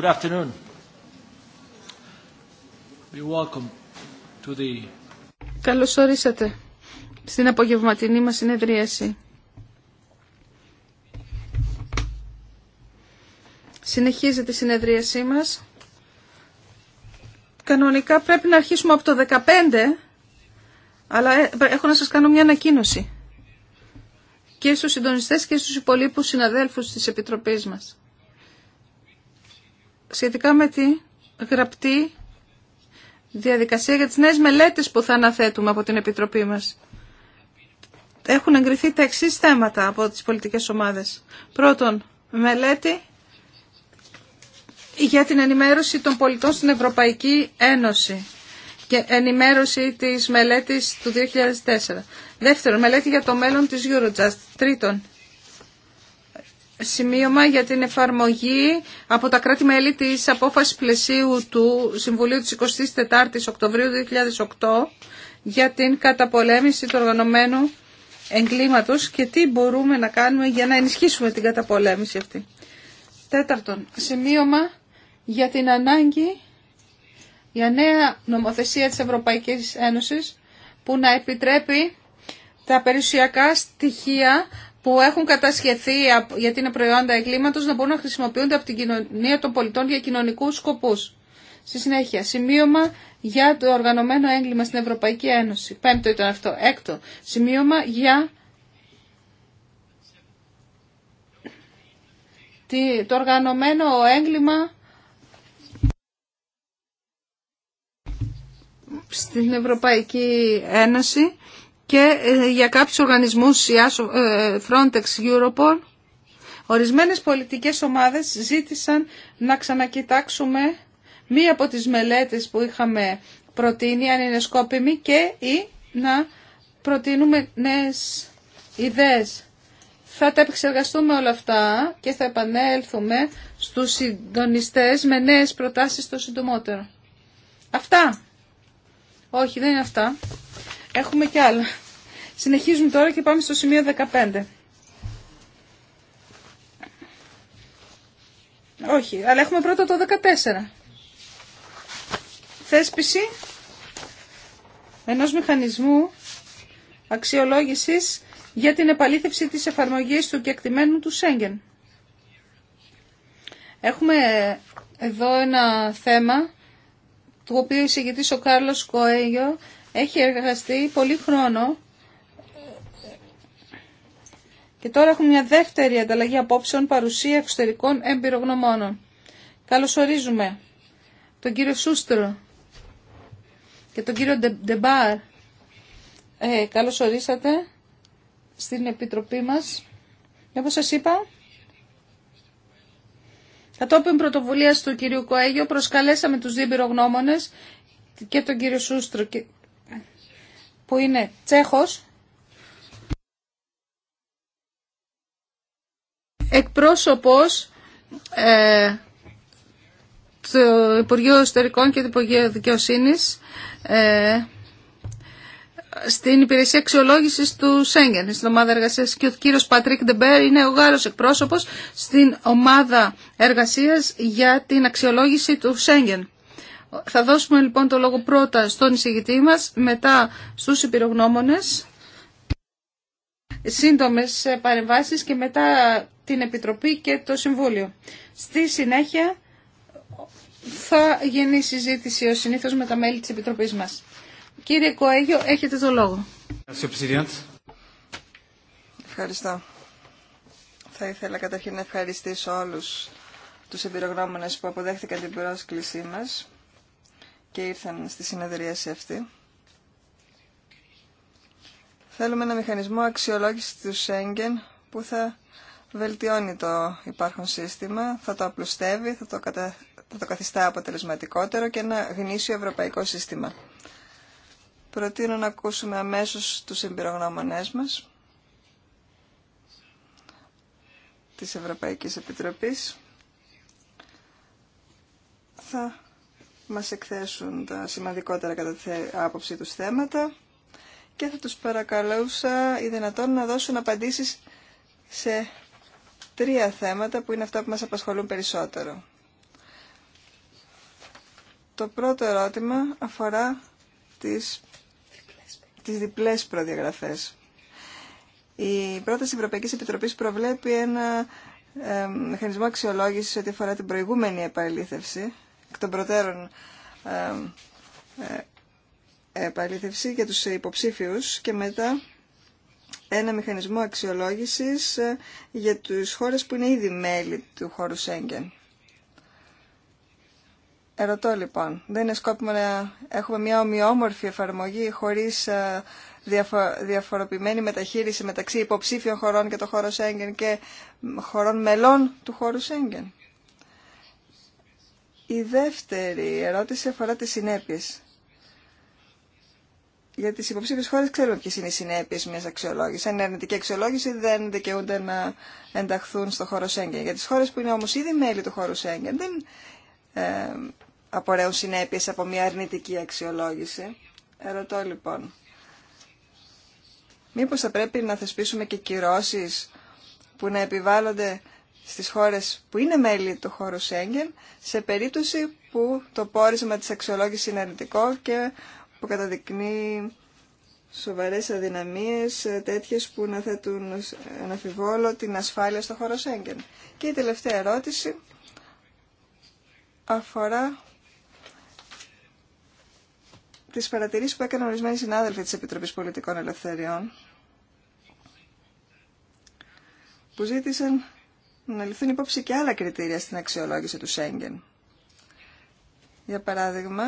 Good afternoon. welcome to the... Καλώς ορίσατε στην απογευματινή μας συνεδρίαση. Συνεχίζεται η συνεδρίασή μας. Κανονικά πρέπει να αρχίσουμε από το 15, αλλά ε, έχω να σας κάνω μια ανακοίνωση και στους συντονιστές και στους υπολείπους συναδέλφους της Επιτροπής μας σχετικά με τη γραπτή διαδικασία για τις νέες μελέτες που θα αναθέτουμε από την Επιτροπή μας. Έχουν εγκριθεί τα εξής θέματα από τις πολιτικές ομάδες. Πρώτον, μελέτη για την ενημέρωση των πολιτών στην Ευρωπαϊκή Ένωση και ενημέρωση της μελέτης του 2004. Δεύτερον, μελέτη για το μέλλον της Eurojust. Τρίτον, σημείωμα για την εφαρμογή από τα κράτη-μέλη της απόφασης πλαισίου του Συμβουλίου της 24ης Οκτωβρίου 2008 για την καταπολέμηση του οργανωμένου εγκλήματος και τι μπορούμε να κάνουμε για να ενισχύσουμε την καταπολέμηση αυτή. Τέταρτον, σημείωμα για την ανάγκη για νέα νομοθεσία της Ευρωπαϊκής Ένωσης που να επιτρέπει τα περιουσιακά στοιχεία που έχουν κατασχεθεί γιατί είναι προϊόντα εγκλήματος να μπορούν να χρησιμοποιούνται από την κοινωνία των πολιτών για κοινωνικούς σκοπούς. Στη συνέχεια, σημείωμα για το οργανωμένο έγκλημα στην Ευρωπαϊκή Ένωση. Πέμπτο ήταν αυτό. Έκτο, σημείωμα για το οργανωμένο έγκλημα στην Ευρωπαϊκή Ένωση και ε, για κάποιους οργανισμούς ε, Frontex, Europol, ορισμένες πολιτικές ομάδες ζήτησαν να ξανακοιτάξουμε μία από τις μελέτες που είχαμε προτείνει, αν είναι σκόπιμη, και ή να προτείνουμε νέες ιδέες. Θα τα επεξεργαστούμε όλα αυτά και θα επανέλθουμε στους συντονιστές με νέες προτάσεις το συντομότερο. Αυτά. Όχι, δεν είναι αυτά. Έχουμε κι άλλα. Συνεχίζουμε τώρα και πάμε στο σημείο 15. Όχι, αλλά έχουμε πρώτα το 14. Θέσπιση ενός μηχανισμού αξιολόγησης για την επαλήθευση της εφαρμογής του κεκτημένου του Σέγγεν. Έχουμε εδώ ένα θέμα του οποίου εισηγητής ο Κάρλος Κοέγιο έχει εργαστεί πολύ χρόνο και τώρα έχουμε μια δεύτερη ανταλλαγή απόψεων παρουσία εξωτερικών εμπειρογνωμόνων. Καλωσορίζουμε τον κύριο Σούστρο και τον κύριο Ντεμπάρ. Ε, καλώς στην Επιτροπή μας. Και όπως σας είπα, κατόπιν πρωτοβουλίας του κυρίου Κοέγιο προσκαλέσαμε τους δύο εμπειρογνώμονες και τον κύριο Σούστρο που είναι Τσέχος εκπρόσωπος ε, του Υπουργείου Ιστορικών και του Υπουργείου Δικαιοσύνης ε, στην υπηρεσία αξιολόγηση του Σέγγεν, στην ομάδα εργασία. Και ο κύριο Πατρίκ Ντεμπέρ είναι ο Γάλλο εκπρόσωπο στην ομάδα εργασία για την αξιολόγηση του Σέγγεν. Θα δώσουμε λοιπόν το λόγο πρώτα στον εισηγητή μα, μετά στου υπηρογνώμονες σύντομες παρεμβάσεις και μετά την Επιτροπή και το Συμβούλιο. Στη συνέχεια θα γίνει συζήτηση ως συνήθως με τα μέλη της Επιτροπής μας. Κύριε Κοέγιο, έχετε το λόγο. Ευχαριστώ. Θα ήθελα καταρχήν να ευχαριστήσω όλους τους εμπειρογνώμονε που αποδέχτηκαν την πρόσκλησή μας και ήρθαν στη συνεδρίαση αυτή. Θέλουμε ένα μηχανισμό αξιολόγηση του Σέγγεν που θα βελτιώνει το υπάρχον σύστημα, θα το απλουστεύει, θα το, θα το καθιστά αποτελεσματικότερο και ένα γνήσιο ευρωπαϊκό σύστημα. Προτείνω να ακούσουμε αμέσως τους εμπειρογνώμονές μας της Ευρωπαϊκής Επιτροπής. Θα μας εκθέσουν τα σημαντικότερα κατά τη άποψή τους θέματα και θα τους παρακαλούσα οι δυνατόν να δώσουν απαντήσεις σε τρία θέματα που είναι αυτά που μας απασχολούν περισσότερο. Το πρώτο ερώτημα αφορά τις, τις διπλές προδιαγραφές. Η πρόταση Ευρωπαϊκής Επιτροπής προβλέπει ένα ε, μηχανισμό αξιολόγησης ό,τι αφορά την προηγούμενη επαλήθευση, εκ των προτέρων ε, ε, επαλήθευση για τους υποψήφιους και μετά ένα μηχανισμό αξιολόγησης ε, για τους χώρες που είναι ήδη μέλη του χώρου Σέγγεν. Ερωτώ λοιπόν, δεν είναι σκόπιμο να έχουμε μια ομοιόμορφη εφαρμογή χωρίς ε, διαφοροποιημένη μεταχείριση μεταξύ υποψήφιων χωρών και το χώρο Σέγγεν και χωρών μελών του χώρου Σέγγεν. Η δεύτερη ερώτηση αφορά τις συνέπειες για τις υποψήφιες χώρες ξέρουμε ποιες είναι οι συνέπειες μιας αξιολόγησης. Αν είναι αρνητική αξιολόγηση δεν δικαιούνται να ενταχθούν στο χώρο Σέγγεν. Για τις χώρες που είναι όμως ήδη μέλη του χώρου Σέγγεν δεν ε, απορρέουν συνέπειες από μια αρνητική αξιολόγηση. Ερωτώ λοιπόν, μήπως θα πρέπει να θεσπίσουμε και κυρώσεις που να επιβάλλονται στις χώρες που είναι μέλη του χώρου Σέγγεν σε περίπτωση που το πόρισμα της αξιολόγησης είναι αρνητικό και που καταδεικνύει σοβαρές αδυναμίες ε, τέτοιες που να θέτουν ε, αναφιβόλω την ασφάλεια στο χώρο Σέγγεν. Και η τελευταία ερώτηση αφορά τις παρατηρήσεις που έκαναν ορισμένοι συνάδελφοι της Επιτροπής Πολιτικών Ελευθεριών που ζήτησαν να ληφθούν υπόψη και άλλα κριτήρια στην αξιολόγηση του Σέγγεν. Για παράδειγμα,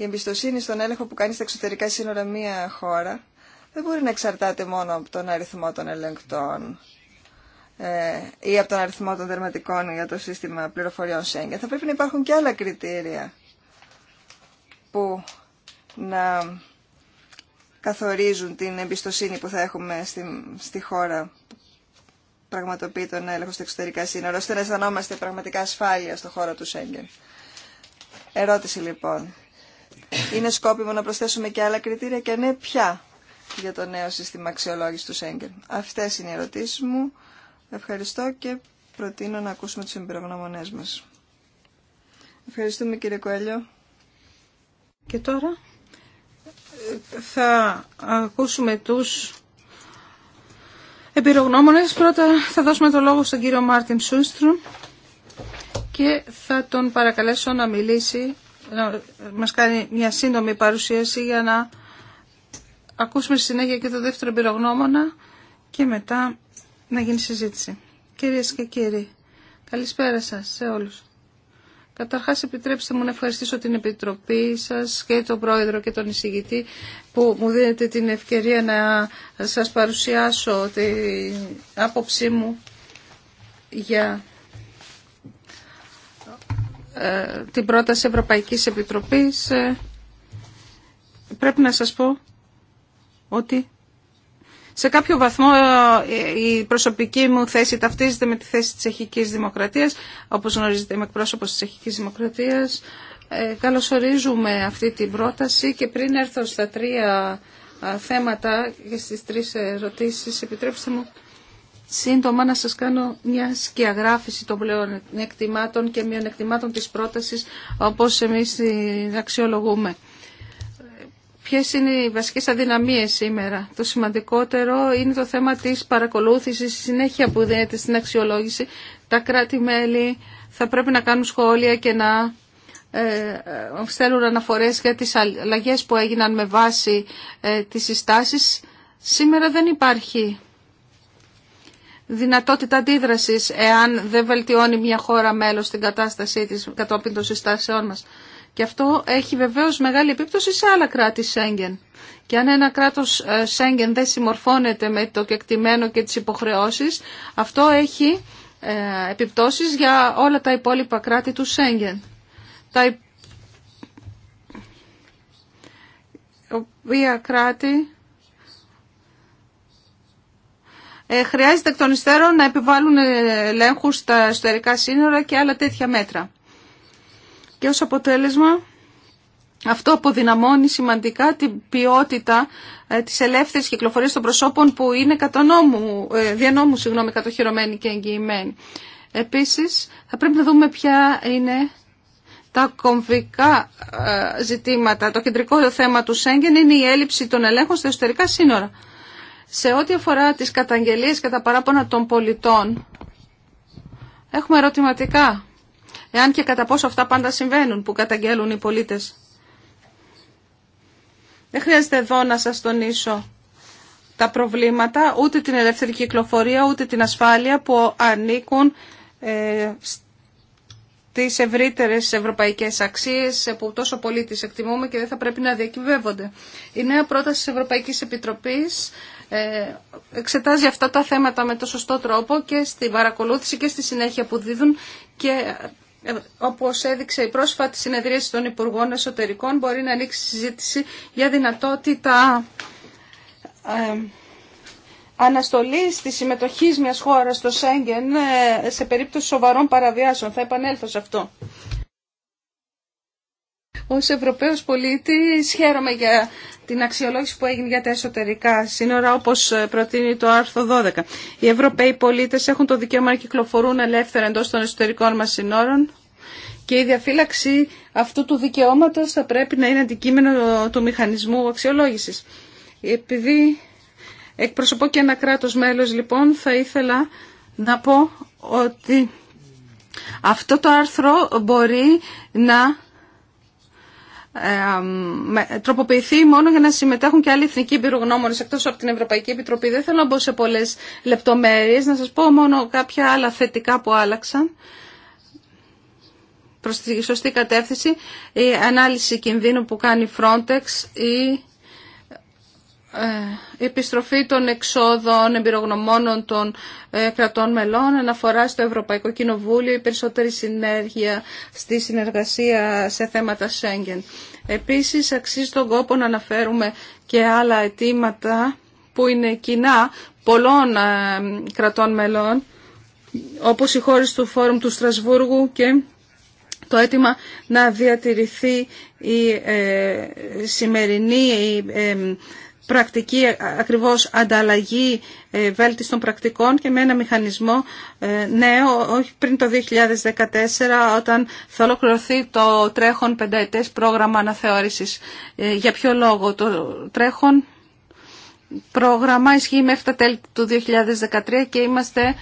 η εμπιστοσύνη στον έλεγχο που κάνει στα εξωτερικά σύνορα μία χώρα δεν μπορεί να εξαρτάται μόνο από τον αριθμό των ελεγκτών ε, ή από τον αριθμό των δερματικών για το σύστημα πληροφοριών Σέγγεν. Θα πρέπει να υπάρχουν και άλλα κριτήρια που να καθορίζουν την εμπιστοσύνη που θα έχουμε στη, στη χώρα που πραγματοποιεί τον έλεγχο στα εξωτερικά σύνορα, ώστε να αισθανόμαστε πραγματικά ασφάλεια στο χώρο του Σέγγεν. Ερώτηση λοιπόν είναι σκόπιμο να προσθέσουμε και άλλα κριτήρια και ναι πια για το νέο σύστημα αξιολόγηση του Σέγγεν. Αυτέ είναι οι ερωτήσει μου. Ευχαριστώ και προτείνω να ακούσουμε τους εμπειρογνώμονέ μας. Ευχαριστούμε κύριε Κοέλιο. Και τώρα θα ακούσουμε τους εμπειρογνώμονες. Πρώτα θα δώσουμε το λόγο στον κύριο Μάρτιν Σούστρου και θα τον παρακαλέσω να μιλήσει να μας κάνει μια σύντομη παρουσίαση για να ακούσουμε στη συνέχεια και το δεύτερο πυρογνώμονα και μετά να γίνει συζήτηση. Κυρίες και κύριοι, καλησπέρα σας σε όλους. Καταρχάς επιτρέψτε μου να ευχαριστήσω την Επιτροπή σας και τον Πρόεδρο και τον εισηγητή που μου δίνετε την ευκαιρία να σας παρουσιάσω την άποψή μου για ε, την πρόταση Ευρωπαϊκής Επιτροπής ε, πρέπει να σας πω ότι σε κάποιο βαθμό ε, η προσωπική μου θέση ταυτίζεται με τη θέση της Τσεχικής Δημοκρατίας. Όπως γνωρίζετε είμαι εκπρόσωπος της Τσεχικής Δημοκρατίας. Ε, καλωσορίζουμε αυτή την πρόταση και πριν έρθω στα τρία θέματα και στις τρεις ερωτήσεις επιτρέψτε μου σύντομα να σας κάνω μια σκιαγράφηση των πλεονεκτημάτων και μειονεκτημάτων της πρότασης όπως εμείς την αξιολογούμε. Ποιες είναι οι βασικές αδυναμίες σήμερα. Το σημαντικότερο είναι το θέμα της παρακολούθησης, η συνέχεια που δίνεται στην αξιολόγηση. Τα κράτη-μέλη θα πρέπει να κάνουν σχόλια και να ε, ε, στέλνουν αναφορές για τις αλλαγές που έγιναν με βάση ε, τις συστάσεις. Σήμερα δεν υπάρχει δυνατότητα αντίδραση εάν δεν βελτιώνει μια χώρα μέλος την κατάστασή της κατόπιν των συστάσεών μας. Και αυτό έχει βεβαίως μεγάλη επίπτωση σε άλλα κράτη Σέγγεν. Και αν ένα κράτος ε, Σέγγεν δεν συμμορφώνεται με το κεκτημένο και τι υποχρεώσεις, αυτό έχει ε, επιπτώσει για όλα τα υπόλοιπα κράτη του Σέγγεν. Τα οποία κράτη Ε, χρειάζεται εκ των υστέρων να επιβάλλουν ελέγχους στα εσωτερικά σύνορα και άλλα τέτοια μέτρα. Και ως αποτέλεσμα αυτό αποδυναμώνει σημαντικά την ποιότητα ε, της ελεύθερης κυκλοφορίας των προσώπων που είναι ε, διανόμου συγγνώμη, κατοχυρωμένη και εγγυημένη. Επίσης θα πρέπει να δούμε ποια είναι τα κομβικά ζητήματα. Το κεντρικό θέμα του Σέγγεν είναι η έλλειψη των ελέγχων στα εσωτερικά σύνορα. Σε ό,τι αφορά τις καταγγελίες και τα παράπονα των πολιτών, έχουμε ερωτηματικά. Εάν και κατά πόσο αυτά πάντα συμβαίνουν που καταγγέλουν οι πολίτες. Δεν χρειάζεται εδώ να σας τονίσω τα προβλήματα, ούτε την ελεύθερη κυκλοφορία, ούτε την ασφάλεια που ανήκουν ε, στις ευρύτερες ευρωπαϊκές αξίες που τόσο πολύ τις εκτιμούμε και δεν θα πρέπει να διακυβεύονται. Η νέα πρόταση της Ευρωπαϊκής Επιτροπής ε, εξετάζει αυτά τα θέματα με το σωστό τρόπο και στην παρακολούθηση και στη συνέχεια που δίδουν και ε, όπως έδειξε η πρόσφατη συνεδρίαση των Υπουργών Εσωτερικών μπορεί να ανοίξει συζήτηση για δυνατότητα ε, αναστολής της συμμετοχής μιας χώρας στο Σέγγεν σε περίπτωση σοβαρών παραβιάσεων. Θα επανέλθω σε αυτό. Ως Ευρωπαίος πολίτης χαίρομαι για την αξιολόγηση που έγινε για τα εσωτερικά σύνορα, όπως ε, προτείνει το άρθρο 12. Οι Ευρωπαίοι πολίτες έχουν το δικαίωμα να κυκλοφορούν ελεύθερα εντός των εσωτερικών μας σύνορων και η διαφύλαξη αυτού του δικαιώματος θα πρέπει να είναι αντικείμενο του μηχανισμού αξιολόγησης. Επειδή εκπροσωπώ και ένα κράτος μέλος, λοιπόν, θα ήθελα να πω ότι αυτό το άρθρο μπορεί να ε, τροποποιηθεί μόνο για να συμμετέχουν και άλλοι εθνικοί πυρογνώμονε εκτό από την Ευρωπαϊκή Επιτροπή. Δεν θέλω να μπω σε πολλέ λεπτομέρειε, να σα πω μόνο κάποια άλλα θετικά που άλλαξαν προς τη σωστή κατεύθυνση η ανάλυση κινδύνου που κάνει Frontex ή η ε, επιστροφή των εξόδων εμπειρογνωμόνων των ε, κρατών μελών, αναφορά στο Ευρωπαϊκό Κοινοβούλιο, η περισσότερη συνέργεια στη συνεργασία σε θέματα Σέγγεν. Επίσης, αξίζει τον κόπο να αναφέρουμε και άλλα αιτήματα που είναι κοινά πολλών ε, κρατών μελών, όπως οι χώρες του Φόρουμ του Στρασβούργου και το αίτημα να διατηρηθεί η σημερινή πρακτική ε, ακριβώς ανταλλαγή ε, βέλτιστων πρακτικών και με ένα μηχανισμό ε, νέο, όχι πριν το 2014 όταν θα ολοκληρωθεί το τρέχον πενταετές πρόγραμμα αναθεώρησης. Για ποιο λόγο το τρέχον πρόγραμμα ισχύει μέχρι τα τέλη του 2013 και είμαστε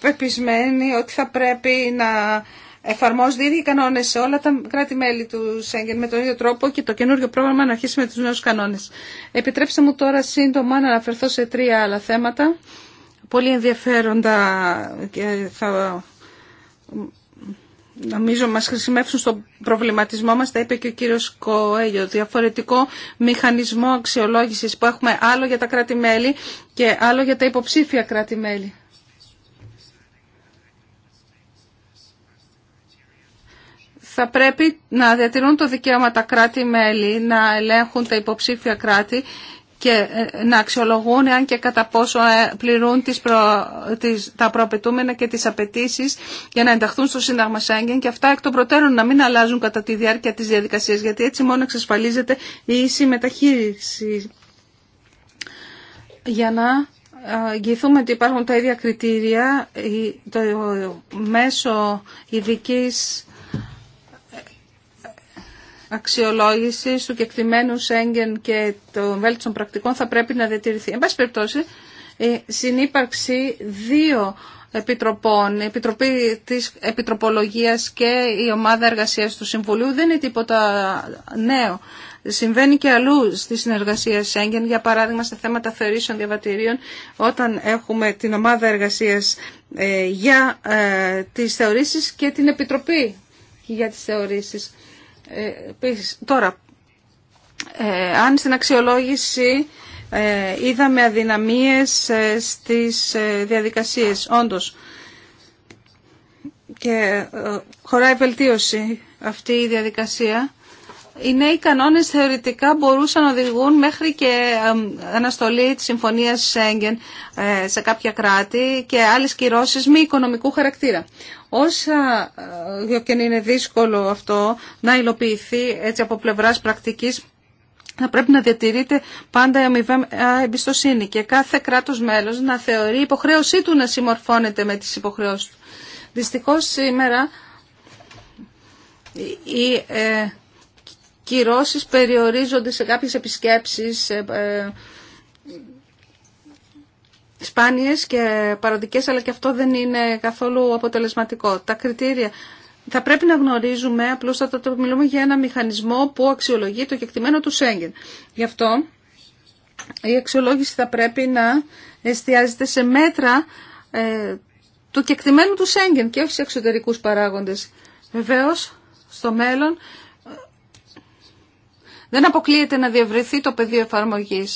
πεπισμένοι ότι θα πρέπει να εφαρμόζονται οι ίδιοι κανόνε σε όλα τα κράτη-μέλη του Σέγγεν με τον ίδιο τρόπο και το καινούριο πρόγραμμα να αρχίσει με του νέου κανόνε. Επιτρέψτε μου τώρα σύντομα να αναφερθώ σε τρία άλλα θέματα. Πολύ ενδιαφέροντα και θα νομίζω μας χρησιμεύσουν στον προβληματισμό μας, τα είπε και ο κύριος Κοέλιο, διαφορετικό μηχανισμό αξιολόγησης που έχουμε άλλο για τα κράτη-μέλη και άλλο για τα υποψήφια κράτη-μέλη. θα πρέπει να διατηρούν το δικαίωμα τα κράτη-μέλη, να ελέγχουν τα υποψήφια κράτη και ε, να αξιολογούν αν και κατά πόσο ε, πληρούν τις τα προαπαιτούμενα και τις απαιτήσει για να ενταχθούν στο Σύνταγμα Σάγγεν και αυτά εκ των προτέρων να μην αλλάζουν κατά τη διάρκεια της διαδικασίας γιατί έτσι μόνο εξασφαλίζεται η ίση μεταχείριση. Για να ε, εγγυηθούμε ότι υπάρχουν τα ίδια κριτήρια, το μέσο ειδικής αξιολόγηση του κεκτημένου Σέγγεν και των βέλτιστων πρακτικών θα πρέπει να διατηρηθεί. Εν πάση περιπτώσει, η συνύπαρξη δύο επιτροπών, η Επιτροπή της Επιτροπολογίας και η Ομάδα Εργασίας του Συμβουλίου δεν είναι τίποτα νέο. Συμβαίνει και αλλού στη συνεργασία Σέγγεν, για παράδειγμα στα θέματα θεωρήσεων διαβατηρίων, όταν έχουμε την Ομάδα Εργασίας ε, για ε, τις θεωρήσεις και την Επιτροπή για τι θεωρήσεις. Ε, επίσης, τώρα, ε, αν στην αξιολόγηση ε, είδαμε αδυναμίες ε, στις ε, διαδικασίες, όντως, και ε, χωράει βελτίωση αυτή η διαδικασία, οι νέοι κανόνες θεωρητικά μπορούσαν να οδηγούν μέχρι και αναστολή της συμφωνίας Σέγγεν ε, σε κάποια κράτη και άλλες κυρώσεις μη οικονομικού χαρακτήρα. Όσα ε, και είναι δύσκολο αυτό να υλοποιηθεί έτσι από πλευράς πρακτικής θα πρέπει να διατηρείται πάντα η αμοιβαία εμπιστοσύνη και κάθε κράτος μέλος να θεωρεί υποχρέωσή του να συμμορφώνεται με τις υποχρεώσεις του. Δυστυχώς σήμερα η ε, κυρώσεις περιορίζονται σε κάποιες επισκέψεις ε, σπάνιες και παροδικές, αλλά και αυτό δεν είναι καθόλου αποτελεσματικό. Τα κριτήρια θα πρέπει να γνωρίζουμε, απλώς θα το μιλούμε για ένα μηχανισμό που αξιολογεί το κεκτημένο του Σέγγεν. Γι' αυτό η αξιολόγηση θα πρέπει να εστιάζεται σε μέτρα ε, του κεκτημένου του Σέγγεν και όχι σε εξωτερικούς παράγοντες. Βεβαίως, στο μέλλον δεν αποκλείεται να διευρυνθεί το πεδίο εφαρμογή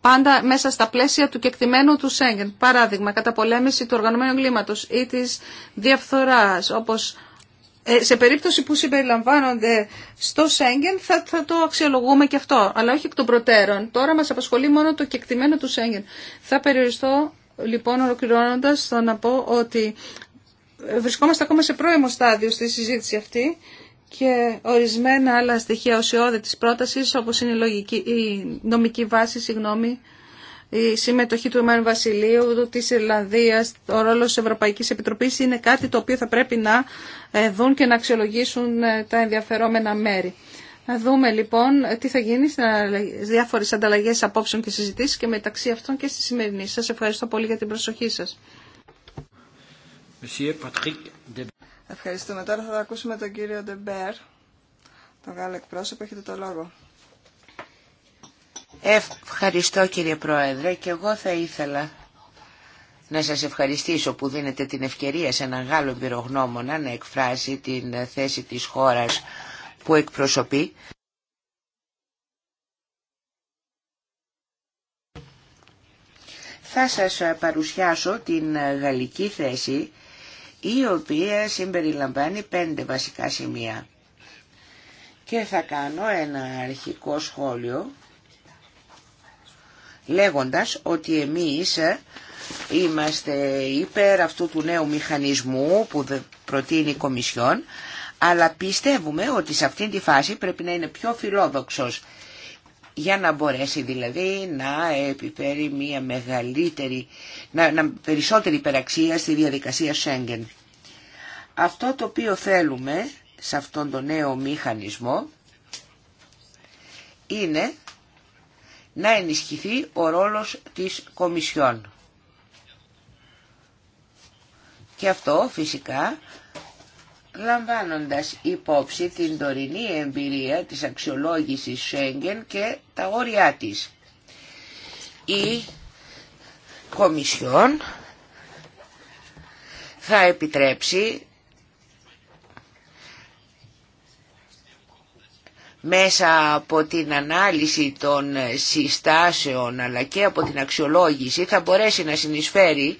Πάντα μέσα στα πλαίσια του κεκτημένου του Σέγγεν. Παράδειγμα, κατά πολέμηση του οργανωμένου κλίματο ή της διαφθοράς, όπως ε, σε περίπτωση που συμπεριλαμβάνονται στο Σέγγεν θα, θα το αξιολογούμε και αυτό, αλλά όχι εκ των προτέρων. Τώρα μας απασχολεί μόνο το κεκτημένο του Σέγγεν. Θα περιοριστώ λοιπόν ολοκληρώνοντας να πω ότι ε, βρισκόμαστε ακόμα σε πρώιμο στάδιο στη συζήτηση αυτή και ορισμένα άλλα στοιχεία ουσιώδη της πρότασης, όπως είναι η, λογική, η νομική βάση, συγγνώμη, η συμμετοχή του Εμμένου Βασιλείου, της Ιρλανδίας, ο ρόλος της Ευρωπαϊκής Επιτροπής είναι κάτι το οποίο θα πρέπει να ε, δουν και να αξιολογήσουν ε, τα ενδιαφερόμενα μέρη. Να δούμε λοιπόν τι θα γίνει στις διάφορες ανταλλαγές απόψεων και συζητήσεις και μεταξύ αυτών και στη σημερινή. Σας ευχαριστώ πολύ για την προσοχή σας. Monsieur Patrick Ευχαριστούμε. Τώρα θα ακούσουμε τον κύριο Ντεμπέρ, τον Γάλλο εκπρόσωπο. Έχετε το λόγο. Ευχαριστώ κύριε Πρόεδρε και εγώ θα ήθελα να σας ευχαριστήσω που δίνετε την ευκαιρία σε έναν Γάλλο εμπειρογνώμονα να εκφράσει την θέση της χώρας που εκπροσωπεί. Θα σας παρουσιάσω την γαλλική θέση η οποία συμπεριλαμβάνει πέντε βασικά σημεία. Και θα κάνω ένα αρχικό σχόλιο λέγοντας ότι εμείς είμαστε υπέρ αυτού του νέου μηχανισμού που προτείνει η Κομισιόν αλλά πιστεύουμε ότι σε αυτή τη φάση πρέπει να είναι πιο φιλόδοξος για να μπορέσει δηλαδή να επιφέρει μια μεγαλύτερη, να, να περισσότερη υπεραξία στη διαδικασία Σέγγεν. Αυτό το οποίο θέλουμε σε αυτόν τον νέο μηχανισμό είναι να ενισχυθεί ο ρόλος της Κομισιόν. Και αυτό φυσικά λαμβάνοντας υπόψη την τωρινή εμπειρία της αξιολόγησης Σέγγεν και τα όρια της. Η Κομισιόν θα επιτρέψει μέσα από την ανάλυση των συστάσεων αλλά και από την αξιολόγηση θα μπορέσει να συνεισφέρει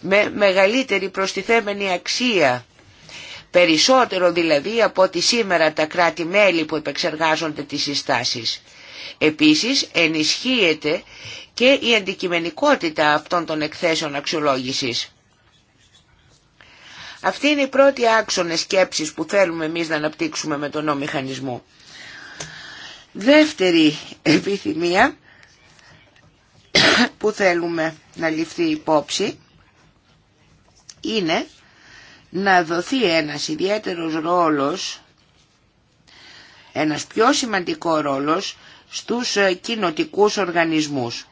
με μεγαλύτερη προστιθέμενη αξία Περισσότερο δηλαδή από ότι σήμερα τα κράτη-μέλη που επεξεργάζονται τις συστάσεις. Επίσης ενισχύεται και η αντικειμενικότητα αυτών των εκθέσεων αξιολόγησης. Αυτή είναι η πρώτη άξονα σκέψης που θέλουμε εμείς να αναπτύξουμε με τον νομιχανισμό. μηχανισμό. Δεύτερη επιθυμία που θέλουμε να ληφθεί υπόψη είναι να δοθεί ένας ιδιαίτερος ρόλος, ένας πιο σημαντικό ρόλος στους ε, κοινοτικούς οργανισμούς.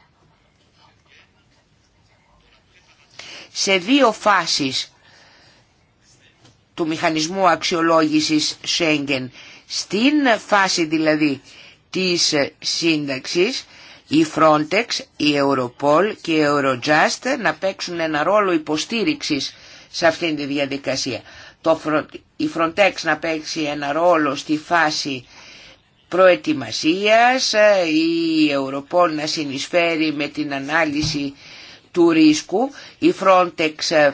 Σε δύο φάσεις του μηχανισμού αξιολόγησης Schengen. Στην φάση δηλαδή της ε, σύνταξης, η Frontex, η Europol και η Eurojust να παίξουν ένα ρόλο υποστήριξης σε αυτήν τη διαδικασία. η Frontex να παίξει ένα ρόλο στη φάση προετοιμασίας, ε, η Europol να συνεισφέρει με την ανάλυση του ρίσκου, η Frontex ε,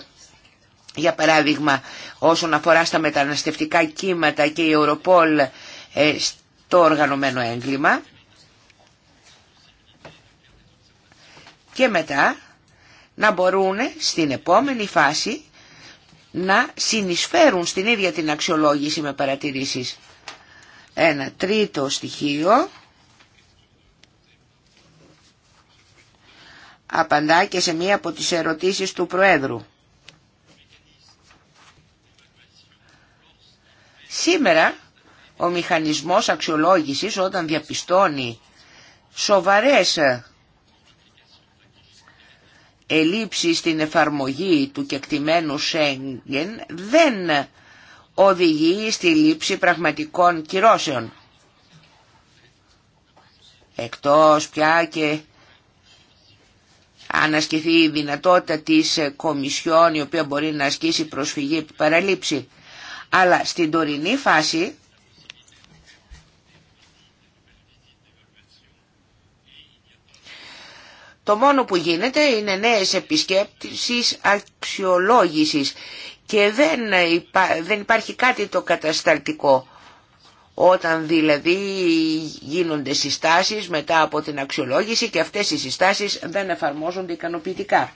για παράδειγμα όσον αφορά στα μεταναστευτικά κύματα και η Europol ε, στο οργανωμένο έγκλημα και μετά να μπορούν στην επόμενη φάση να συνεισφέρουν στην ίδια την αξιολόγηση με παρατηρήσεις. Ένα τρίτο στοιχείο απαντά και σε μία από τις ερωτήσεις του Προέδρου. Σήμερα ο μηχανισμός αξιολόγησης όταν διαπιστώνει σοβαρές ελλείψεις στην εφαρμογή του κεκτημένου Σέγγεν δεν οδηγεί στη λήψη πραγματικών κυρώσεων. Εκτός πια και αν ασκηθεί η δυνατότητα της Κομισιόν η οποία μπορεί να ασκήσει προσφυγή παραλήψη. Αλλά στην τωρινή φάση Το μόνο που γίνεται είναι νέες επισκέψεις αξιολόγησης και δεν, δεν υπάρχει κάτι το κατασταλτικό. Όταν δηλαδή γίνονται συστάσεις μετά από την αξιολόγηση και αυτές οι συστάσεις δεν εφαρμόζονται ικανοποιητικά.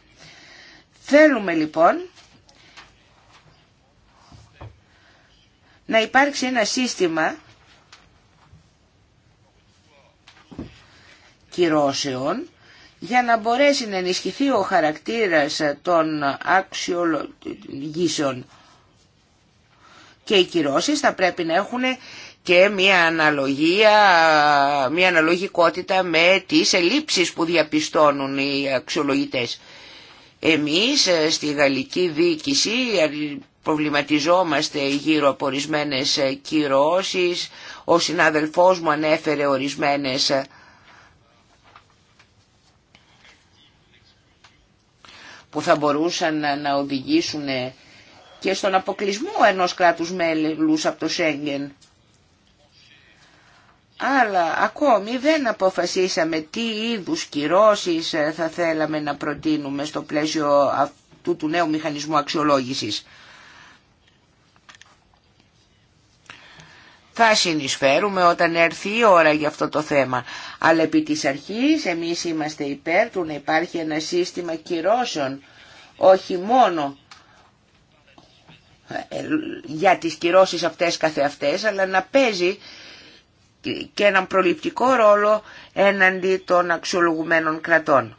Θέλουμε λοιπόν να υπάρξει ένα σύστημα κυρώσεων για να μπορέσει να ενισχυθεί ο χαρακτήρας των αξιολογήσεων. Και οι κυρώσεις θα πρέπει να έχουν και μια αναλογία, μια αναλογικότητα με τις ελλείψεις που διαπιστώνουν οι αξιολογητές. Εμείς ε, στη γαλλική διοίκηση προβληματιζόμαστε γύρω από ορισμένες ε, κυρώσεις, ο συνάδελφός μου ανέφερε ορισμένες ε, που θα μπορούσαν να οδηγήσουν και στον αποκλεισμό ενός κράτους μέλους από το Σέγγεν. Αλλά ακόμη δεν αποφασίσαμε τι είδους κυρώσεις ε, θα θέλαμε να προτείνουμε στο πλαίσιο αυτού του νέου μηχανισμού αξιολόγησης. θα συνεισφέρουμε όταν έρθει η ώρα για αυτό το θέμα. Αλλά επί της αρχής εμείς είμαστε υπέρ του να υπάρχει ένα σύστημα κυρώσεων, όχι μόνο ε, για τις κυρώσεις αυτές καθεαυτές, αλλά να παίζει και έναν προληπτικό ρόλο έναντι των αξιολογουμένων κρατών.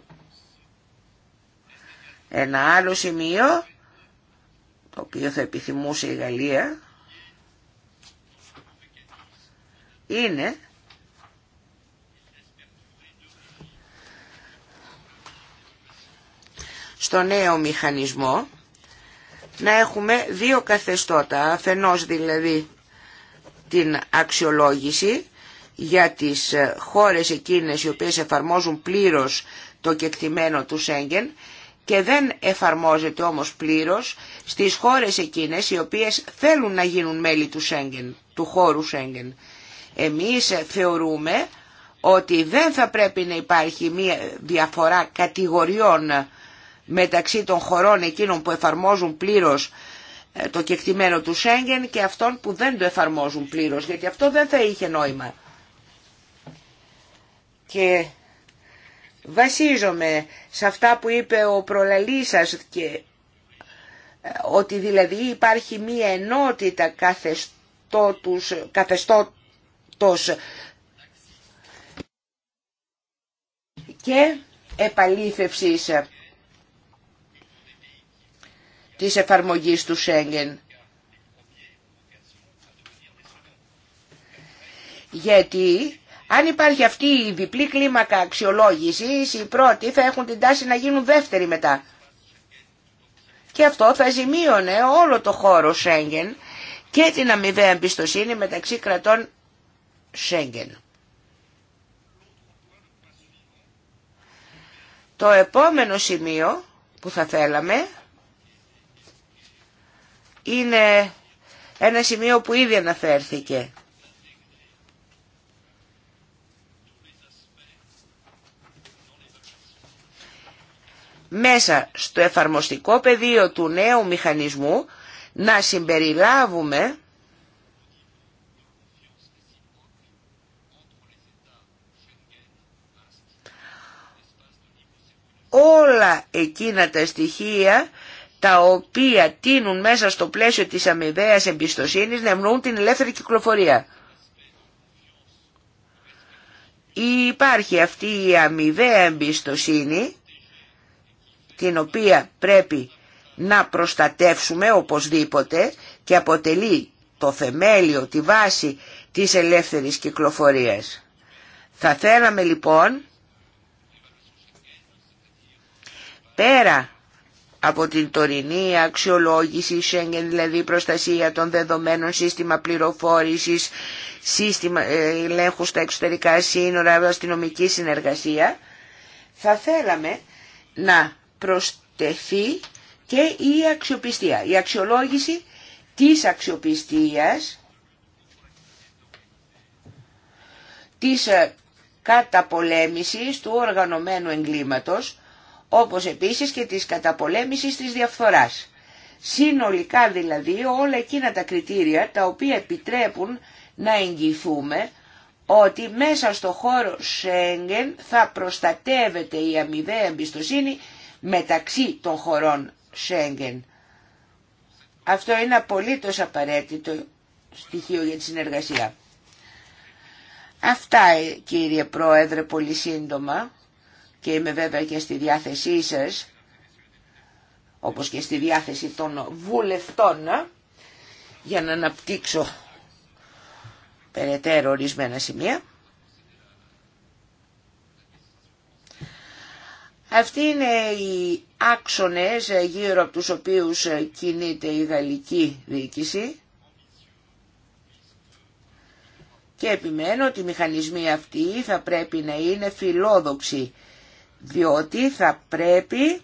Ένα άλλο σημείο, το οποίο θα επιθυμούσε η Γαλλία, είναι στο νέο μηχανισμό να έχουμε δύο καθεστώτα, αφενός δηλαδή την αξιολόγηση για τις χώρες εκείνες οι οποίες εφαρμόζουν πλήρως το κεκτημένο του Σέγγεν και δεν εφαρμόζεται όμως πλήρως στις χώρες εκείνες οι οποίες θέλουν να γίνουν μέλη του Σέγγεν, του χώρου Σέγγεν. Εμείς θεωρούμε ότι δεν θα πρέπει να υπάρχει μία διαφορά κατηγοριών μεταξύ των χωρών εκείνων που εφαρμόζουν πλήρως ε, το κεκτημένο του Σέγγεν και αυτών που δεν το εφαρμόζουν πλήρως, γιατί αυτό δεν θα είχε νόημα. Και βασίζομαι σε αυτά που είπε ο προλαλής και ε, ότι δηλαδή υπάρχει μία ενότητα καθεστώτους, και επαλήθευσης της εφαρμογής του Σέγγεν. Γιατί αν υπάρχει αυτή η διπλή κλίμακα αξιολόγηση, οι πρώτοι θα έχουν την τάση να γίνουν δεύτεροι μετά. Και αυτό θα ζημίωνε όλο το χώρο Σέγγεν και την αμοιβαία εμπιστοσύνη μεταξύ κρατών το επόμενο σημείο που θα θέλαμε είναι ένα σημείο που ήδη αναφέρθηκε. Μέσα στο εφαρμοστικό πεδίο του νέου μηχανισμού να συμπεριλάβουμε όλα εκείνα τα στοιχεία τα οποία τίνουν μέσα στο πλαίσιο της αμοιβαίας εμπιστοσύνης να ευνοούν την ελεύθερη κυκλοφορία. Υπάρχει αυτή η αμοιβαία εμπιστοσύνη την οποία πρέπει να προστατεύσουμε οπωσδήποτε και αποτελεί το θεμέλιο, τη βάση της ελεύθερης κυκλοφορίας. Θα θέλαμε λοιπόν πέρα από την τωρινή αξιολόγηση Schengen, δηλαδή προστασία των δεδομένων, σύστημα πληροφόρησης, σύστημα ε, ελέγχου στα εξωτερικά σύνορα, αστυνομική συνεργασία, θα θέλαμε να προστεθεί και η αξιοπιστία, η αξιολόγηση της αξιοπιστίας, της ε, καταπολέμησης του οργανωμένου εγκλήματος, όπως επίσης και της καταπολέμησης της διαφθοράς. Συνολικά δηλαδή όλα εκείνα τα κριτήρια τα οποία επιτρέπουν να εγγυηθούμε ότι μέσα στο χώρο Σέγγεν θα προστατεύεται η αμοιβαία εμπιστοσύνη μεταξύ των χωρών Σέγγεν. Αυτό είναι απολύτως απαραίτητο στοιχείο για τη συνεργασία. Αυτά κύριε Πρόεδρε πολύ σύντομα και είμαι βέβαια και στη διάθεσή σας, όπως και στη διάθεση των βουλευτών, για να αναπτύξω περαιτέρω ορισμένα σημεία. Αυτοί είναι οι άξονες γύρω από τους οποίους κινείται η γαλλική διοίκηση και επιμένω ότι οι μηχανισμοί αυτοί θα πρέπει να είναι φιλόδοξοι διότι θα πρέπει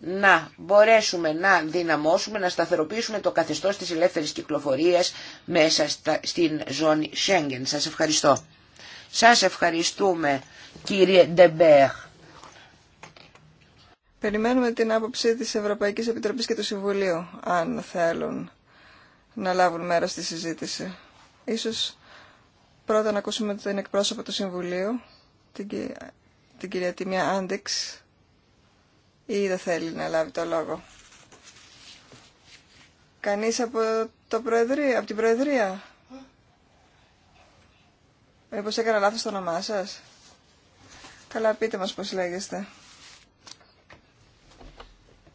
να μπορέσουμε να δυναμώσουμε, να σταθεροποιήσουμε το καθεστώς της ελεύθερης κυκλοφορίας μέσα στην ζώνη Σέγγεν. Σας ευχαριστώ. Σας ευχαριστούμε κύριε Ντεμπέρ. Περιμένουμε την άποψη της Ευρωπαϊκής Επιτροπής και του Συμβουλίου, αν θέλουν να λάβουν μέρος στη συζήτηση. Ίσως πρώτα να ακούσουμε τον εκπρόσωπο του Συμβουλίου την, την κυρία Τιμία Άντεξ ή δεν θέλει να λάβει το λόγο. Κανείς από, το προεδρία, από την Προεδρία. Μήπως έκανα λάθος το όνομά σας. Καλά πείτε μας πώς λέγεστε.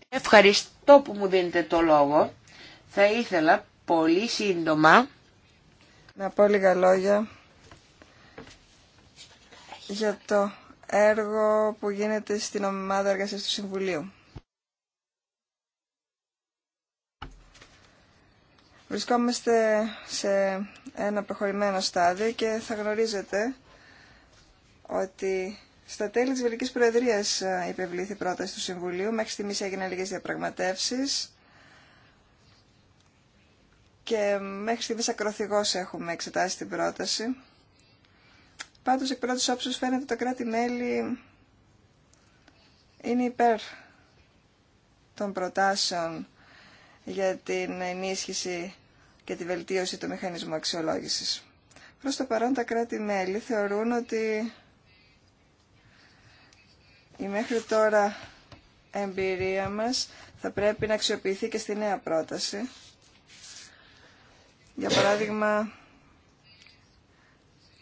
Ευχαριστώ που μου δίνετε το λόγο. Θα ήθελα πολύ σύντομα να πω λίγα λόγια για το έργο που γίνεται στην ομάδα εργασία του Συμβουλίου. Βρισκόμαστε σε ένα προχωρημένο στάδιο και θα γνωρίζετε ότι στα τέλη της Βελικής Προεδρίας ε, υπευλήθη πρόταση του Συμβουλίου. Μέχρι στιγμής έγιναν λίγες διαπραγματεύσεις και μέχρι στιγμής ακροθυγώς έχουμε εξετάσει την πρόταση. Πάντως εκ πρώτης όψης φαίνεται τα κράτη-μέλη είναι υπέρ των προτάσεων για την ενίσχυση και τη βελτίωση του μηχανισμού αξιολόγησης. Προς το παρόν τα κράτη-μέλη θεωρούν ότι η μέχρι τώρα εμπειρία μας θα πρέπει να αξιοποιηθεί και στη νέα πρόταση. Για παράδειγμα,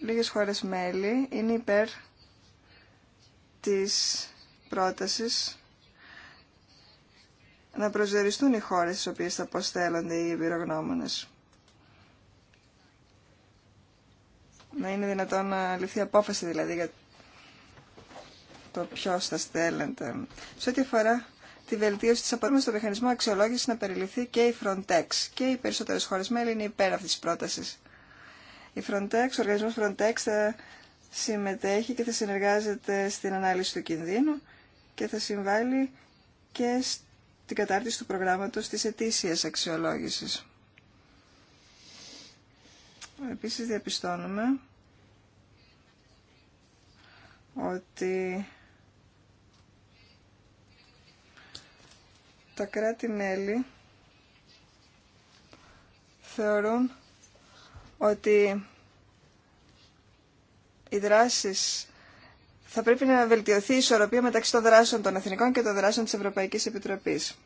Λίγες χώρες μέλη είναι υπέρ της πρότασης να προσδιοριστούν οι χώρες στις οποίες θα αποστέλλονται οι εμπειρογνώμονες. Να είναι δυνατόν να ληφθεί απόφαση δηλαδή για το ποιο θα στέλνεται. Σε ό,τι αφορά τη βελτίωση τη απορρίμηση του μηχανισμού αξιολόγηση να περιληφθεί και η Frontex. Και οι περισσότερε χώρε μέλη είναι υπέρ αυτή τη πρόταση. Η Frontex, ο οργανισμός Frontex θα συμμετέχει και θα συνεργάζεται στην ανάλυση του κινδύνου και θα συμβάλλει και στην κατάρτιση του προγράμματος της ετήσιας αξιολόγησης. Επίσης διαπιστώνουμε ότι τα κράτη-μέλη θεωρούν ότι οι δράσεις θα πρέπει να βελτιωθεί η ισορροπία μεταξύ των δράσεων των εθνικών και των δράσεων της Ευρωπαϊκής Επιτροπής.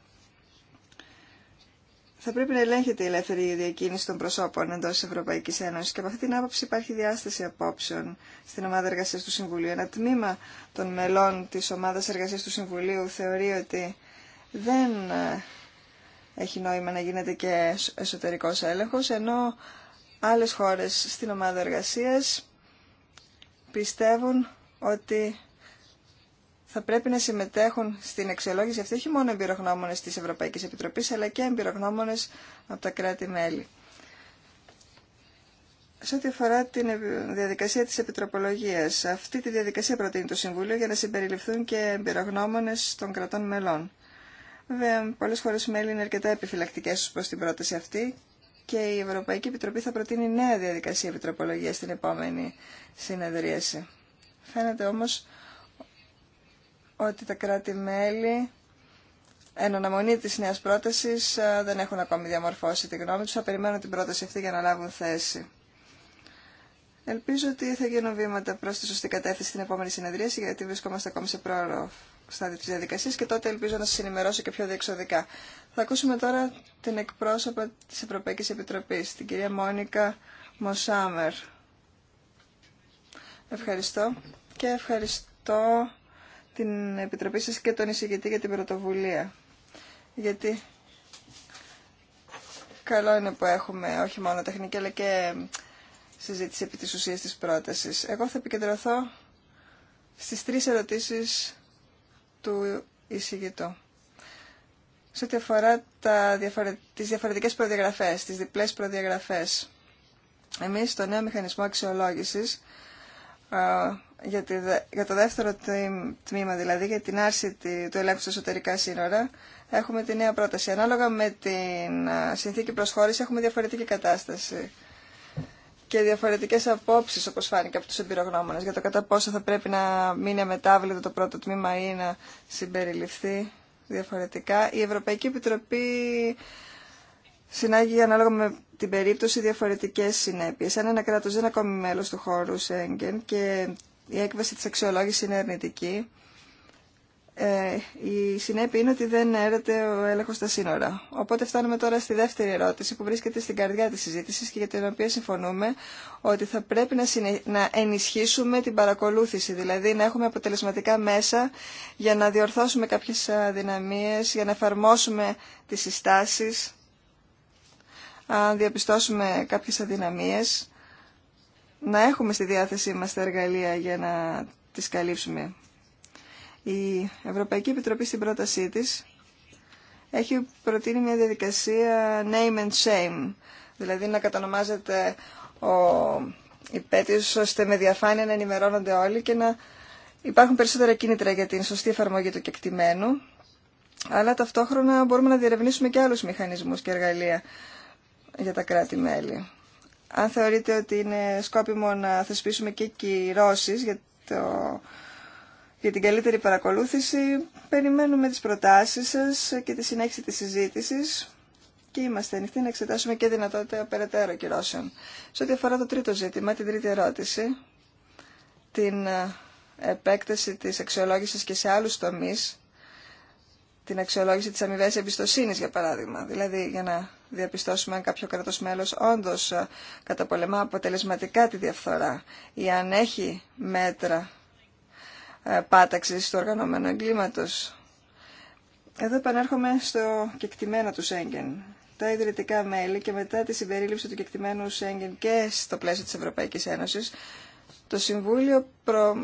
Θα πρέπει να ελέγχεται η ελεύθερη διακίνηση των προσώπων εντό τη Ευρωπαϊκή Ένωση και από αυτή την άποψη υπάρχει διάσταση απόψεων στην ομάδα εργασία του Συμβουλίου. Ένα τμήμα των μελών τη ομάδα εργασία του Συμβουλίου θεωρεί ότι δεν ε, έχει νόημα να γίνεται και εσωτερικό έλεγχο, ενώ άλλες χώρες στην ομάδα εργασίας πιστεύουν ότι θα πρέπει να συμμετέχουν στην εξελόγηση αυτή όχι μόνο εμπειρογνώμονες της Ευρωπαϊκής Επιτροπής, αλλά και εμπειρογνώμονες από τα κράτη-μέλη. Σε ό,τι αφορά τη διαδικασία της επιτροπολογίας, αυτή τη διαδικασία προτείνει το Συμβούλιο για να συμπεριληφθούν και εμπειρογνώμονες των κρατών μελών. Βέβαια, πολλές χώρες μέλη είναι αρκετά επιφυλακτικές προς την πρόταση αυτή και η Ευρωπαϊκή Επιτροπή θα προτείνει νέα διαδικασία επιτροπολογία στην επόμενη συνεδρίαση. Φαίνεται όμως ότι τα κράτη-μέλη εν αναμονή της νέας πρότασης δεν έχουν ακόμη διαμορφώσει τη γνώμη τους. Θα περιμένουν την πρόταση αυτή για να λάβουν θέση. Ελπίζω ότι θα γίνουν βήματα προς τη σωστή κατεύθυνση στην επόμενη συνεδρίαση γιατί βρισκόμαστε ακόμη σε πρόωρο στάδιο της διαδικασίας και τότε ελπίζω να σας ενημερώσω και πιο διεξοδικά. Θα ακούσουμε τώρα την εκπρόσωπα της Ευρωπαϊκής Επιτροπής, την κυρία Μόνικα Μοσάμερ. Ευχαριστώ και ευχαριστώ την Επιτροπή σας και τον εισηγητή για την πρωτοβουλία. Γιατί καλό είναι που έχουμε όχι μόνο τεχνική αλλά και συζήτηση επί της ουσίας της πρότασης. Εγώ θα επικεντρωθώ στις τρεις ερωτήσεις του εισηγητού. Σε ό,τι αφορά τα διαφορε... τις διαφορετικές προδιαγραφές, τις διπλές προδιαγραφές, εμείς στο νέο μηχανισμό αξιολόγησης για, το δεύτερο τμήμα, δηλαδή για την άρση του ελέγχου στα εσωτερικά σύνορα, έχουμε τη νέα πρόταση. Ανάλογα με την συνθήκη προσχώρηση έχουμε διαφορετική κατάσταση και διαφορετικές απόψεις όπως φάνηκε από τους εμπειρογνώμονε για το κατά πόσο θα πρέπει να μείνει αμετάβλητο το πρώτο τμήμα ή να συμπεριληφθεί διαφορετικά. Η Ευρωπαϊκή Επιτροπή συνάγει ανάλογα με την περίπτωση διαφορετικές συνέπειε. Αν ένα κράτο δεν είναι ακόμη μέλο του χώρου Σέγγεν και η έκβαση τη αξιολόγηση είναι αρνητική, ε, η συνέπεια είναι ότι δεν έρεται ο έλεγχο στα σύνορα. Οπότε φτάνουμε τώρα στη δεύτερη ερώτηση που βρίσκεται στην καρδιά τη συζήτηση και για την οποία συμφωνούμε ότι θα πρέπει να ενισχύσουμε την παρακολούθηση, δηλαδή να έχουμε αποτελεσματικά μέσα για να διορθώσουμε κάποιε αδυναμίε, για να εφαρμόσουμε τι συστάσει, αν διαπιστώσουμε κάποιε αδυναμίε, να έχουμε στη διάθεσή μα τα εργαλεία για να τις καλύψουμε. Η Ευρωπαϊκή Επιτροπή στην πρότασή της έχει προτείνει μια διαδικασία name and shame, δηλαδή να κατανομάζεται ο υπέτειος ώστε με διαφάνεια να ενημερώνονται όλοι και να υπάρχουν περισσότερα κίνητρα για την σωστή εφαρμογή του κεκτημένου, αλλά ταυτόχρονα μπορούμε να διερευνήσουμε και άλλους μηχανισμούς και εργαλεία για τα κράτη-μέλη. Αν θεωρείτε ότι είναι σκόπιμο να θεσπίσουμε και κυρώσεις για το για την καλύτερη παρακολούθηση. Περιμένουμε τις προτάσεις σας και τη συνέχιση της συζήτησης και είμαστε ανοιχτοί να εξετάσουμε και δυνατότητα περαιτέρω κυρώσεων. Σε ό,τι αφορά το τρίτο ζήτημα, την τρίτη ερώτηση, την ε, επέκταση της αξιολόγησης και σε άλλους τομείς, την αξιολόγηση της αμοιβέ εμπιστοσύνη, για παράδειγμα. Δηλαδή, για να διαπιστώσουμε αν κάποιο κράτο μέλο όντω ε, καταπολεμά αποτελεσματικά τη διαφθορά ή αν έχει μέτρα ε, πάταξης του οργανωμένου εγκλήματο. Εδώ επανέρχομαι στο κεκτημένο του Σέγγεν. Τα ιδρυτικά μέλη και μετά τη συμπερίληψη του κεκτημένου Σέγγεν και στο πλαίσιο τη Ευρωπαϊκή Ένωση. το Συμβούλιο προ...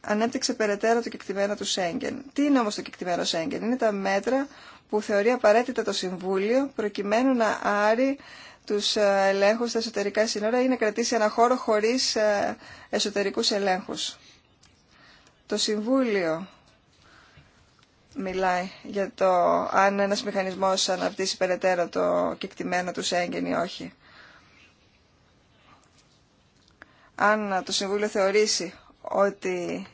ανέπτυξε περαιτέρω το κεκτημένο του Σέγγεν. Τι είναι όμω το κεκτημένο Σέγγεν? Είναι τα μέτρα που θεωρεί απαραίτητα το Συμβούλιο προκειμένου να άρει του ε, ελέγχου στα εσωτερικά σύνορα ή να κρατήσει ένα χώρο χωρί ε, εσωτερικού ελέγχου. Το Συμβούλιο μιλάει για το αν ένας μηχανισμός αναπτύσσει περαιτέρω το κεκτημένο του Σέγγεν ή όχι. Αν το Συμβούλιο θεωρήσει ότι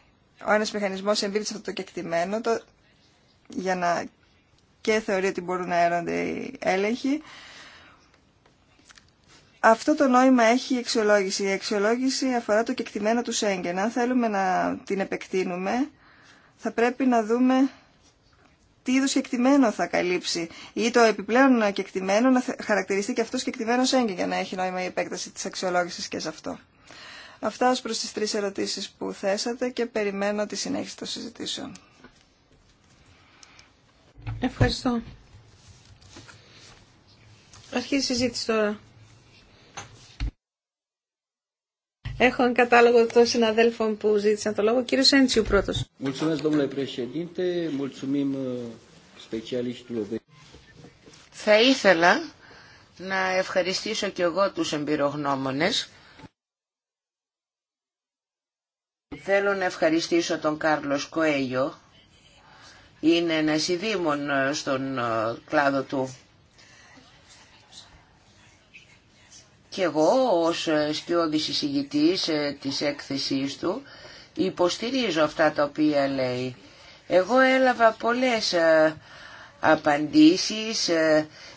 ο ένας μηχανισμός εμπίπτει αυτό το κεκτημένο το, για να και θεωρεί ότι μπορούν να έρονται οι έλεγχοι, αυτό το νόημα έχει η αξιολόγηση. Η αξιολόγηση αφορά το κεκτημένο του Σέγγεν. Αν θέλουμε να την επεκτείνουμε, θα πρέπει να δούμε τι είδους κεκτημένο θα καλύψει ή το επιπλέον κεκτημένο να χαρακτηριστεί και αυτός κεκτημένο Σέγγεν για να έχει νόημα η επέκταση της αξιολόγηση και σε αυτό. Αυτά ω προ τι τρει ερωτήσει που θέσατε και περιμένω τη συνέχιση των συζητήσεων. Ευχαριστώ. Αρχίζει η συζήτηση τώρα. Έχω έναν κατάλογο των συναδέλφων που ζήτησαν το λόγο. Κύριο Σέντσιου πρώτος. Uh, Θα ήθελα να ευχαριστήσω και εγώ τους εμπειρογνώμονες. Θέλω να ευχαριστήσω τον Κάρλος Κοέλιο. Είναι ένα ειδήμων ε, στον ε, κλάδο του και εγώ ως ε, σκιώδης εισηγητής ε, της έκθεσής του υποστηρίζω αυτά τα οποία λέει. Εγώ έλαβα πολλές ε, απαντήσεις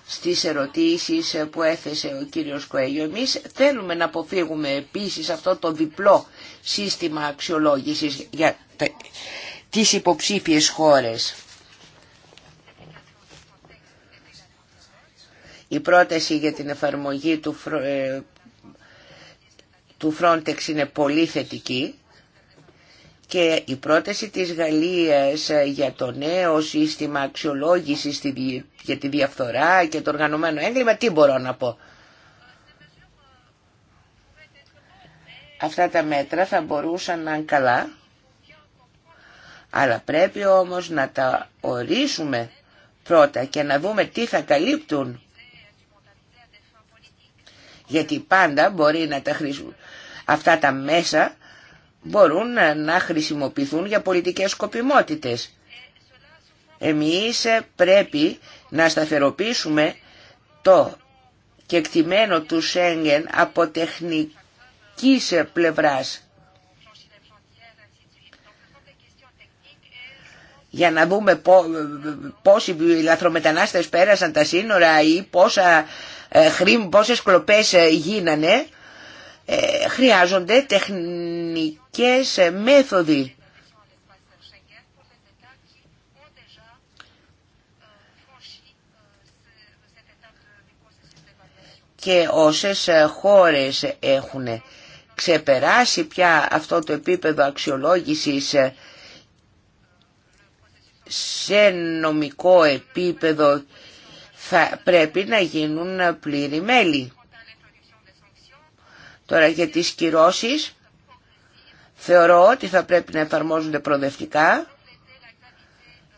στις ερωτήσεις που έθεσε ο κύριος Κοέγιο. Εμείς θέλουμε να αποφύγουμε επίσης αυτό το διπλό σύστημα αξιολόγησης για τις υποψήφιες χώρες. Η πρόταση για την εφαρμογή του, ε, του Frontex είναι πολύ θετική και η πρόταση της Γαλλίας για το νέο σύστημα αξιολόγησης για τη διαφθορά και το οργανωμένο έγκλημα, τι μπορώ να πω. Αυτά τα μέτρα θα μπορούσαν να είναι καλά, αλλά πρέπει όμως να τα ορίσουμε πρώτα και να δούμε τι θα καλύπτουν γιατί πάντα μπορεί να τα χρησιμο... αυτά τα μέσα μπορούν να χρησιμοποιηθούν για πολιτικές σκοπιμότητες. Εμείς πρέπει να σταθεροποιήσουμε το κεκτημένο του Σέγγεν από τεχνικής πλευράς. για να δούμε πόσοι λαθρομετανάστες πέρασαν τα σύνορα ή πόσα, ε, πόσες κλοπές ε, γίνανε, ε, χρειάζονται τεχνικές μέθοδοι. Και όσες χώρες έχουν ξεπεράσει πια αυτό το επίπεδο αξιολόγησης σε νομικό επίπεδο θα πρέπει να γίνουν πλήρη μέλη. Τώρα για τις κυρώσεις θεωρώ ότι θα πρέπει να εφαρμόζονται προοδευτικά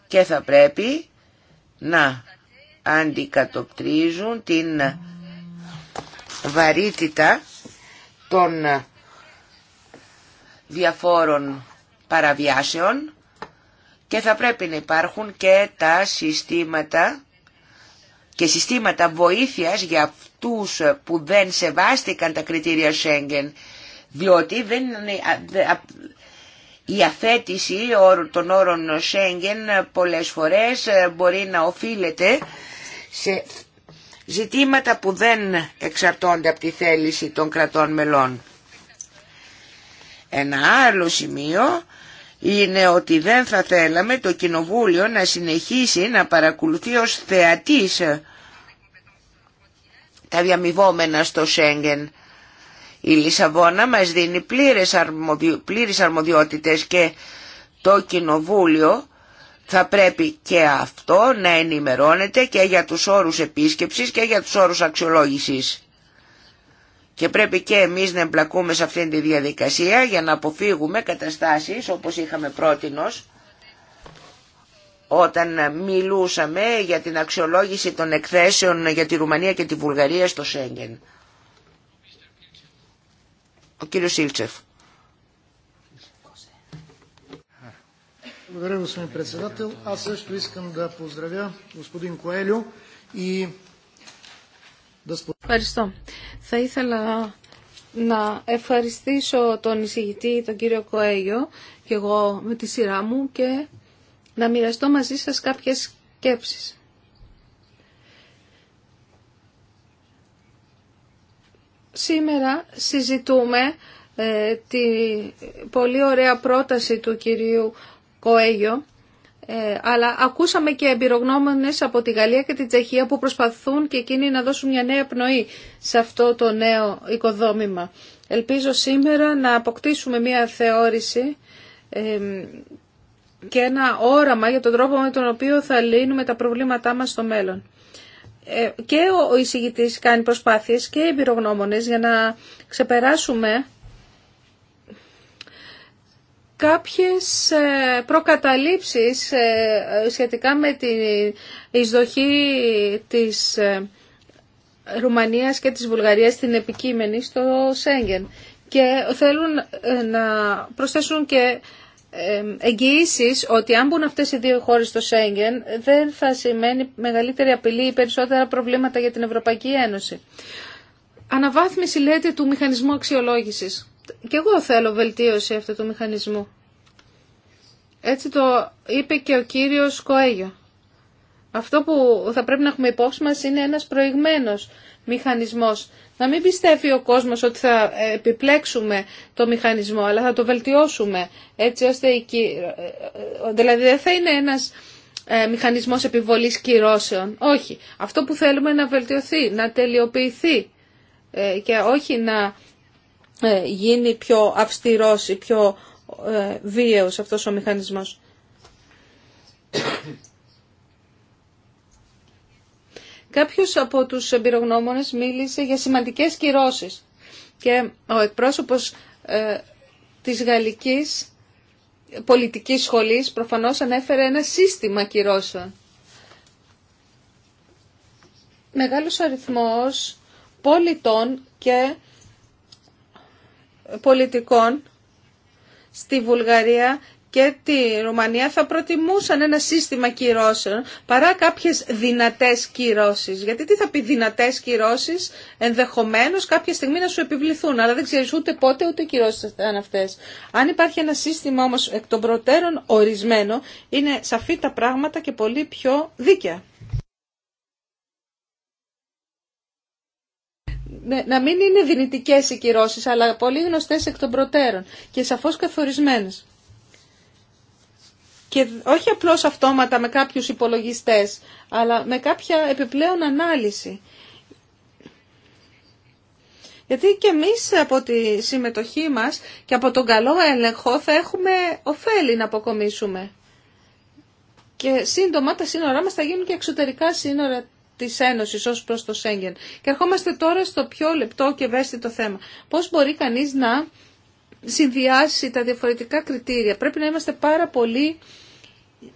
και θα πρέπει να αντικατοπτρίζουν την βαρύτητα των διαφόρων παραβιάσεων και θα πρέπει να υπάρχουν και τα συστήματα και συστήματα βοήθειας για αυτούς που δεν σεβάστηκαν τα κριτήρια Σέγγεν διότι δεν η αθέτηση των όρων Σέγγεν πολλές φορές ε, μπορεί να οφείλεται σε ζητήματα που δεν εξαρτώνται από τη θέληση των κρατών μελών. Ένα άλλο σημείο είναι ότι δεν θα θέλαμε το Κοινοβούλιο να συνεχίσει να παρακολουθεί ως θεατής τα διαμοιβόμενα στο Σέγγεν. Η Λισαβόνα μας δίνει πλήρες, αρμοδιο... πλήρες αρμοδιότητες και το Κοινοβούλιο θα πρέπει και αυτό να ενημερώνεται και για τους όρους επίσκεψης και για τους όρους αξιολόγησης. Και πρέπει και εμείς να εμπλακούμε σε αυτήν τη διαδικασία για να αποφύγουμε καταστάσεις όπως είχαμε πρότινος όταν μιλούσαμε για την αξιολόγηση των εκθέσεων για τη Ρουμανία και τη Βουλγαρία στο Σέγγεν. Ο κύριος Σίλτσεφ. Благодаря, господин председател. Аз също искам Ευχαριστώ. Θα ήθελα να ευχαριστήσω τον εισηγητή, τον κύριο Κοέγιο, και εγώ με τη σειρά μου και να μοιραστώ μαζί σας κάποιες σκέψεις. Σήμερα συζητούμε ε, τη πολύ ωραία πρόταση του κυρίου Κοέγιο ε, αλλά ακούσαμε και εμπειρογνώμονες από τη Γαλλία και την Τσεχία που προσπαθούν και εκείνοι να δώσουν μια νέα πνοή σε αυτό το νέο οικοδόμημα. Ελπίζω σήμερα να αποκτήσουμε μια θεώρηση και ένα όραμα για τον τρόπο με τον οποίο θα λύνουμε τα προβλήματά μας στο μέλλον. Ε, και ο εισηγητής κάνει προσπάθειες και οι για να ξεπεράσουμε κάποιες ε, προκαταλήψεις ε, σχετικά με την εισδοχή της ε, Ρουμανίας και της Βουλγαρίας στην επικείμενη στο Σέγγεν και θέλουν να προσθέσουν και εγγυήσει ότι αν μπουν αυτές οι δύο χώρες στο Σέγγεν δεν θα σημαίνει μεγαλύτερη απειλή ή περισσότερα προβλήματα για την Ευρωπαϊκή Ένωση. Αναβάθμιση λέτε του μηχανισμού αξιολόγησης. Και εγώ θέλω βελτίωση αυτού του μηχανισμού. Έτσι το είπε και ο κύριος Κοέγιο. Αυτό που θα πρέπει να έχουμε υπόψη μας είναι ένας προηγμένος μηχανισμός. Να μην πιστεύει ο κόσμος ότι θα επιπλέξουμε το μηχανισμό, αλλά θα το βελτιώσουμε έτσι ώστε η... δηλαδή δεν θα είναι ένας ε, μηχανισμός επιβολής κυρώσεων. Όχι. Αυτό που θέλουμε να βελτιωθεί, να τελειοποιηθεί ε, και όχι να ε, γίνει πιο αυστηρός ή πιο ε, βίαιος αυτός ο μηχανισμός. Κάποιος από τους εμπειρογνώμονες μίλησε για σημαντικές κυρώσεις και ο εκπρόσωπος ε, της γαλλικής πολιτικής σχολής προφανώς ανέφερε ένα σύστημα κυρώσεων. Μεγάλος αριθμός πολιτών και πολιτικών στη Βουλγαρία και τη Ρουμανία θα προτιμούσαν ένα σύστημα κυρώσεων παρά κάποιες δυνατές κυρώσεις. Γιατί τι θα πει δυνατές κυρώσεις, ενδεχομένως κάποια στιγμή να σου επιβληθούν, αλλά δεν ξέρεις ούτε πότε ούτε κυρώσεις θα αυτές. Αν υπάρχει ένα σύστημα όμως εκ των προτέρων ορισμένο, είναι σαφή τα πράγματα και πολύ πιο δίκαια. Ναι, να μην είναι δυνητικές οι κυρώσει, αλλά πολύ γνωστές εκ των προτέρων και σαφώς καθορισμένες. Και όχι απλώς αυτόματα με κάποιους υπολογιστές, αλλά με κάποια επιπλέον ανάλυση. Γιατί και εμείς από τη συμμετοχή μας και από τον καλό έλεγχο θα έχουμε ωφέλη να αποκομίσουμε. Και σύντομα τα σύνορά μας θα γίνουν και εξωτερικά σύνορα τη Ένωση ω προ το Σέγγεν. Και ερχόμαστε τώρα στο πιο λεπτό και ευαίσθητο θέμα. Πώς μπορεί κανείς να συνδυάσει τα διαφορετικά κριτήρια. Πρέπει να είμαστε πάρα πολύ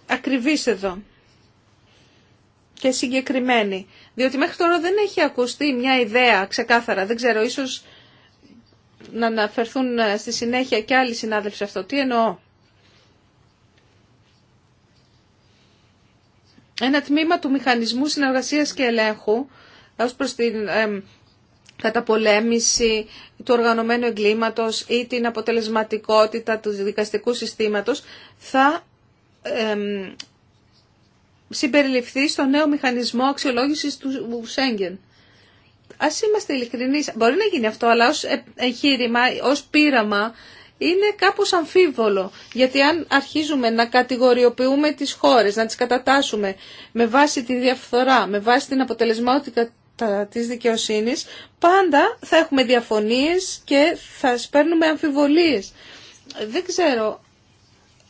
ακριβείς εδώ και συγκεκριμένοι. Διότι μέχρι τώρα δεν έχει ακουστεί μια ιδέα ξεκάθαρα. Δεν ξέρω, ίσως να αναφερθούν στη συνέχεια και άλλοι συνάδελφοι σε αυτό. Τι εννοώ. ένα τμήμα του μηχανισμού συνεργασίας και ελέγχου ως προς την καταπολέμηση του οργανωμένου εγκλήματος ή την αποτελεσματικότητα του δικαστικού συστήματος θα ε, συμπεριληφθεί στο νέο μηχανισμό αξιολόγησης του Σέγγεν. Ας είμαστε ειλικρινείς, μπορεί να γίνει αυτό, αλλά ως ε, εγχείρημα, ως πείραμα είναι κάπως αμφίβολο, γιατί αν αρχίζουμε να κατηγοριοποιούμε τις χώρες, να τις κατατάσσουμε με βάση τη διαφθορά, με βάση την αποτελεσματικότητα της δικαιοσύνης, πάντα θα έχουμε διαφωνίες και θα σπέρνουμε αμφιβολίες. Δεν ξέρω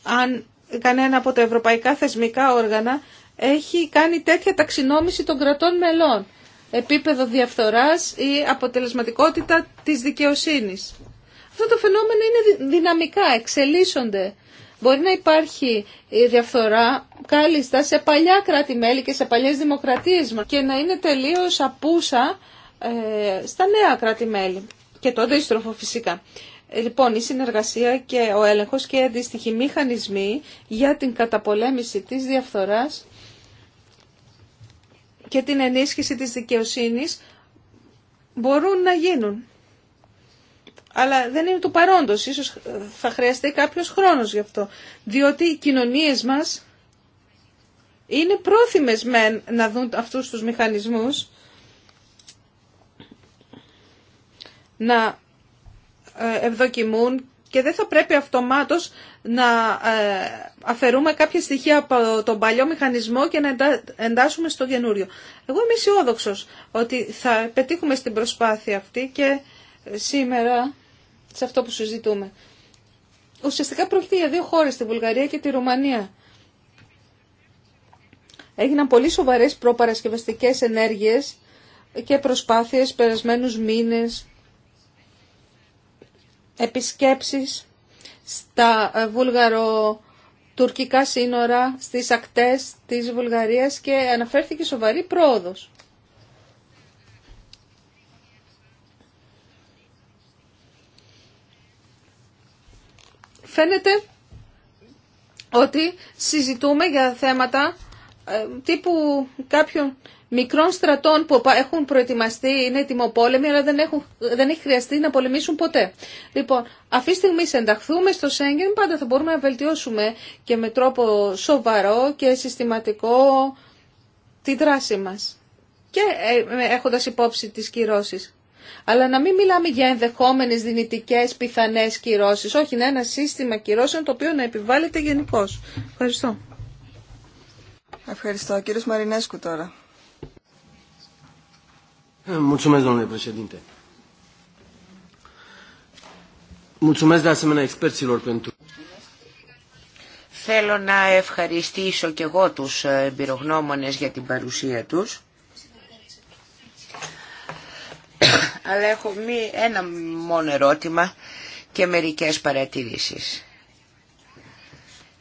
αν κανένα από τα ευρωπαϊκά θεσμικά όργανα έχει κάνει τέτοια ταξινόμηση των κρατών μελών, επίπεδο διαφθοράς ή αποτελεσματικότητα της δικαιοσύνης. Αυτά το φαινόμενο είναι δυναμικά, εξελίσσονται. Μπορεί να υπάρχει διαφθορά κάλλιστα σε παλιά κράτη-μέλη και σε παλιές δημοκρατίες και να είναι τελείως απούσα ε, στα νέα κράτη-μέλη και το αντίστροφο φυσικά. Ε, λοιπόν, η συνεργασία και ο έλεγχος και οι αντίστοιχοι μηχανισμοί για την καταπολέμηση της διαφθοράς και την ενίσχυση της δικαιοσύνης μπορούν να γίνουν αλλά δεν είναι του παρόντος. Ίσως θα χρειαστεί κάποιος χρόνος γι' αυτό. Διότι οι κοινωνίες μας είναι πρόθυμες με να δουν αυτούς τους μηχανισμούς να ε, ευδοκιμούν και δεν θα πρέπει αυτομάτως να ε, αφαιρούμε κάποια στοιχεία από τον παλιό μηχανισμό και να εντάσσουμε στο καινούριο. Εγώ είμαι αισιόδοξο ότι θα πετύχουμε στην προσπάθεια αυτή και σήμερα σε αυτό που συζητούμε. Ουσιαστικά πρόκειται για δύο χώρες, τη Βουλγαρία και τη Ρουμανία. Έγιναν πολύ σοβαρές προπαρασκευαστικές ενέργειες και προσπάθειες περασμένους μήνες, επισκέψεις στα βουλγαρο-τουρκικά σύνορα, στις ακτές της Βουλγαρίας και αναφέρθηκε σοβαρή πρόοδος. φαίνεται ότι συζητούμε για θέματα ε, τύπου κάποιων μικρών στρατών που έχουν προετοιμαστεί, είναι ετοιμοπόλεμοι, αλλά δεν, έχουν, δεν έχει χρειαστεί να πολεμήσουν ποτέ. Λοιπόν, αυτή τη στιγμή συνταχθούμε στο Σέγγεν, πάντα θα μπορούμε να βελτιώσουμε και με τρόπο σοβαρό και συστηματικό τη δράση μας. Και ε, έχοντας υπόψη τις κυρώσεις. Αλλά να μην μιλάμε για ενδεχόμενες δυνητικές πιθανές κυρώσεις. Όχι, να ένα σύστημα κυρώσεων το οποίο να επιβάλλεται γενικώ. Ευχαριστώ. Ευχαριστώ. Κύριος Μαρινέσκου τώρα. Ε, Θέλω να ευχαριστήσω και εγώ τους εμπειρογνώμονες για την παρουσία τους. Αλλά έχω μη, ένα μόνο ερώτημα και μερικές παρατηρήσεις.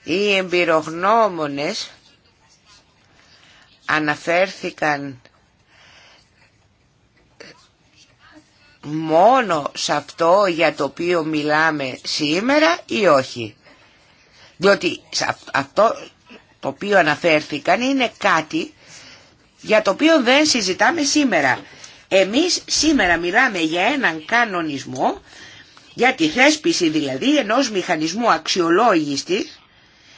Οι εμπειρογνώμονες αναφέρθηκαν μόνο σε αυτό για το οποίο μιλάμε σήμερα ή όχι. Διότι αυτό το οποίο αναφέρθηκαν είναι κάτι για το οποίο δεν συζητάμε σήμερα. Εμείς σήμερα μιλάμε για έναν κανονισμό, για τη θέσπιση δηλαδή ενός μηχανισμού αξιολόγησης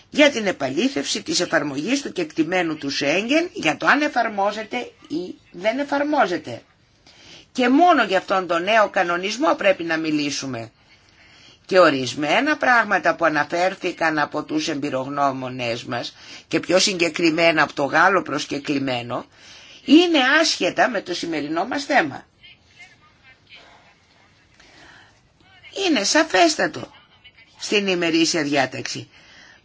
για την επαλήθευση της εφαρμογής του κεκτημένου του Σέγγεν για το αν εφαρμόζεται ή δεν εφαρμόζεται. Και μόνο για αυτόν τον νέο κανονισμό πρέπει να μιλήσουμε. Και ορισμένα πράγματα που αναφέρθηκαν από τους εμπειρογνώμονές μας και πιο συγκεκριμένα από το Γάλλο προσκεκλημένο είναι άσχετα με το σημερινό μας θέμα. Είναι σαφέστατο στην ημερήσια διάταξη.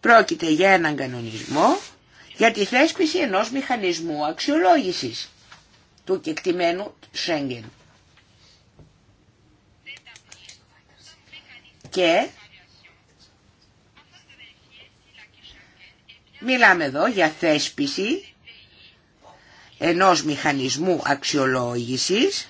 Πρόκειται για έναν κανονισμό για τη θέσπιση ενός μηχανισμού αξιολόγησης του κεκτημένου Σέγγεν. Και μιλάμε εδώ για θέσπιση ενός μηχανισμού αξιολόγησης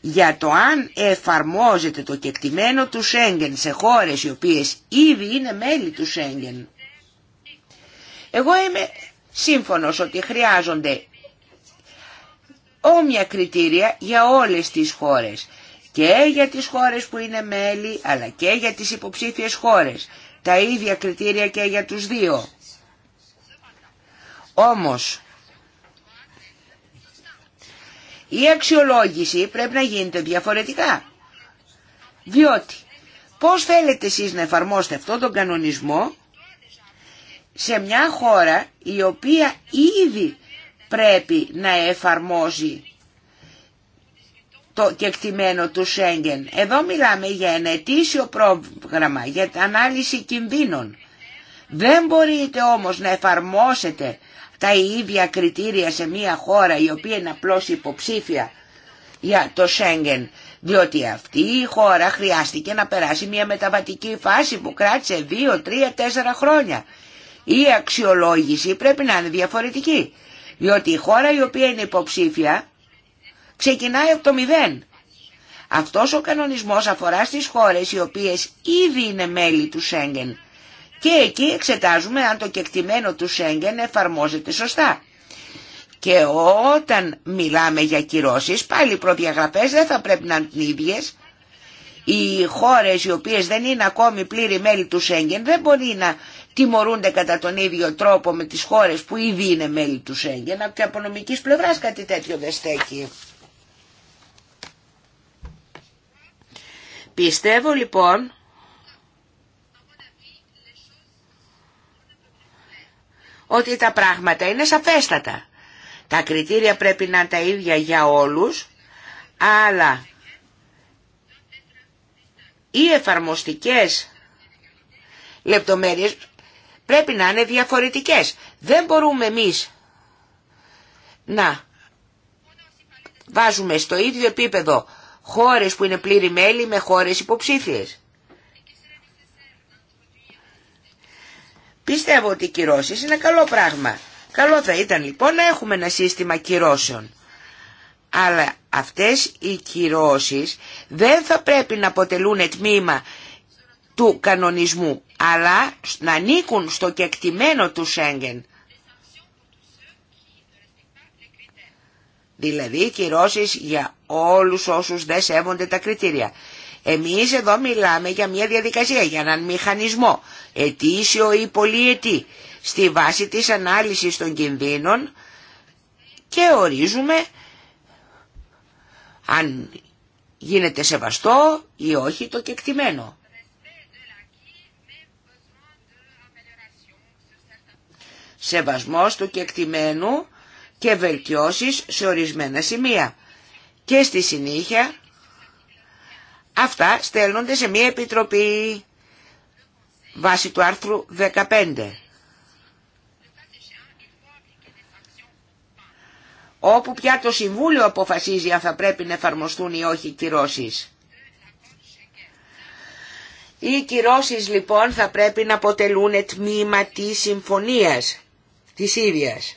για το αν εφαρμόζεται το κεκτημένο του Σέγγεν σε χώρες οι οποίες ήδη είναι μέλη του Σέγγεν. Εγώ είμαι σύμφωνος ότι χρειάζονται όμοια κριτήρια για όλες τις χώρες και για τις χώρες που είναι μέλη αλλά και για τις υποψήφιες χώρες. Τα ίδια κριτήρια και για τους δύο. Όμως, η αξιολόγηση πρέπει να γίνεται διαφορετικά. Διότι, πώς θέλετε εσείς να εφαρμόσετε αυτόν τον κανονισμό σε μια χώρα η οποία ήδη πρέπει να εφαρμόζει το κεκτημένο του Σέγγεν. Εδώ μιλάμε για ένα ετήσιο πρόγραμμα, για την ανάλυση κινδύνων. Δεν μπορείτε όμως να εφαρμόσετε τα ίδια κριτήρια σε μια χώρα η οποία είναι απλώς υποψήφια για το Σέγγεν. Διότι αυτή η χώρα χρειάστηκε να περάσει μια μεταβατική φάση που κράτησε 2, 3, 4 χρόνια. Η αξιολόγηση πρέπει να είναι διαφορετική. Διότι η χώρα η οποία είναι υποψήφια ξεκινάει από το μηδέν. Αυτός ο κανονισμός αφορά στις χώρες οι οποίες ήδη είναι μέλη του Σέγγεν. Και εκεί εξετάζουμε αν το κεκτημένο του Σέγγεν εφαρμόζεται σωστά. Και όταν μιλάμε για κυρώσεις, πάλι οι προδιαγραφές δεν θα πρέπει να είναι ίδιες. Οι χώρες οι οποίες δεν είναι ακόμη πλήρη μέλη του Σέγγεν δεν μπορεί να τιμωρούνται κατά τον ίδιο τρόπο με τις χώρες που ήδη είναι μέλη του Σέγγεν. Από την απονομική πλευράς κάτι τέτοιο δεν στέκει. Πιστεύω λοιπόν ότι τα πράγματα είναι σαφέστατα. Τα κριτήρια πρέπει να είναι τα ίδια για όλους, αλλά οι εφαρμοστικές λεπτομέρειες πρέπει να είναι διαφορετικές. Δεν μπορούμε εμείς να βάζουμε στο ίδιο επίπεδο χώρες που είναι πλήρη μέλη με χώρες υποψήφιες. Πιστεύω ότι οι κυρώσει είναι καλό πράγμα. Καλό θα ήταν λοιπόν να έχουμε ένα σύστημα κυρώσεων. Αλλά αυτές οι κυρώσεις δεν θα πρέπει να αποτελούν τμήμα του κανονισμού, αλλά να ανήκουν στο κεκτημένο του Σέγγεν. Δηλαδή κυρώσεις για όλους όσους δεν σέβονται τα κριτήρια. Εμείς εδώ μιλάμε για μια διαδικασία, για έναν μηχανισμό, ετήσιο ή πολυετή, στη βάση της ανάλυσης των κινδύνων και ορίζουμε αν γίνεται σεβαστό ή όχι το κεκτημένο. Σεβασμός του κεκτημένου και βελτιώσεις σε ορισμένα σημεία. Και στη συνέχεια Αυτά στέλνονται σε μια επιτροπή βάσει του άρθρου 15. όπου πια το Συμβούλιο αποφασίζει αν θα πρέπει να εφαρμοστούν ή όχι οι κυρώσεις. Οι κυρώσεις λοιπόν θα πρέπει να αποτελούν τμήμα της συμφωνίας της ίδιας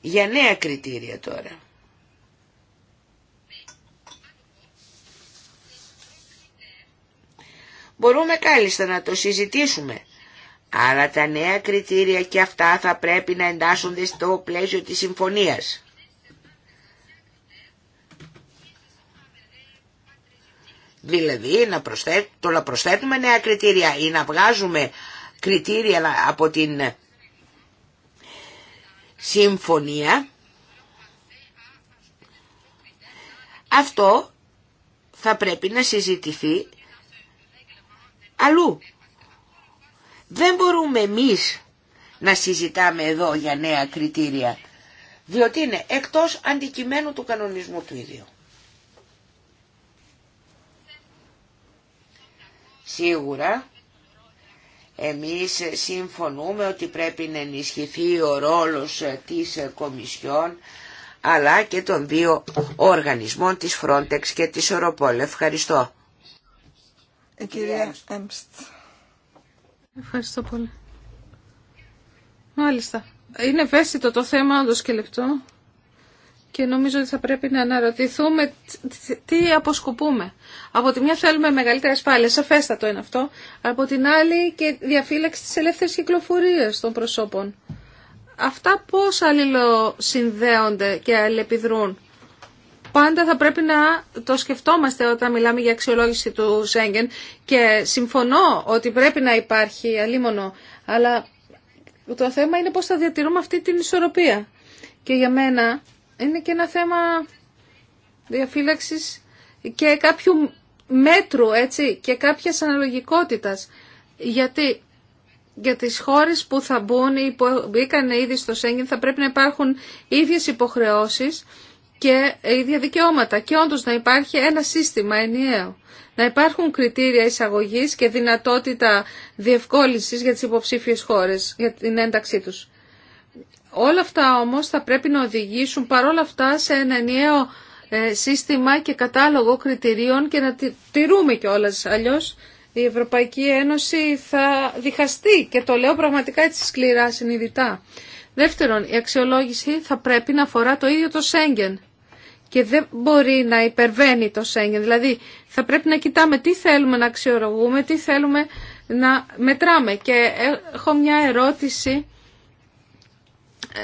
Για νέα κριτήρια τώρα. Μπορούμε κάλλιστα να το συζητήσουμε. Αλλά τα νέα κριτήρια και αυτά θα πρέπει να εντάσσονται στο πλαίσιο της συμφωνίας. Δηλαδή να το να προσθέτουμε νέα κριτήρια ή να βγάζουμε κριτήρια από την συμφωνία, αυτό θα πρέπει να συζητηθεί αλλού. Δεν μπορούμε εμείς να συζητάμε εδώ για νέα κριτήρια, διότι είναι εκτός αντικειμένου του κανονισμού του ίδιου. Σίγουρα, εμείς συμφωνούμε ότι πρέπει να ενισχυθεί ο ρόλος της Κομισιόν, αλλά και των δύο οργανισμών της Frontex και της Europol. Ευχαριστώ. Η ε, Ευχαριστώ πολύ. Μάλιστα. Είναι ευαίσθητο το θέμα, όντω και λεπτό. Και νομίζω ότι θα πρέπει να αναρωτηθούμε τι αποσκοπούμε. Από τη μια θέλουμε μεγαλύτερη ασφάλεια, σαφέστατο είναι αυτό. Από την άλλη και διαφύλαξη της ελεύθερης κυκλοφορίας των προσώπων. Αυτά πώς αλληλοσυνδέονται και αλληλεπιδρούν πάντα θα πρέπει να το σκεφτόμαστε όταν μιλάμε για αξιολόγηση του Σέγγεν και συμφωνώ ότι πρέπει να υπάρχει αλίμονο, αλλά το θέμα είναι πώς θα διατηρούμε αυτή την ισορροπία. Και για μένα είναι και ένα θέμα διαφύλαξης και κάποιου μέτρου έτσι, και κάποια αναλογικότητας. Γιατί για τις χώρες που θα μπουν ή που μπήκαν ήδη στο Σέγγεν θα πρέπει να υπάρχουν ίδιες υποχρεώσεις και ίδια δικαιώματα και όντω να υπάρχει ένα σύστημα ενιαίο. Να υπάρχουν κριτήρια εισαγωγή και δυνατότητα διευκόλυνση για τι υποψήφιε χώρε για την ένταξή τους. Όλα αυτά όμως θα πρέπει να οδηγήσουν παρόλα αυτά σε ένα ενιαίο ε, σύστημα και κατάλογο κριτηρίων και να τηρούμε κιόλα. αλλιώς η Ευρωπαϊκή Ένωση θα διχαστεί και το λέω πραγματικά έτσι σκληρά συνειδητά. Δεύτερον, η αξιολόγηση θα πρέπει να αφορά το ίδιο το Σέγγεν και δεν μπορεί να υπερβαίνει το Σέγγεν. Δηλαδή θα πρέπει να κοιτάμε τι θέλουμε να αξιολογούμε, τι θέλουμε να μετράμε. Και έχω μια ερώτηση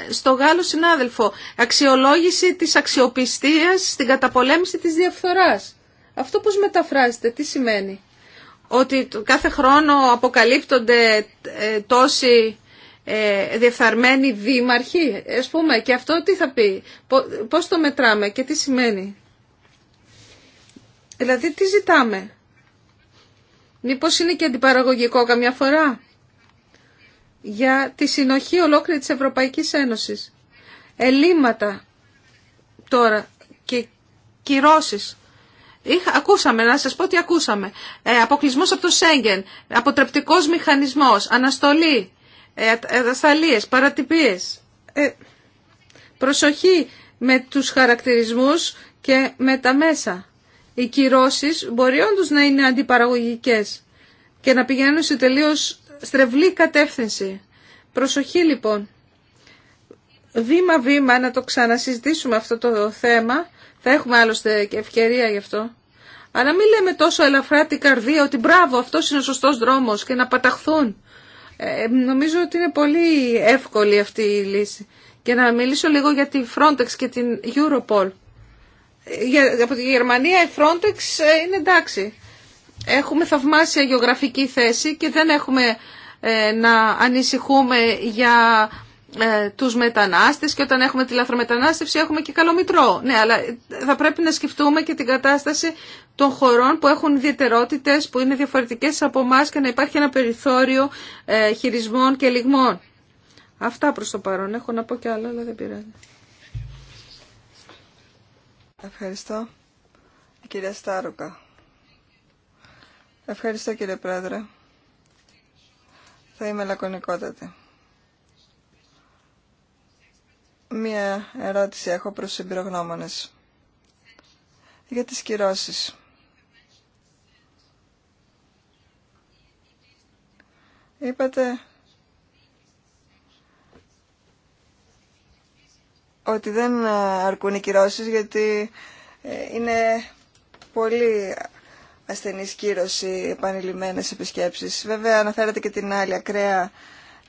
ε, στο Γάλλο συνάδελφο. Αξιολόγηση της αξιοπιστίας στην καταπολέμηση της διαφθοράς. Αυτό πώς μεταφράζεται, τι σημαίνει. Ότι κάθε χρόνο αποκαλύπτονται ε, τόσοι ε, διεφθαρμένοι δήμαρχοι, α πούμε, και αυτό τι θα πει, πώς το μετράμε και τι σημαίνει. Δηλαδή τι ζητάμε. Μήπω είναι και αντιπαραγωγικό καμιά φορά για τη συνοχή ολόκληρη της Ευρωπαϊκής Ένωσης. ελλείμματα τώρα και κυρώσεις. Είχα, ακούσαμε, να σας πω τι ακούσαμε. Ε, αποκλεισμός από το Σέγγεν, αποτρεπτικός μηχανισμός, αναστολή ατασταλίες, παρατυπίες. Ε, προσοχή με τους χαρακτηρισμούς και με τα μέσα. Οι κυρώσεις μπορεί όντω να είναι αντιπαραγωγικές και να πηγαίνουν σε τελείως στρεβλή κατεύθυνση. Προσοχή λοιπόν. Βήμα-βήμα να το ξανασυζητήσουμε αυτό το θέμα. Θα έχουμε άλλωστε και ευκαιρία γι' αυτό. Αλλά μην λέμε τόσο ελαφρά την καρδία ότι μπράβο αυτός είναι ο σωστός δρόμος και να παταχθούν. Ε, νομίζω ότι είναι πολύ εύκολη αυτή η λύση. Και να μιλήσω λίγο για τη Frontex και την Europol. Για, από τη Γερμανία η Frontex ε, είναι εντάξει. Έχουμε θαυμάσια γεωγραφική θέση και δεν έχουμε ε, να ανησυχούμε για ε, τους μετανάστες και όταν έχουμε τη λαθρομετανάστευση έχουμε και καλό μητρό. Ναι, αλλά θα πρέπει να σκεφτούμε και την κατάσταση των χωρών που έχουν ιδιαιτερότητες που είναι διαφορετικές από εμά και να υπάρχει ένα περιθώριο ε, χειρισμών και λιγμών. Αυτά προς το παρόν. Έχω να πω κι άλλα, αλλά δεν πειράζει. Ευχαριστώ. κυρία Στάρουκα. Ευχαριστώ κύριε Πρόεδρε. Θα είμαι λακωνικότατη. Μία ερώτηση έχω προς συμπειρογνώμονες για τις κυρώσεις. Είπατε ότι δεν αρκούν οι κυρώσεις γιατί ε, είναι πολύ ασθενής κύρωση επανειλημμένες επισκέψεις. Βέβαια αναφέρατε και την άλλη ακραία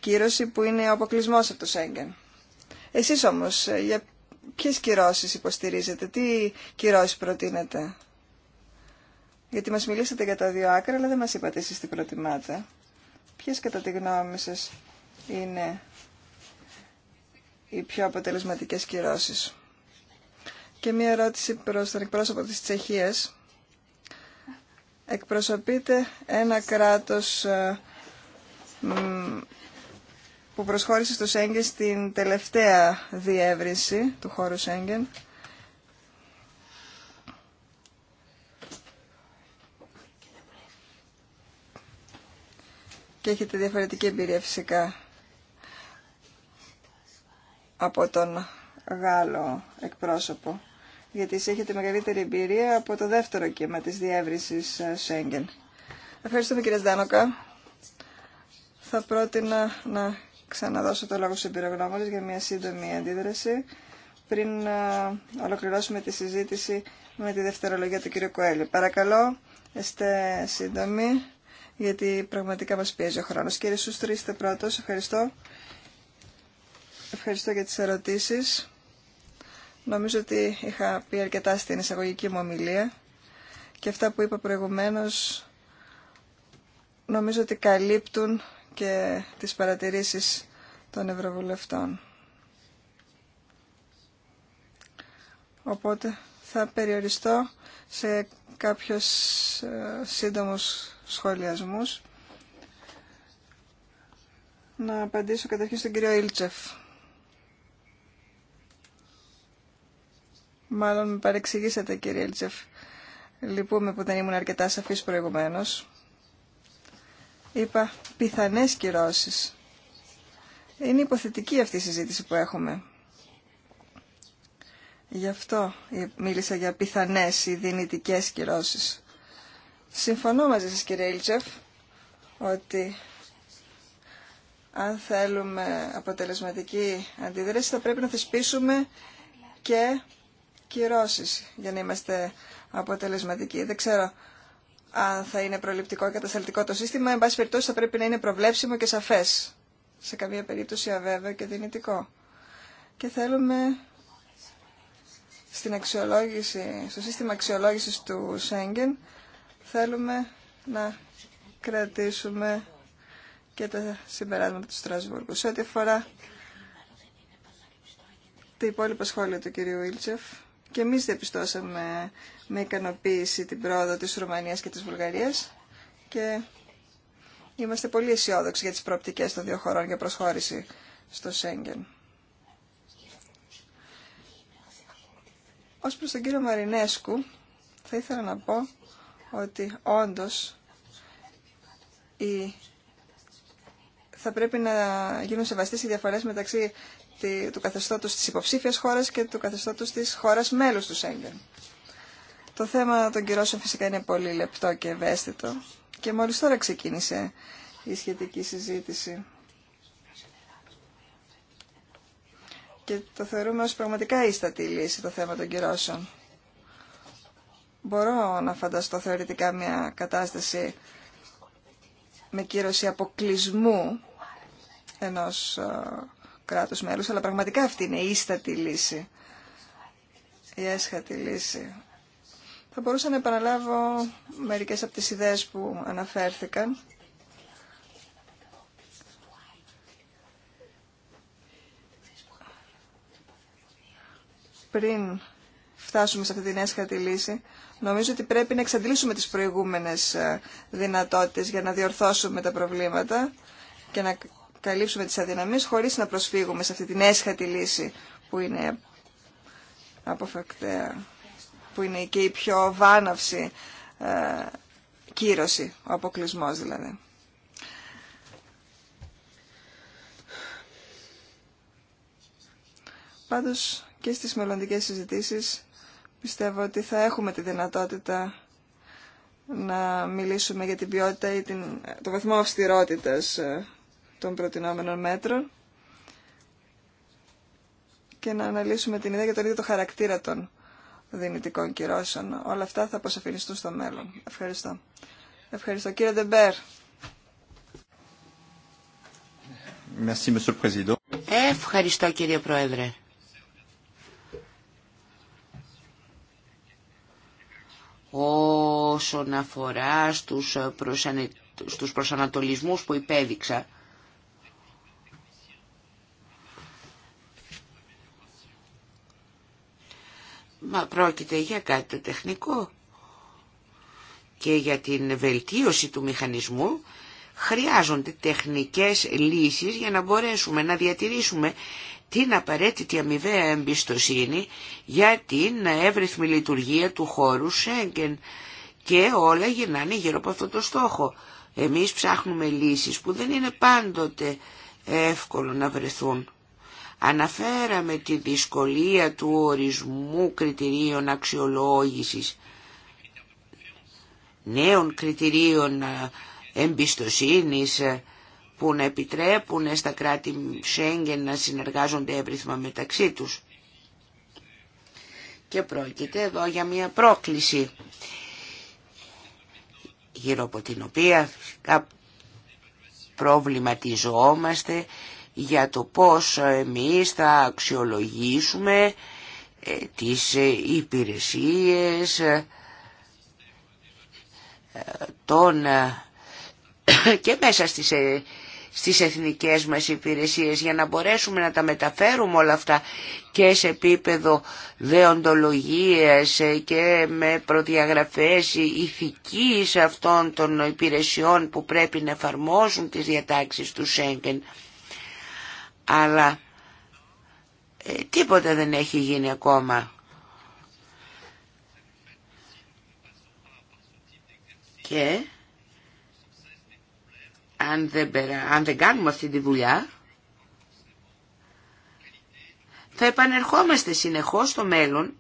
κύρωση που είναι ο αποκλεισμό από το Σέγγεν. Εσείς όμως ε, για ποιες κυρώσεις υποστηρίζετε, τι κυρώσεις προτείνετε. Γιατί μας μιλήσατε για τα δύο άκρα αλλά δεν μας είπατε εσείς τι προτιμάτε. Ποιες κατά τη γνώμη σας είναι οι πιο αποτελεσματικές κυρώσεις. Και μία ερώτηση προς τον εκπρόσωπο της Τσεχίας. Εκπροσωπείται ένα κράτος ε, που προσχώρησε στο Σέγγεν στην τελευταία διεύρυνση του χώρου Σέγγεν και έχετε διαφορετική εμπειρία φυσικά από τον Γάλλο εκπρόσωπο γιατί εσείς έχετε μεγαλύτερη εμπειρία από το δεύτερο κύμα της διεύρυνσης ε, Σέγγεν. Ευχαριστούμε κύριε Σδάνοκα. Θα πρότεινα να ξαναδώσω το λόγο στους εμπειρογνώμονες για μια σύντομη αντίδραση πριν ε, ολοκληρώσουμε τη συζήτηση με τη δευτερολογία του κύριου Κοέλη. Παρακαλώ, είστε σύντομοι γιατί πραγματικά μας πιέζει ο χρόνος. Κύριε Σούστρο, είστε πρώτος. Ευχαριστώ. Ευχαριστώ για τις ερωτήσεις. Νομίζω ότι είχα πει αρκετά στην εισαγωγική μου ομιλία και αυτά που είπα προηγουμένως νομίζω ότι καλύπτουν και τις παρατηρήσεις των Ευρωβουλευτών. Οπότε θα περιοριστώ σε κάποιους ε, σύντομους σχολιασμούς. Να απαντήσω καταρχήν στον κύριο Ήλτσεφ. Μάλλον με παρεξηγήσατε κύριε Ήλτσεφ. Λυπούμε που δεν ήμουν αρκετά σαφής προηγουμένως. Είπα πιθανές κυρώσεις. Είναι υποθετική αυτή η συζήτηση που έχουμε. Γι' αυτό μίλησα για πιθανές ή δυνητικές κυρώσεις. Συμφωνώ μαζί σας κύριε Ήλτσεφ ότι αν θέλουμε αποτελεσματική αντίδραση θα πρέπει να θεσπίσουμε και κυρώσεις για να είμαστε αποτελεσματικοί. Δεν ξέρω αν θα είναι προληπτικό ή κατασταλτικό το σύστημα. Εν πάση περιπτώσει θα πρέπει να είναι προβλέψιμο και σαφές. Σε καμία περίπτωση αβέβαιο και δυνητικό. Και θέλουμε στην αξιολόγηση, στο σύστημα αξιολόγησης του Σέγγεν θέλουμε να κρατήσουμε και τα συμπεράσματα του Στρασβούργου. Σε ό,τι αφορά τα υπόλοιπα σχόλια του κυρίου Ήλτσεφ, και εμείς διαπιστώσαμε με ικανοποίηση την πρόοδο της Ρουμανίας και της Βουλγαρίας και είμαστε πολύ αισιόδοξοι για τις προοπτικές των δύο χωρών για προσχώρηση στο Σέγγεν. Ως προς τον κύριο Μαρινέσκου, θα ήθελα να πω ότι όντως η... θα πρέπει να γίνουν σεβαστές οι διαφορές μεταξύ του καθεστώτος της υποψήφιας χώρας και του καθεστώτος της χώρας μέλους του Σέγγεν. Το θέμα των κυρώσεων φυσικά είναι πολύ λεπτό και ευαίσθητο και μόλις τώρα ξεκίνησε η σχετική συζήτηση. και το θεωρούμε ως πραγματικά ίστατη λύση το θέμα των κυρώσεων. Μπορώ να φανταστώ θεωρητικά μια κατάσταση με κύρωση αποκλεισμού ενός ε, κράτους μέλους, αλλά πραγματικά αυτή είναι η ίστατη λύση, η έσχατη λύση. Θα μπορούσα να επαναλάβω μερικές από τις ιδέες που αναφέρθηκαν πριν φτάσουμε σε αυτή την έσχατη λύση, νομίζω ότι πρέπει να εξαντλήσουμε τις προηγούμενες ε, δυνατότητες για να διορθώσουμε τα προβλήματα και να καλύψουμε τις αδυναμίες χωρίς να προσφύγουμε σε αυτή την έσχατη λύση που είναι αποφακτέα, που είναι και η πιο βάναυση ε, κύρωση, ο αποκλεισμό δηλαδή. Πάντως και στις μελλοντικές συζητήσεις πιστεύω ότι θα έχουμε τη δυνατότητα να μιλήσουμε για την ποιότητα ή την, το βαθμό αυστηρότητας ε, των προτινόμενων μέτρων και να αναλύσουμε την ιδέα για τον ίδιο το χαρακτήρα των δυνητικών κυρώσεων. Όλα αυτά θα αποσαφινιστούν στο μέλλον. Ευχαριστώ. Ευχαριστώ. Κύριε Ντεμπέρ. Ευχαριστώ κύριε Πρόεδρε. όσον αφορά στους, προσανε... στους προσανατολισμούς που υπέδειξα. Μα πρόκειται για κάτι τεχνικό και για την βελτίωση του μηχανισμού χρειάζονται τεχνικές λύσεις για να μπορέσουμε να διατηρήσουμε την απαραίτητη αμοιβαία εμπιστοσύνη για την εύρυθμη λειτουργία του χώρου Σέγγεν και όλα γυρνάνε γύρω από αυτό το στόχο. Εμείς ψάχνουμε λύσεις που δεν είναι πάντοτε εύκολο να βρεθούν. Αναφέραμε τη δυσκολία του ορισμού κριτηρίων αξιολόγησης, νέων κριτηρίων εμπιστοσύνης, που να επιτρέπουν στα κράτη Σέγγεν να συνεργάζονται εύρυθμα μεταξύ τους. Και πρόκειται εδώ για μια πρόκληση γύρω από την οποία προβληματιζόμαστε για το πώς εμείς θα αξιολογήσουμε ε, τις ε, υπηρεσίες ε, των και μέσα στις στις εθνικές μας υπηρεσίες για να μπορέσουμε να τα μεταφέρουμε όλα αυτά και σε επίπεδο δεοντολογίας και με προδιαγραφές ηθικής αυτών των υπηρεσιών που πρέπει να εφαρμόσουν τις διατάξεις του Σέγγεν. Αλλά ε, τίποτα δεν έχει γίνει ακόμα. Και αν δεν, αν δεν κάνουμε αυτή τη δουλειά, θα επανερχόμαστε συνεχώς στο μέλλον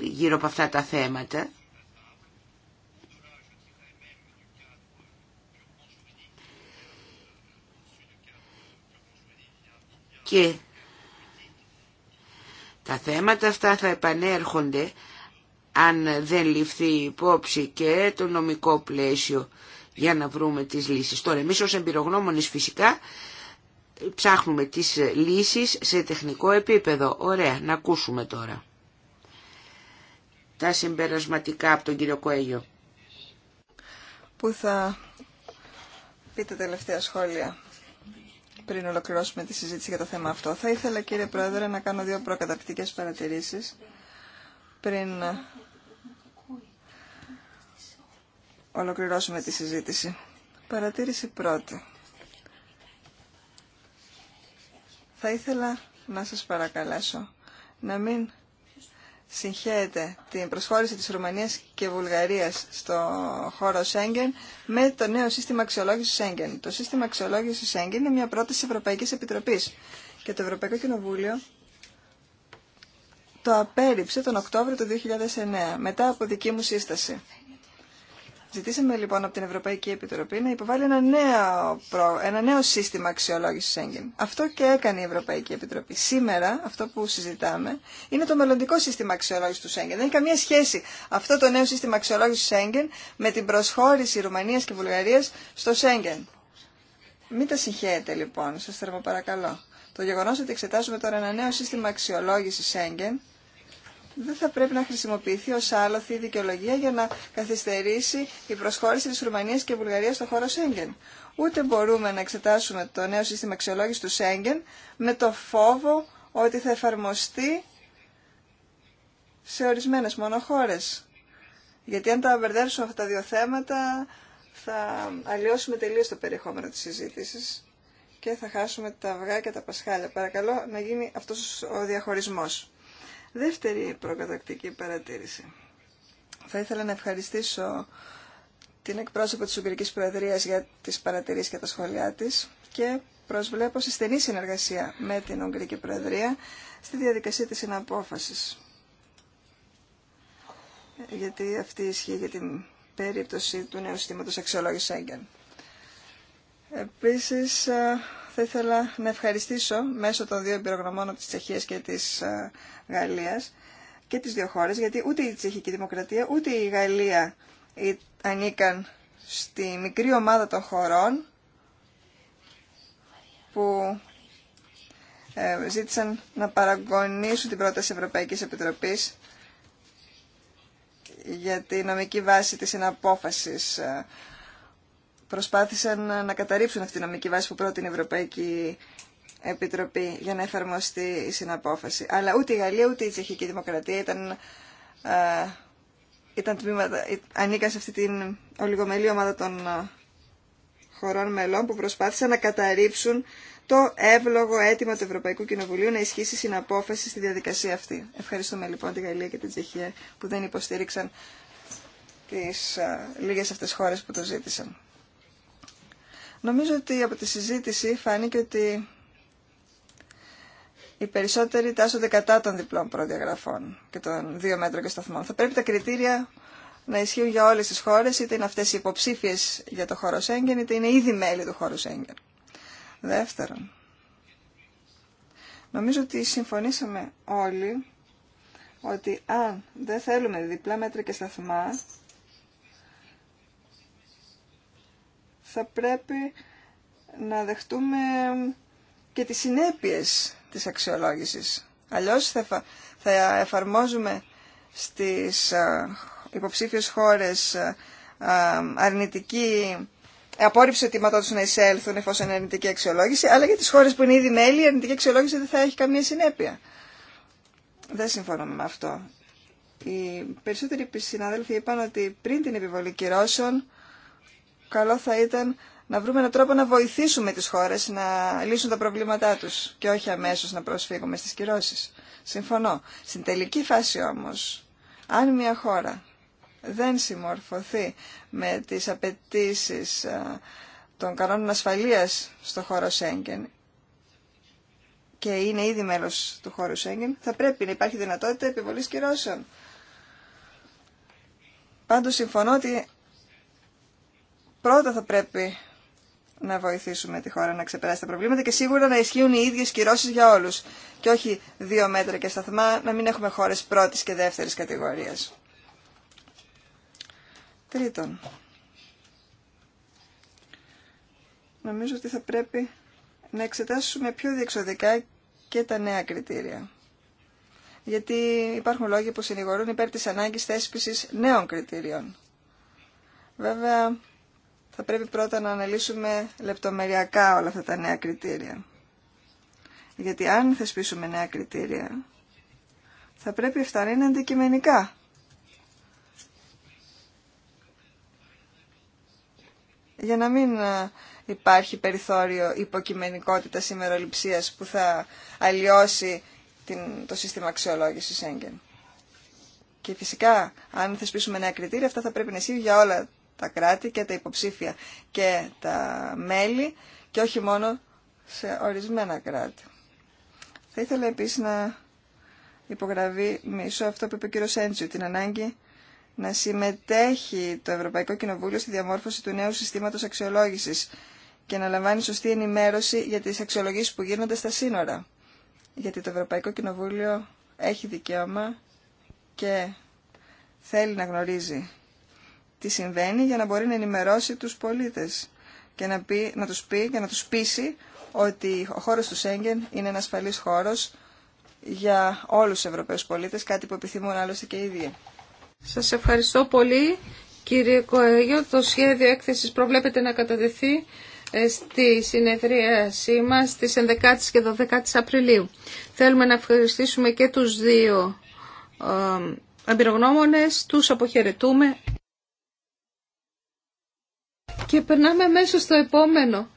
γύρω από αυτά τα θέματα. Και τα θέματα αυτά θα επανέρχονται αν δεν ληφθεί υπόψη και το νομικό πλαίσιο για να βρούμε τις λύσεις. Τώρα εμείς ως εμπειρογνώμονες φυσικά ψάχνουμε τις λύσεις σε τεχνικό επίπεδο. Ωραία, να ακούσουμε τώρα. Τα συμπερασματικά από τον κύριο Κοέγιο. Πού θα πείτε τελευταία σχόλια πριν ολοκληρώσουμε τη συζήτηση για το θέμα αυτό. Θα ήθελα κύριε Πρόεδρε να κάνω δύο προκαταρκτικές παρατηρήσεις πριν ολοκληρώσουμε τη συζήτηση. Παρατήρηση πρώτη. Θα ήθελα να σας παρακαλέσω να μην συγχαίεται την προσχώρηση της Ρουμανίας και Βουλγαρίας στο χώρο Σέγγεν με το νέο σύστημα αξιολόγησης Σέγγεν. Το σύστημα αξιολόγησης Σέγγεν είναι μια πρόταση Ευρωπαϊκής Επιτροπής και το Ευρωπαϊκό Κοινοβούλιο το απέρριψε τον Οκτώβριο του 2009 μετά από δική μου σύσταση. Ζητήσαμε λοιπόν από την Ευρωπαϊκή Επιτροπή να υποβάλει ένα νέο, ένα νέο σύστημα αξιολόγηση Σέγγεν. Αυτό και έκανε η Ευρωπαϊκή Επιτροπή. Σήμερα αυτό που συζητάμε είναι το μελλοντικό σύστημα αξιολόγηση του Σέγγεν. Δεν έχει καμία σχέση αυτό το νέο σύστημα αξιολόγηση Σέγγεν με την προσχώρηση Ρουμανία και Βουλγαρίας στο Σέγγεν. Μην τα συγχαίρετε λοιπόν, σας θερμοπαρακαλώ. Το γεγονό ότι εξετάζουμε τώρα ένα νέο σύστημα αξιολόγηση Σέγγεν δεν θα πρέπει να χρησιμοποιηθεί ω άλοθη η δικαιολογία για να καθυστερήσει η προσχώρηση τη Ρουμανία και Βουλγαρίας στο χώρο Σέγγεν. Ούτε μπορούμε να εξετάσουμε το νέο σύστημα αξιολόγηση του Σέγγεν με το φόβο ότι θα εφαρμοστεί σε ορισμένες μόνο χώρες. Γιατί αν τα μπερδέψουμε αυτά τα δύο θέματα θα αλλοιώσουμε τελείως το περιεχόμενο της συζήτησης και θα χάσουμε τα αυγά και τα πασχάλια. Παρακαλώ να γίνει αυτός ο διαχωρισμός. Δεύτερη προκατακτική παρατήρηση. Θα ήθελα να ευχαριστήσω την εκπρόσωπο της Ουγγρικής Προεδρίας για τις παρατηρήσεις και τα σχόλιά της και προσβλέπω σε στενή συνεργασία με την Ουγγρική Προεδρία στη διαδικασία της συναπόφασης. Γιατί αυτή ισχύει για την περίπτωση του νέου συστήματος αξιολόγης έγκαιρ. Επίσης, θα ήθελα να ευχαριστήσω μέσω των δύο από της Τσεχίας και της ε, Γαλλίας και τις δύο χώρες, γιατί ούτε η Τσεχική Δημοκρατία ούτε η Γαλλία ανήκαν στη μικρή ομάδα των χωρών που ε, ζήτησαν να παραγωνίσουν την πρόταση Ευρωπαϊκής Επιτροπής για τη νομική βάση της εναπόφασης ε, προσπάθησαν να καταρρύψουν αυτή τη νομική βάση που πρότεινε η Ευρωπαϊκή Επιτροπή για να εφαρμοστεί η συναπόφαση. Αλλά ούτε η Γαλλία ούτε η Τσεχική Δημοκρατία ήταν, ε, ήταν τμήματα, ε, ανήκαν σε αυτή την ολιγομελή ομάδα των ε, χωρών μελών που προσπάθησαν να καταρρύψουν το εύλογο αίτημα του Ευρωπαϊκού Κοινοβουλίου να ισχύσει συναπόφαση στη διαδικασία αυτή. Ευχαριστούμε λοιπόν τη Γαλλία και την Τσεχία που δεν υποστήριξαν τις α, λίγες αυτές χώρες που το ζήτησαν. Νομίζω ότι από τη συζήτηση φάνηκε ότι οι περισσότεροι τάσσονται κατά των διπλών προδιαγραφών και των δύο μέτρων και σταθμών. Θα πρέπει τα κριτήρια να ισχύουν για όλες τις χώρες, είτε είναι αυτές οι υποψήφιες για το χώρο Σέγγεν, είτε είναι ήδη μέλη του χώρου Σέγγεν. Δεύτερον, νομίζω ότι συμφωνήσαμε όλοι ότι αν δεν θέλουμε διπλά μέτρα και σταθμά, θα πρέπει να δεχτούμε και τις συνέπειες της αξιολόγησης. Αλλιώς θα, θα εφαρμόζουμε στις υποψήφιες χώρες αρνητική απόρριψη του να εισέλθουν εφόσον είναι αρνητική αξιολόγηση, αλλά για τις χώρες που είναι ήδη μέλη η αρνητική αξιολόγηση δεν θα έχει καμία συνέπεια. Δεν συμφωνούμε με αυτό. Οι περισσότεροι συναδέλφοι είπαν ότι πριν την επιβολή κυρώσεων καλό θα ήταν να βρούμε έναν τρόπο να βοηθήσουμε τις χώρες να λύσουν τα προβλήματά τους και όχι αμέσως να προσφύγουμε στις κυρώσεις. Συμφωνώ. Στην τελική φάση όμως, αν μια χώρα δεν συμμορφωθεί με τις απαιτήσει ε, των κανόνων ασφαλείας στο χώρο Σέγγεν και είναι ήδη μέλος του χώρου Σέγγεν, θα πρέπει να υπάρχει δυνατότητα επιβολής κυρώσεων. Πάντως συμφωνώ ότι πρώτα θα πρέπει να βοηθήσουμε τη χώρα να ξεπεράσει τα προβλήματα και σίγουρα να ισχύουν οι ίδιες κυρώσεις για όλους και όχι δύο μέτρα και σταθμά να μην έχουμε χώρες πρώτης και δεύτερης κατηγορίας. Τρίτον, νομίζω ότι θα πρέπει να εξετάσουμε πιο διεξοδικά και τα νέα κριτήρια. Γιατί υπάρχουν λόγοι που συνηγορούν υπέρ της ανάγκης θέσπισης νέων κριτήριων. Βέβαια, θα πρέπει πρώτα να αναλύσουμε λεπτομεριακά όλα αυτά τα νέα κριτήρια. Γιατί αν θεσπίσουμε νέα κριτήρια, θα πρέπει αυτά να είναι αντικειμενικά. Για να μην ε, υπάρχει περιθώριο υποκειμενικότητα μεροληψίας που θα αλλοιώσει το σύστημα αξιολόγησης έγκαιν. Και φυσικά, αν θεσπίσουμε νέα κριτήρια, αυτά θα πρέπει να ισχύουν για όλα τα κράτη και τα υποψήφια και τα μέλη και όχι μόνο σε ορισμένα κράτη. Θα ήθελα επίσης να υπογραβεί μισό αυτό που είπε ο κύριος Έντζιου, την ανάγκη να συμμετέχει το Ευρωπαϊκό Κοινοβούλιο στη διαμόρφωση του νέου συστήματος αξιολόγησης και να λαμβάνει σωστή ενημέρωση για τις αξιολογήσεις που γίνονται στα σύνορα. Γιατί το Ευρωπαϊκό Κοινοβούλιο έχει δικαίωμα και θέλει να γνωρίζει τι συμβαίνει για να μπορεί να ενημερώσει τους πολίτες και να, πει, να τους πει και να τους πείσει ότι ο χώρος του Σέγγεν είναι ένα ασφαλής χώρος για όλους τους Ευρωπαίους πολίτες, κάτι που επιθυμούν άλλωστε και οι ίδιοι. Σας ευχαριστώ πολύ κύριε Κοέγιο. Το σχέδιο έκθεσης προβλέπεται να κατατεθεί ε, στη συνεδρίασή μας στις 11 και 12 Απριλίου. Θέλουμε να ευχαριστήσουμε και τους δύο ε, εμπειρογνώμονες, τους αποχαιρετούμε. Και περνάμε μέσω στο επόμενο.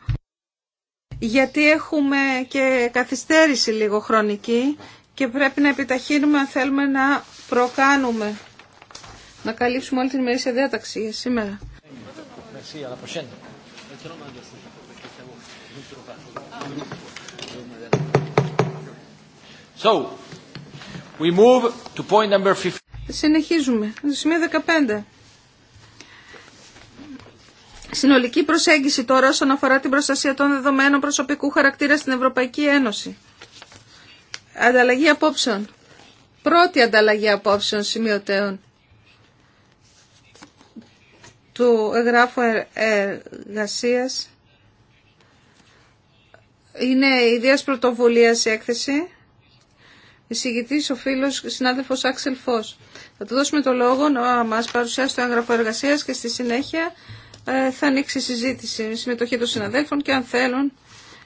Γιατί έχουμε και καθυστέρηση λίγο χρονική και πρέπει να επιταχύνουμε αν θέλουμε να προκάνουμε. Να καλύψουμε όλη την ημερήσια διάταξη για σήμερα. So, we move 15. Συνεχίζουμε. Σημείο 15 συνολική προσέγγιση τώρα όσον αφορά την προστασία των δεδομένων προσωπικού χαρακτήρα στην Ευρωπαϊκή Ένωση. Ανταλλαγή απόψεων. Πρώτη ανταλλαγή απόψεων σημειωτέων του εγγράφου εργασία. Είναι ιδέα πρωτοβουλία η έκθεση. Εισηγητή ο φίλο συνάδελφο Άξελ Φω. Θα του δώσουμε το λόγο να μα παρουσιάσει το έγγραφο εργασία και στη συνέχεια ε, θα ανοίξει συζήτηση με συμμετοχή των συναδέλφων και αν θέλουν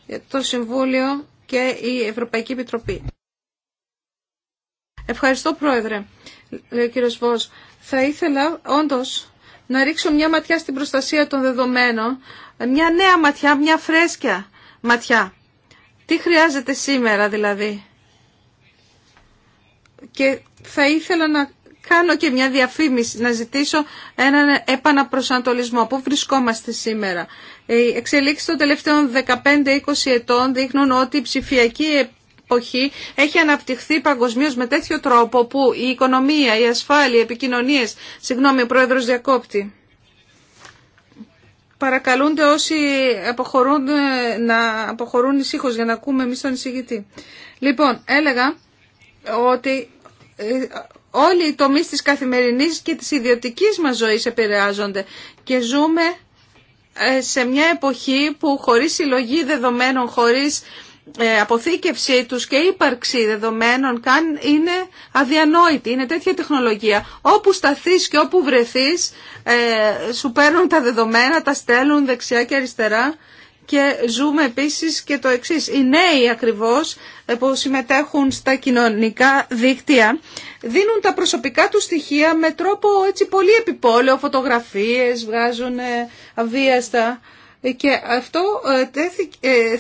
ε, το Συμβούλιο και η Ευρωπαϊκή Επιτροπή. Ευχαριστώ Πρόεδρε, λέει ο Θα ήθελα όντως να ρίξω μια ματιά στην προστασία των δεδομένων, μια νέα ματιά, μια φρέσκια ματιά. Τι χρειάζεται σήμερα δηλαδή. Και θα ήθελα να κάνω και μια διαφήμιση, να ζητήσω έναν επαναπροσανατολισμό. Πού βρισκόμαστε σήμερα. Οι εξελίξεις των τελευταίων 15-20 ετών δείχνουν ότι η ψηφιακή εποχή έχει αναπτυχθεί παγκοσμίω με τέτοιο τρόπο που η οικονομία, η ασφάλεια, οι επικοινωνίες, συγγνώμη, ο πρόεδρος διακόπτη. Παρακαλούνται όσοι αποχωρούν ε, να αποχωρούν ησύχως για να ακούμε εμείς τον εισηγητή. Λοιπόν, έλεγα ότι ε, όλοι οι τομείς της καθημερινής και της ιδιωτικής μας ζωής επηρεάζονται και ζούμε ε, σε μια εποχή που χωρίς συλλογή δεδομένων, χωρίς ε, αποθήκευσή τους και ύπαρξη δεδομένων καν είναι αδιανόητη. Είναι τέτοια τεχνολογία. Όπου σταθείς και όπου βρεθείς ε, σου παίρνουν τα δεδομένα, τα στέλνουν δεξιά και αριστερά και ζούμε επίσης και το εξής. Οι νέοι ακριβώς ε, που συμμετέχουν στα κοινωνικά δίκτυα δίνουν τα προσωπικά του στοιχεία με τρόπο έτσι πολύ επιπόλαιο, φωτογραφίες, βγάζουν ε, αβίαστα. Ε, και αυτό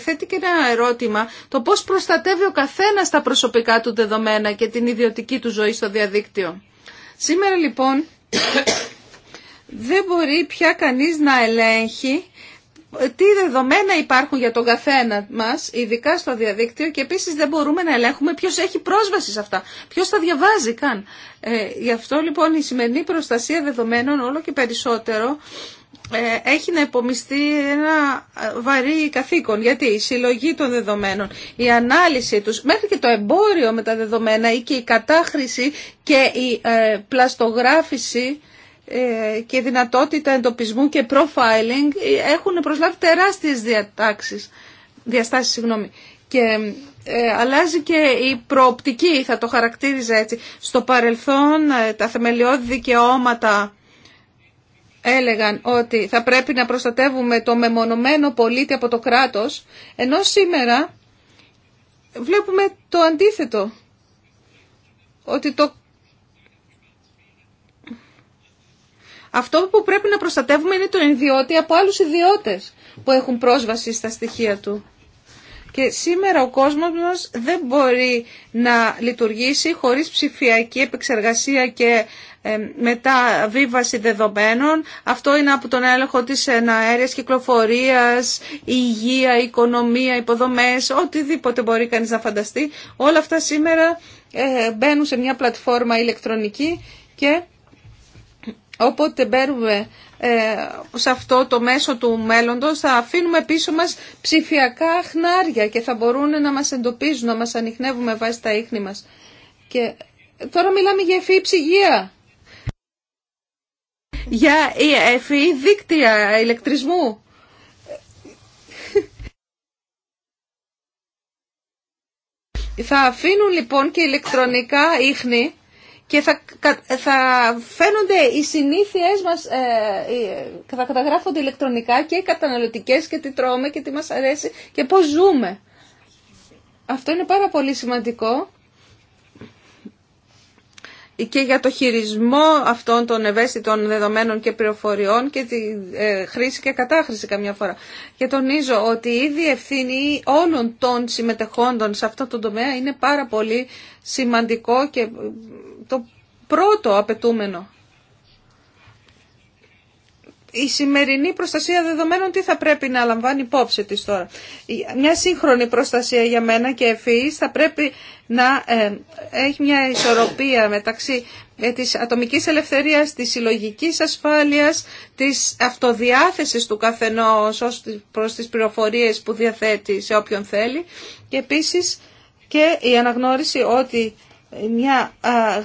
θέτει και ένα ερώτημα, το πώς προστατεύει ο καθένας τα προσωπικά του δεδομένα και την ιδιωτική του ζωή στο διαδίκτυο. Σήμερα λοιπόν δεν μπορεί πια κανείς να ελέγχει τι δεδομένα υπάρχουν για τον καθένα μας, ειδικά στο διαδίκτυο και επίσης δεν μπορούμε να ελέγχουμε ποιος έχει πρόσβαση σε αυτά, ποιος τα διαβάζει καν. Ε, γι' αυτό λοιπόν η σημερινή προστασία δεδομένων όλο και περισσότερο ε, έχει να υπομειστεί ένα βαρύ καθήκον. Γιατί η συλλογή των δεδομένων, η ανάλυση τους, μέχρι και το εμπόριο με τα δεδομένα ή και η κατάχρηση και η ε, πλαστογράφηση ε, και δυνατότητα εντοπισμού και profiling ε, έχουν προσλάβει τεράστιες διατάξεις, διαστάσεις. Συγγνώμη. Και ε, αλλάζει και η προοπτική, θα το χαρακτήριζα έτσι. Στο παρελθόν τα θεμελιώδη δικαιώματα έλεγαν ότι θα πρέπει να προστατεύουμε το μεμονωμένο πολίτη από το κράτος, ενώ σήμερα βλέπουμε το αντίθετο. Ότι το Αυτό που πρέπει να προστατεύουμε είναι τον ιδιώτη από άλλους ιδιώτες που έχουν πρόσβαση στα στοιχεία του. Και σήμερα ο κόσμος μας δεν μπορεί να λειτουργήσει χωρίς ψηφιακή επεξεργασία και ε, μετά βίβαση δεδομένων. Αυτό είναι από τον έλεγχο της αέριας κυκλοφορίας, υγεία, οικονομία, υποδομές, οτιδήποτε μπορεί κανείς να φανταστεί. Όλα αυτά σήμερα ε, μπαίνουν σε μια πλατφόρμα ηλεκτρονική και Οπότε μπαίνουμε ε, σε αυτό το μέσο του μέλλοντος, θα αφήνουμε πίσω μας ψηφιακά χνάρια και θα μπορούν να μας εντοπίζουν, να μας ανοιχνεύουμε βάσει τα ίχνη μας. Και τώρα μιλάμε για ευφυή ψυγεία. Για ευφυή δίκτυα ηλεκτρισμού. Θα αφήνουν λοιπόν και ηλεκτρονικά ίχνη και θα, θα φαίνονται οι συνήθειές μας, ε, ε, θα καταγράφονται ηλεκτρονικά και οι καταναλωτικές και τι τρώμε και τι μας αρέσει και πώς ζούμε. Αυτό είναι πάρα πολύ σημαντικό και για το χειρισμό αυτών των ευαίσθητων δεδομένων και πληροφοριών και τη ε, χρήση και κατάχρηση καμιά φορά. Και τονίζω ότι η διευθύνη ευθύνη όλων των συμμετεχόντων σε αυτό το τομέα είναι πάρα πολύ σημαντικό και πρώτο απαιτούμενο. Η σημερινή προστασία δεδομένων τι θα πρέπει να λαμβάνει υπόψη της τώρα. Μια σύγχρονη προστασία για μένα και ευφυής θα πρέπει να ε, έχει μια ισορροπία μεταξύ ε, της ατομικής ελευθερίας, της συλλογική ασφάλειας, της αυτοδιάθεσης του καθενός ως προς τις πληροφορίες που διαθέτει σε όποιον θέλει και επίσης και η αναγνώριση ότι μια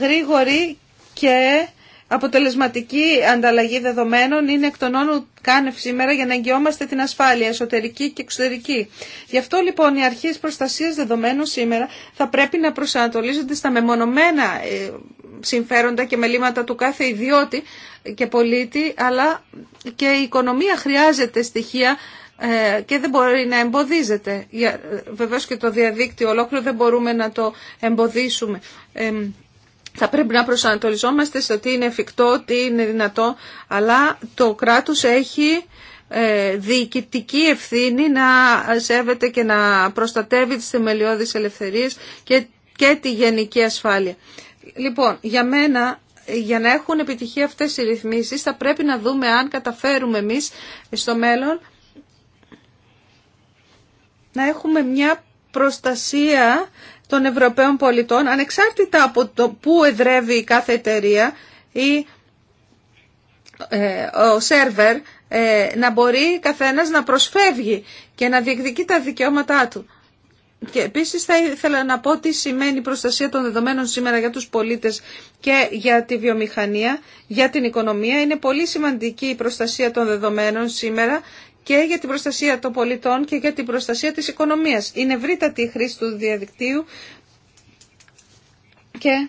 γρήγορη και αποτελεσματική ανταλλαγή δεδομένων είναι εκ των όνων κάνευ σήμερα για να εγγυόμαστε την ασφάλεια εσωτερική και εξωτερική. Γι' αυτό λοιπόν οι αρχές προστασίας δεδομένων σήμερα θα πρέπει να προσανατολίζονται στα μεμονωμένα ε, συμφέροντα και μελήματα του κάθε ιδιώτη και πολίτη, αλλά και η οικονομία χρειάζεται στοιχεία ε, και δεν μπορεί να εμποδίζεται. Ε, βεβαίως και το διαδίκτυο ολόκληρο δεν μπορούμε να το εμποδίσουμε. Ε, θα πρέπει να προσανατολισόμαστε στο τι είναι εφικτό, τι είναι δυνατό, αλλά το κράτος έχει διοικητική ευθύνη να σέβεται και να προστατεύει τις θεμελιώδεις ελευθερίες και, και τη γενική ασφάλεια. Λοιπόν, για μένα για να έχουν επιτυχία αυτές οι ρυθμίσεις θα πρέπει να δούμε αν καταφέρουμε εμείς στο μέλλον να έχουμε μια προστασία των Ευρωπαίων πολιτών ανεξάρτητα από το που εδρεύει κάθε εταιρεία ή ε, ο σερβερ ε, να μπορεί καθένας να προσφεύγει και να διεκδικεί τα δικαιώματά του. Και επίσης θα ήθελα να πω τι σημαίνει η προστασία των δεδομένων σήμερα για τους πολίτες και για τη βιομηχανία, για την οικονομία. Είναι πολύ σημαντική η προστασία των δεδομένων σήμερα και για την προστασία των πολιτών και για την προστασία της οικονομίας. Είναι ευρύτατη η χρήση του διαδικτύου και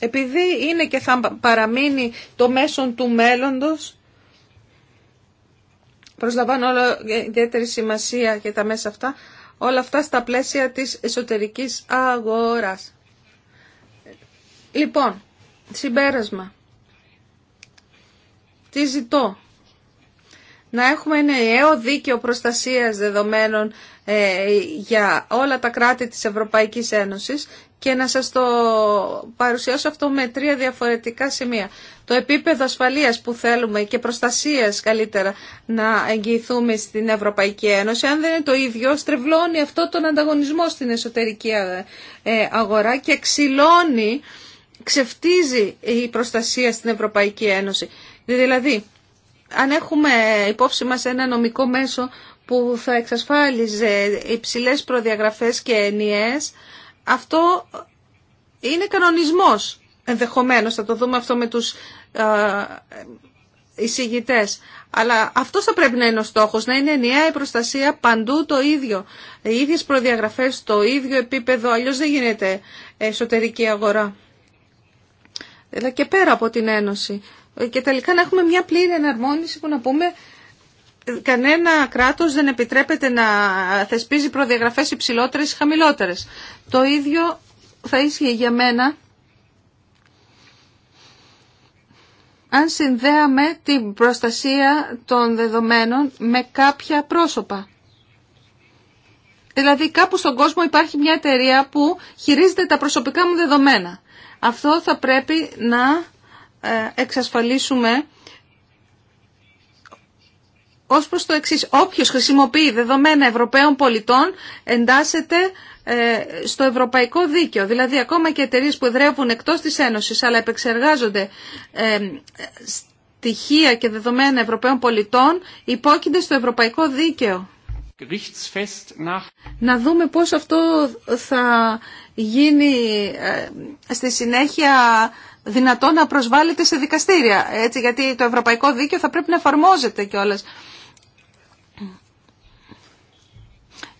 επειδή είναι και θα παραμείνει το μέσον του μέλλοντος, προσλαμβάνω όλο ιδιαίτερη σημασία και τα μέσα αυτά, όλα αυτά στα πλαίσια της εσωτερικής αγοράς. Λοιπόν, συμπέρασμα. Τι ζητώ να έχουμε ένα νέο δίκαιο προστασίας δεδομένων ε, για όλα τα κράτη της Ευρωπαϊκής Ένωσης και να σας το παρουσιάσω αυτό με τρία διαφορετικά σημεία. Το επίπεδο ασφαλείας που θέλουμε και προστασίας καλύτερα να εγγυηθούμε στην Ευρωπαϊκή Ένωση, αν δεν είναι το ίδιο, στρεβλώνει αυτό τον ανταγωνισμό στην εσωτερική ε, ε, αγορά και ξυλώνει, ξεφτίζει η προστασία στην Ευρωπαϊκή Ένωση. Δηλαδή, αν έχουμε υπόψη μας ένα νομικό μέσο που θα εξασφάλιζε υψηλές προδιαγραφές και ενιαίες, αυτό είναι κανονισμός. Ενδεχομένως θα το δούμε αυτό με τους εισηγητές. Αλλά αυτό θα πρέπει να είναι ο στόχος, να είναι ενιαία η προστασία παντού το ίδιο. Οι ίδιες προδιαγραφές, το ίδιο επίπεδο, αλλιώς δεν γίνεται εσωτερική αγορά. και πέρα από την Ένωση και τελικά να έχουμε μια πλήρη εναρμόνιση που να πούμε κανένα κράτος δεν επιτρέπεται να θεσπίζει προδιαγραφές υψηλότερες ή χαμηλότερες. Το ίδιο θα ίσχυε για μένα αν συνδέαμε την προστασία των δεδομένων με κάποια πρόσωπα. Δηλαδή κάπου στον κόσμο υπάρχει μια εταιρεία που χειρίζεται τα προσωπικά μου δεδομένα. Αυτό θα πρέπει να ε, εξασφαλίσουμε ως προς το εξής. Όποιος χρησιμοποιεί δεδομένα Ευρωπαίων πολιτών εντάσσεται ε, στο ευρωπαϊκό δίκαιο. Δηλαδή ακόμα και εταιρείε που εδρεύουν εκτός της Ένωσης αλλά επεξεργάζονται ε, στοιχεία και δεδομένα Ευρωπαίων πολιτών υπόκεινται στο ευρωπαϊκό δίκαιο. Να δούμε πώς αυτό θα γίνει στη συνέχεια δυνατό να προσβάλλεται σε δικαστήρια. Έτσι, γιατί το ευρωπαϊκό δίκαιο θα πρέπει να εφαρμόζεται κιόλα.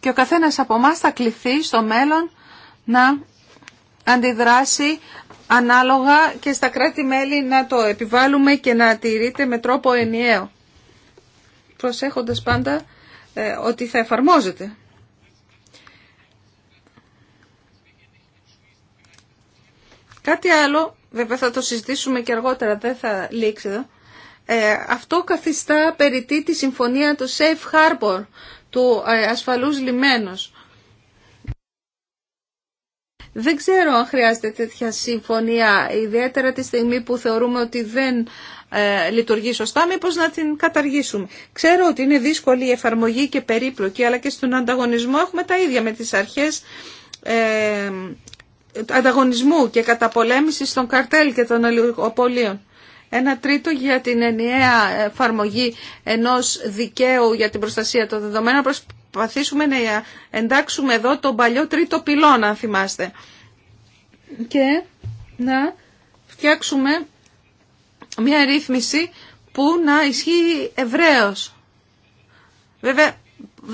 Και ο καθένας από εμά θα κληθεί στο μέλλον να αντιδράσει ανάλογα και στα κράτη-μέλη να το επιβάλλουμε και να τηρείται με τρόπο ενιαίο. Προσέχοντας πάντα ε, ότι θα εφαρμόζεται. Κάτι άλλο βέβαια θα το συζητήσουμε και αργότερα, δεν θα λήξει εδώ. Ε, αυτό καθιστά περιττή τη συμφωνία του Safe Harbor, του ε, ασφαλούς λιμένος. Δεν ξέρω αν χρειάζεται τέτοια συμφωνία, ιδιαίτερα τη στιγμή που θεωρούμε ότι δεν ε, λειτουργεί σωστά, μήπως να την καταργήσουμε. Ξέρω ότι είναι δύσκολη η εφαρμογή και περίπλοκη, αλλά και στον ανταγωνισμό έχουμε τα ίδια με τις αρχές ε, ανταγωνισμού και καταπολέμηση των καρτέλ και των ολιγοπολίων. Ένα τρίτο για την ενιαία εφαρμογή ενός δικαίου για την προστασία των δεδομένων. Προσπαθήσουμε να εντάξουμε εδώ τον παλιό τρίτο πυλώνα, αν θυμάστε. Και να φτιάξουμε μια ρύθμιση που να ισχύει ευρέως. Βέβαια,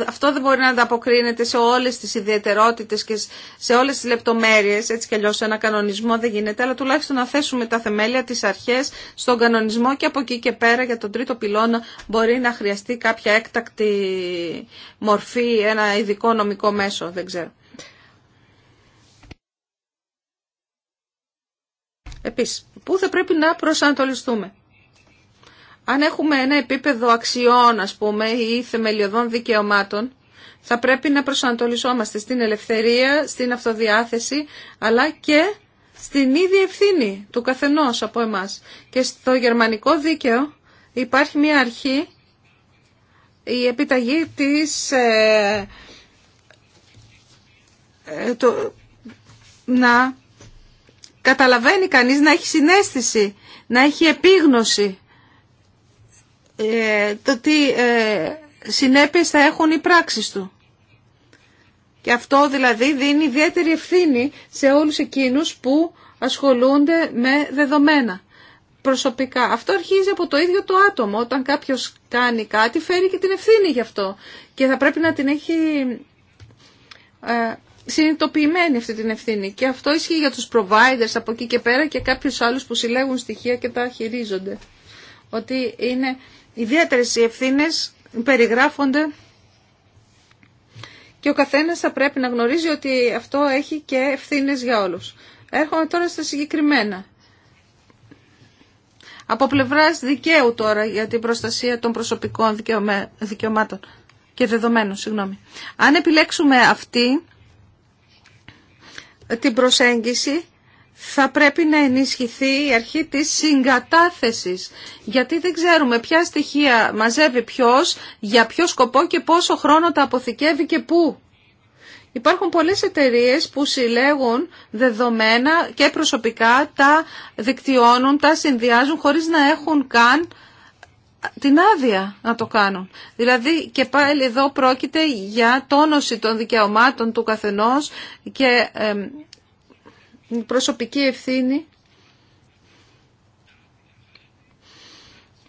αυτό δεν μπορεί να ανταποκρίνεται σε όλες τις ιδιαίτερότητε και σε όλες τις λεπτομέρειες, έτσι κι αλλιώς ένα κανονισμό δεν γίνεται, αλλά τουλάχιστον να θέσουμε τα θεμέλια, τις αρχέ στον κανονισμό και από εκεί και πέρα για τον τρίτο πυλώνα μπορεί να χρειαστεί κάποια έκτακτη μορφή, ένα ειδικό νομικό μέσο, δεν ξέρω. Επίσης, πού θα πρέπει να προσανατολιστούμε αν έχουμε ένα επίπεδο αξιών, ας πούμε, ή θεμελιωδών δικαιωμάτων, θα πρέπει να προσανατολισόμαστε στην ελευθερία, στην αυτοδιάθεση, αλλά και στην ίδια ευθύνη του καθενός από εμάς. Και στο γερμανικό δίκαιο υπάρχει μια αρχή, η επιταγή της... Ε, ε, να καταλαβαίνει κανείς, να έχει συνέστηση, να έχει επίγνωση ε, το τι ε, συνέπειες θα έχουν οι πράξεις του. Και αυτό δηλαδή δίνει ιδιαίτερη ευθύνη σε όλους εκείνους που ασχολούνται με δεδομένα προσωπικά. Αυτό αρχίζει από το ίδιο το άτομο. Όταν κάποιος κάνει κάτι φέρει και την ευθύνη γι' αυτό. Και θα πρέπει να την έχει ε, συνειδητοποιημένη αυτή την ευθύνη. Και αυτό ισχύει για τους providers από εκεί και πέρα και κάποιους άλλους που συλλέγουν στοιχεία και τα χειρίζονται. Ότι είναι Ιδιαίτερες οι ευθύνες περιγράφονται και ο καθένας θα πρέπει να γνωρίζει ότι αυτό έχει και ευθύνες για όλους. Έρχομαι τώρα στα συγκεκριμένα. Από πλευράς δικαίου τώρα για την προστασία των προσωπικών δικαιωμάτων και δεδομένων. Συγγνώμη. Αν επιλέξουμε αυτή την προσέγγιση θα πρέπει να ενισχυθεί η αρχή της συγκατάθεσης, γιατί δεν ξέρουμε ποια στοιχεία μαζεύει ποιος, για ποιο σκοπό και πόσο χρόνο τα αποθηκεύει και πού. Υπάρχουν πολλές εταιρείες που συλλέγουν δεδομένα και προσωπικά τα δικτυώνουν, τα συνδυάζουν χωρίς να έχουν καν την άδεια να το κάνουν. Δηλαδή και πάλι εδώ πρόκειται για τόνωση των δικαιωμάτων του καθενός και προσωπική ευθύνη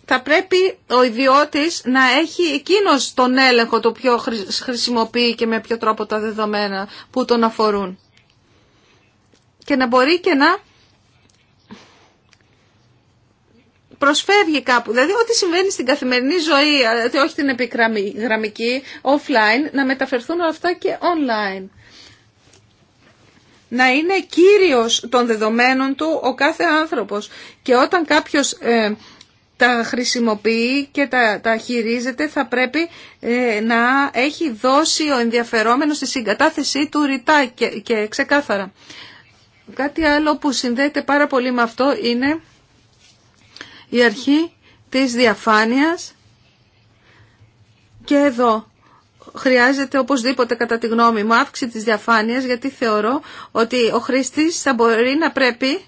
θα πρέπει ο ιδιώτης να έχει εκείνος τον έλεγχο το ποιο χρησιμοποιεί και με ποιο τρόπο τα δεδομένα που τον αφορούν. Και να μπορεί και να προσφεύγει κάπου. Δηλαδή ό,τι συμβαίνει στην καθημερινή ζωή, δηλαδή όχι την επικραμμική, offline, να μεταφερθούν όλα αυτά και online να είναι κύριος των δεδομένων του ο κάθε άνθρωπος. Και όταν κάποιος ε, τα χρησιμοποιεί και τα, τα χειρίζεται θα πρέπει ε, να έχει δώσει ο ενδιαφερόμενος τη συγκατάθεσή του ρητά και, και ξεκάθαρα. Κάτι άλλο που συνδέεται πάρα πολύ με αυτό είναι η αρχή της διαφάνειας και εδώ χρειάζεται οπωσδήποτε κατά τη γνώμη μου αύξηση της διαφάνειας γιατί θεωρώ ότι ο χρήστης θα μπορεί να πρέπει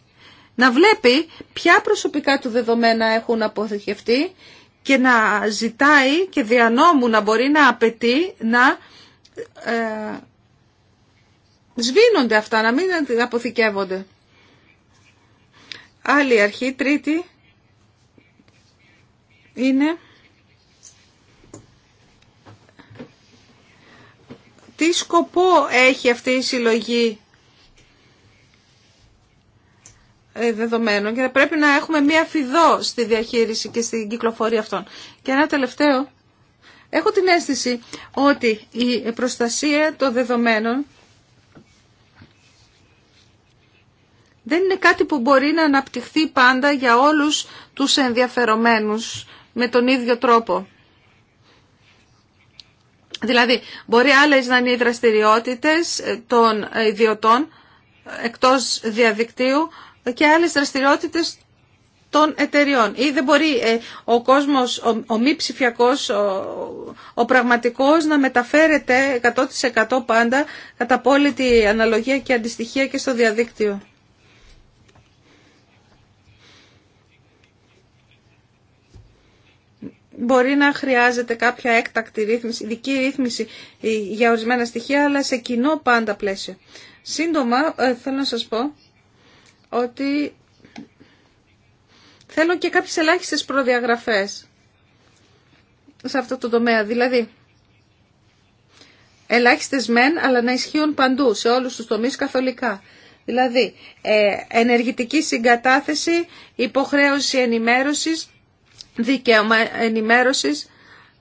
να βλέπει ποια προσωπικά του δεδομένα έχουν αποθηκευτεί και να ζητάει και δια νόμου να μπορεί να απαιτεί να ε, σβήνονται αυτά, να μην αποθηκεύονται. Άλλη αρχή, τρίτη, είναι Τι σκοπό έχει αυτή η συλλογή ε, δεδομένων και θα πρέπει να έχουμε μία φιδό στη διαχείριση και στην κυκλοφορία αυτών. Και ένα τελευταίο. Έχω την αίσθηση ότι η προστασία των δεδομένων δεν είναι κάτι που μπορεί να αναπτυχθεί πάντα για όλους τους ενδιαφερομένους με τον ίδιο τρόπο. Δηλαδή, μπορεί άλλε να είναι οι δραστηριότητες των ιδιωτών εκτός διαδικτύου και άλλες δραστηριότητες των εταιριών. Ή δεν μπορεί ε, ο κόσμος, ο, μη ψηφιακός, ο, ο πραγματικός να μεταφέρεται 100% πάντα κατά απόλυτη αναλογία και αντιστοιχεία και στο διαδίκτυο. μπορεί να χρειάζεται κάποια έκτακτη ρύθμιση, ειδική ρύθμιση ε, για ορισμένα στοιχεία, αλλά σε κοινό πάντα πλαίσιο. Σύντομα, ε, θέλω να σας πω ότι θέλω και κάποιες ελάχιστες προδιαγραφές σε αυτό το τομέα. Δηλαδή, ελάχιστες μεν, αλλά να ισχύουν παντού, σε όλους τους τομείς καθολικά. Δηλαδή, ε, ενεργητική συγκατάθεση, υποχρέωση ενημέρωσης, δικαίωμα ενημέρωσης,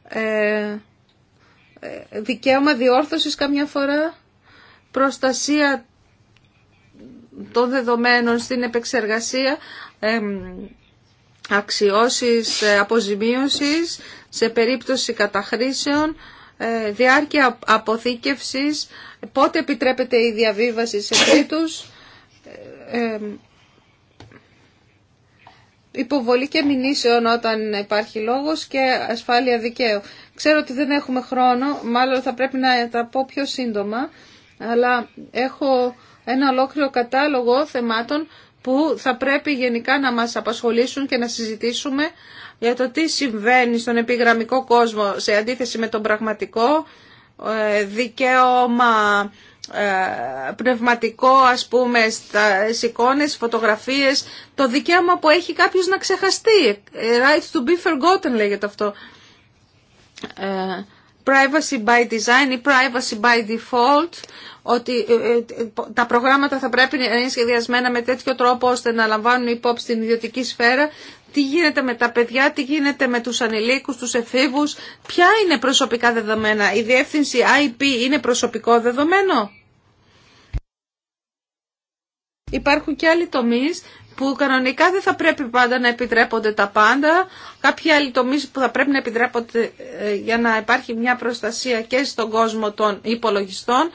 ε, δικαίωμα διόρθωσης καμιά φορά, προστασία των δεδομένων στην επεξεργασία, ε, αξιώσεις ε, αποζημίωσης σε περίπτωση καταχρήσεων, διάρκεια αποθήκευσης, πότε επιτρέπεται η διαβίβαση σε τρίτους, υποβολή και μηνύσεων όταν υπάρχει λόγος και ασφάλεια δικαίου. Ξέρω ότι δεν έχουμε χρόνο, μάλλον θα πρέπει να τα πω πιο σύντομα, αλλά έχω ένα ολόκληρο κατάλογο θεμάτων που θα πρέπει γενικά να μας απασχολήσουν και να συζητήσουμε για το τι συμβαίνει στον επιγραμμικό κόσμο σε αντίθεση με τον πραγματικό ε, δικαίωμα ε, πνευματικό ας πούμε στα εικόνες, φωτογραφίες το δικαίωμα που έχει κάποιος να ξεχαστεί ε, right to be forgotten λέγεται αυτό ε, privacy by design ή privacy by default ότι τα προγράμματα θα πρέπει να είναι σχεδιασμένα με τέτοιο τρόπο ώστε να λαμβάνουν υπόψη την ιδιωτική σφαίρα τι γίνεται με τα παιδιά, τι γίνεται με τους ανηλίκους, τους εφήβους, ποια είναι προσωπικά δεδομένα, η διεύθυνση IP είναι προσωπικό δεδομένο. Υπάρχουν και άλλοι τομείς που κανονικά δεν θα πρέπει πάντα να επιτρέπονται τα πάντα, κάποιοι άλλοι τομείς που θα πρέπει να επιτρέπονται ε, για να υπάρχει μια προστασία και στον κόσμο των υπολογιστών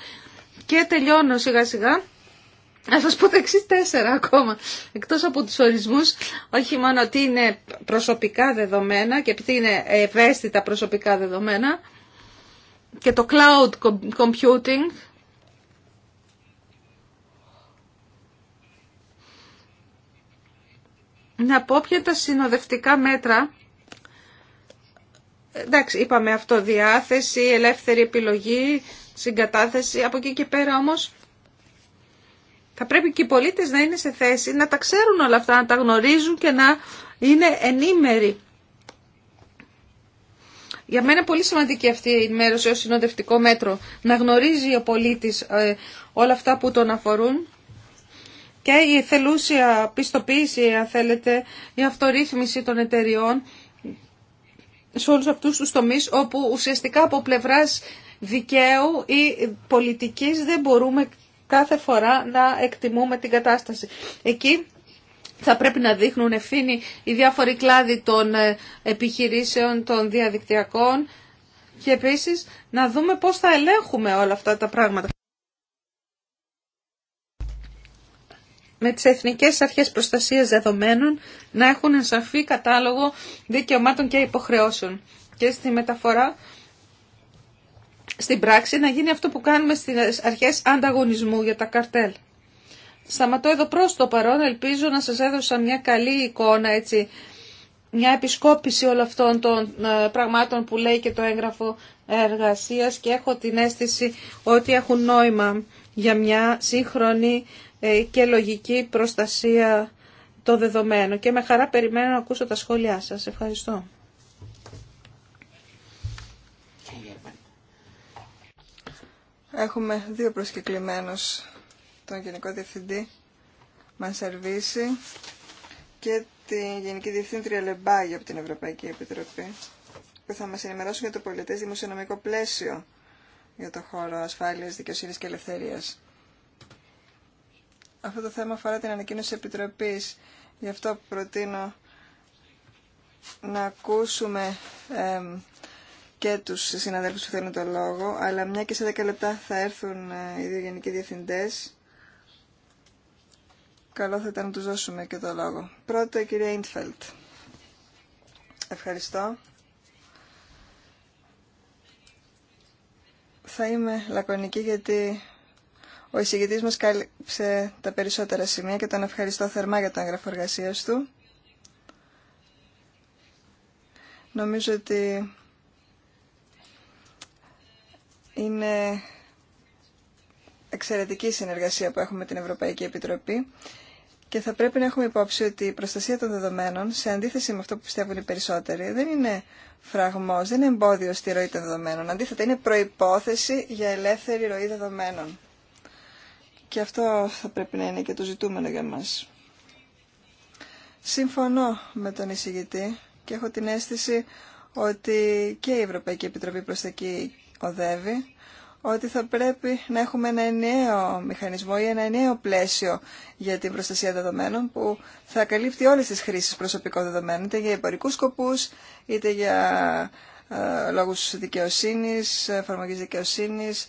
και τελειώνω σιγά σιγά. Να σας πω τα εξής τέσσερα ακόμα. Εκτός από τους ορισμούς, όχι μόνο ότι είναι προσωπικά δεδομένα και επειδή είναι ευαίσθητα προσωπικά δεδομένα και το cloud computing να πω ποια τα συνοδευτικά μέτρα εντάξει είπαμε διάθεση, ελεύθερη επιλογή, συγκατάθεση από εκεί και πέρα όμως θα πρέπει και οι πολίτες να είναι σε θέση να τα ξέρουν όλα αυτά, να τα γνωρίζουν και να είναι ενήμεροι. Για μένα πολύ σημαντική αυτή η ενημέρωση ως συνοδευτικό μέτρο. Να γνωρίζει ο πολίτης ε, όλα αυτά που τον αφορούν και η θελούσια πιστοποίηση, αν θέλετε, η αυτορύθμιση των εταιριών σε όλους αυτούς τους τομείς όπου ουσιαστικά από πλευράς δικαίου ή πολιτικής δεν μπορούμε κάθε φορά να εκτιμούμε την κατάσταση. Εκεί θα πρέπει να δείχνουν ευθύνη οι διάφοροι κλάδοι των ε, επιχειρήσεων, των διαδικτυακών και επίσης να δούμε πώς θα ελέγχουμε όλα αυτά τα πράγματα. με τις Εθνικές Αρχές Προστασίας Δεδομένων να έχουν σαφή κατάλογο δικαιωμάτων και υποχρεώσεων. Και στη μεταφορά στην πράξη να γίνει αυτό που κάνουμε στις αρχές ανταγωνισμού για τα καρτέλ. Σταματώ εδώ προς το παρόν, ελπίζω να σας έδωσα μια καλή εικόνα έτσι, μια επισκόπηση όλων αυτών των ε, πραγμάτων που λέει και το έγγραφο εργασίας και έχω την αίσθηση ότι έχουν νόημα για μια σύγχρονη ε, και λογική προστασία το δεδομένο. και με χαρά περιμένω να ακούσω τα σχόλιά σας. Ευχαριστώ. Έχουμε δύο προσκεκλημένους, τον Γενικό Διευθυντή Μανσαρβίση και την Γενική Διευθύντρια Λεμπάγια από την Ευρωπαϊκή Επιτροπή, που θα μας ενημερώσουν για το πολιτές δημοσιονομικό πλαίσιο για το χώρο ασφάλειας, δικαιοσύνης και ελευθερίας. Αυτό το θέμα αφορά την ανακοίνωση Επιτροπής. Γι' αυτό προτείνω να ακούσουμε και τους συναδέλφους που θέλουν το λόγο, αλλά μια και σε 10 λεπτά θα έρθουν ε, οι δύο γενικοί διευθυντές. Καλό θα ήταν να τους δώσουμε και το λόγο. Πρώτα η κυρία Ιντφελτ. Ευχαριστώ. Θα είμαι λακωνική γιατί ο εισηγητής μας κάλυψε τα περισσότερα σημεία και τον ευχαριστώ θερμά για το έγγραφο εργασία του. Νομίζω ότι είναι εξαιρετική συνεργασία που έχουμε με την Ευρωπαϊκή Επιτροπή και θα πρέπει να έχουμε υπόψη ότι η προστασία των δεδομένων, σε αντίθεση με αυτό που πιστεύουν οι περισσότεροι, δεν είναι φραγμός, δεν είναι εμπόδιο στη ροή των δεδομένων. Αντίθετα, είναι προϋπόθεση για ελεύθερη ροή δεδομένων. Και αυτό θα πρέπει να είναι και το ζητούμενο για μας. Συμφωνώ με τον εισηγητή και έχω την αίσθηση ότι και η Ευρωπαϊκή Επιτροπή προς τα εκεί οδεύει ότι θα πρέπει να έχουμε ένα νέο μηχανισμό ή ένα νέο πλαίσιο για την προστασία δεδομένων που θα καλύπτει όλες τις χρήσεις προσωπικών δεδομένων, είτε για εμπορικούς σκοπούς, είτε για ε, λόγους δικαιοσύνης, εφαρμογής δικαιοσύνης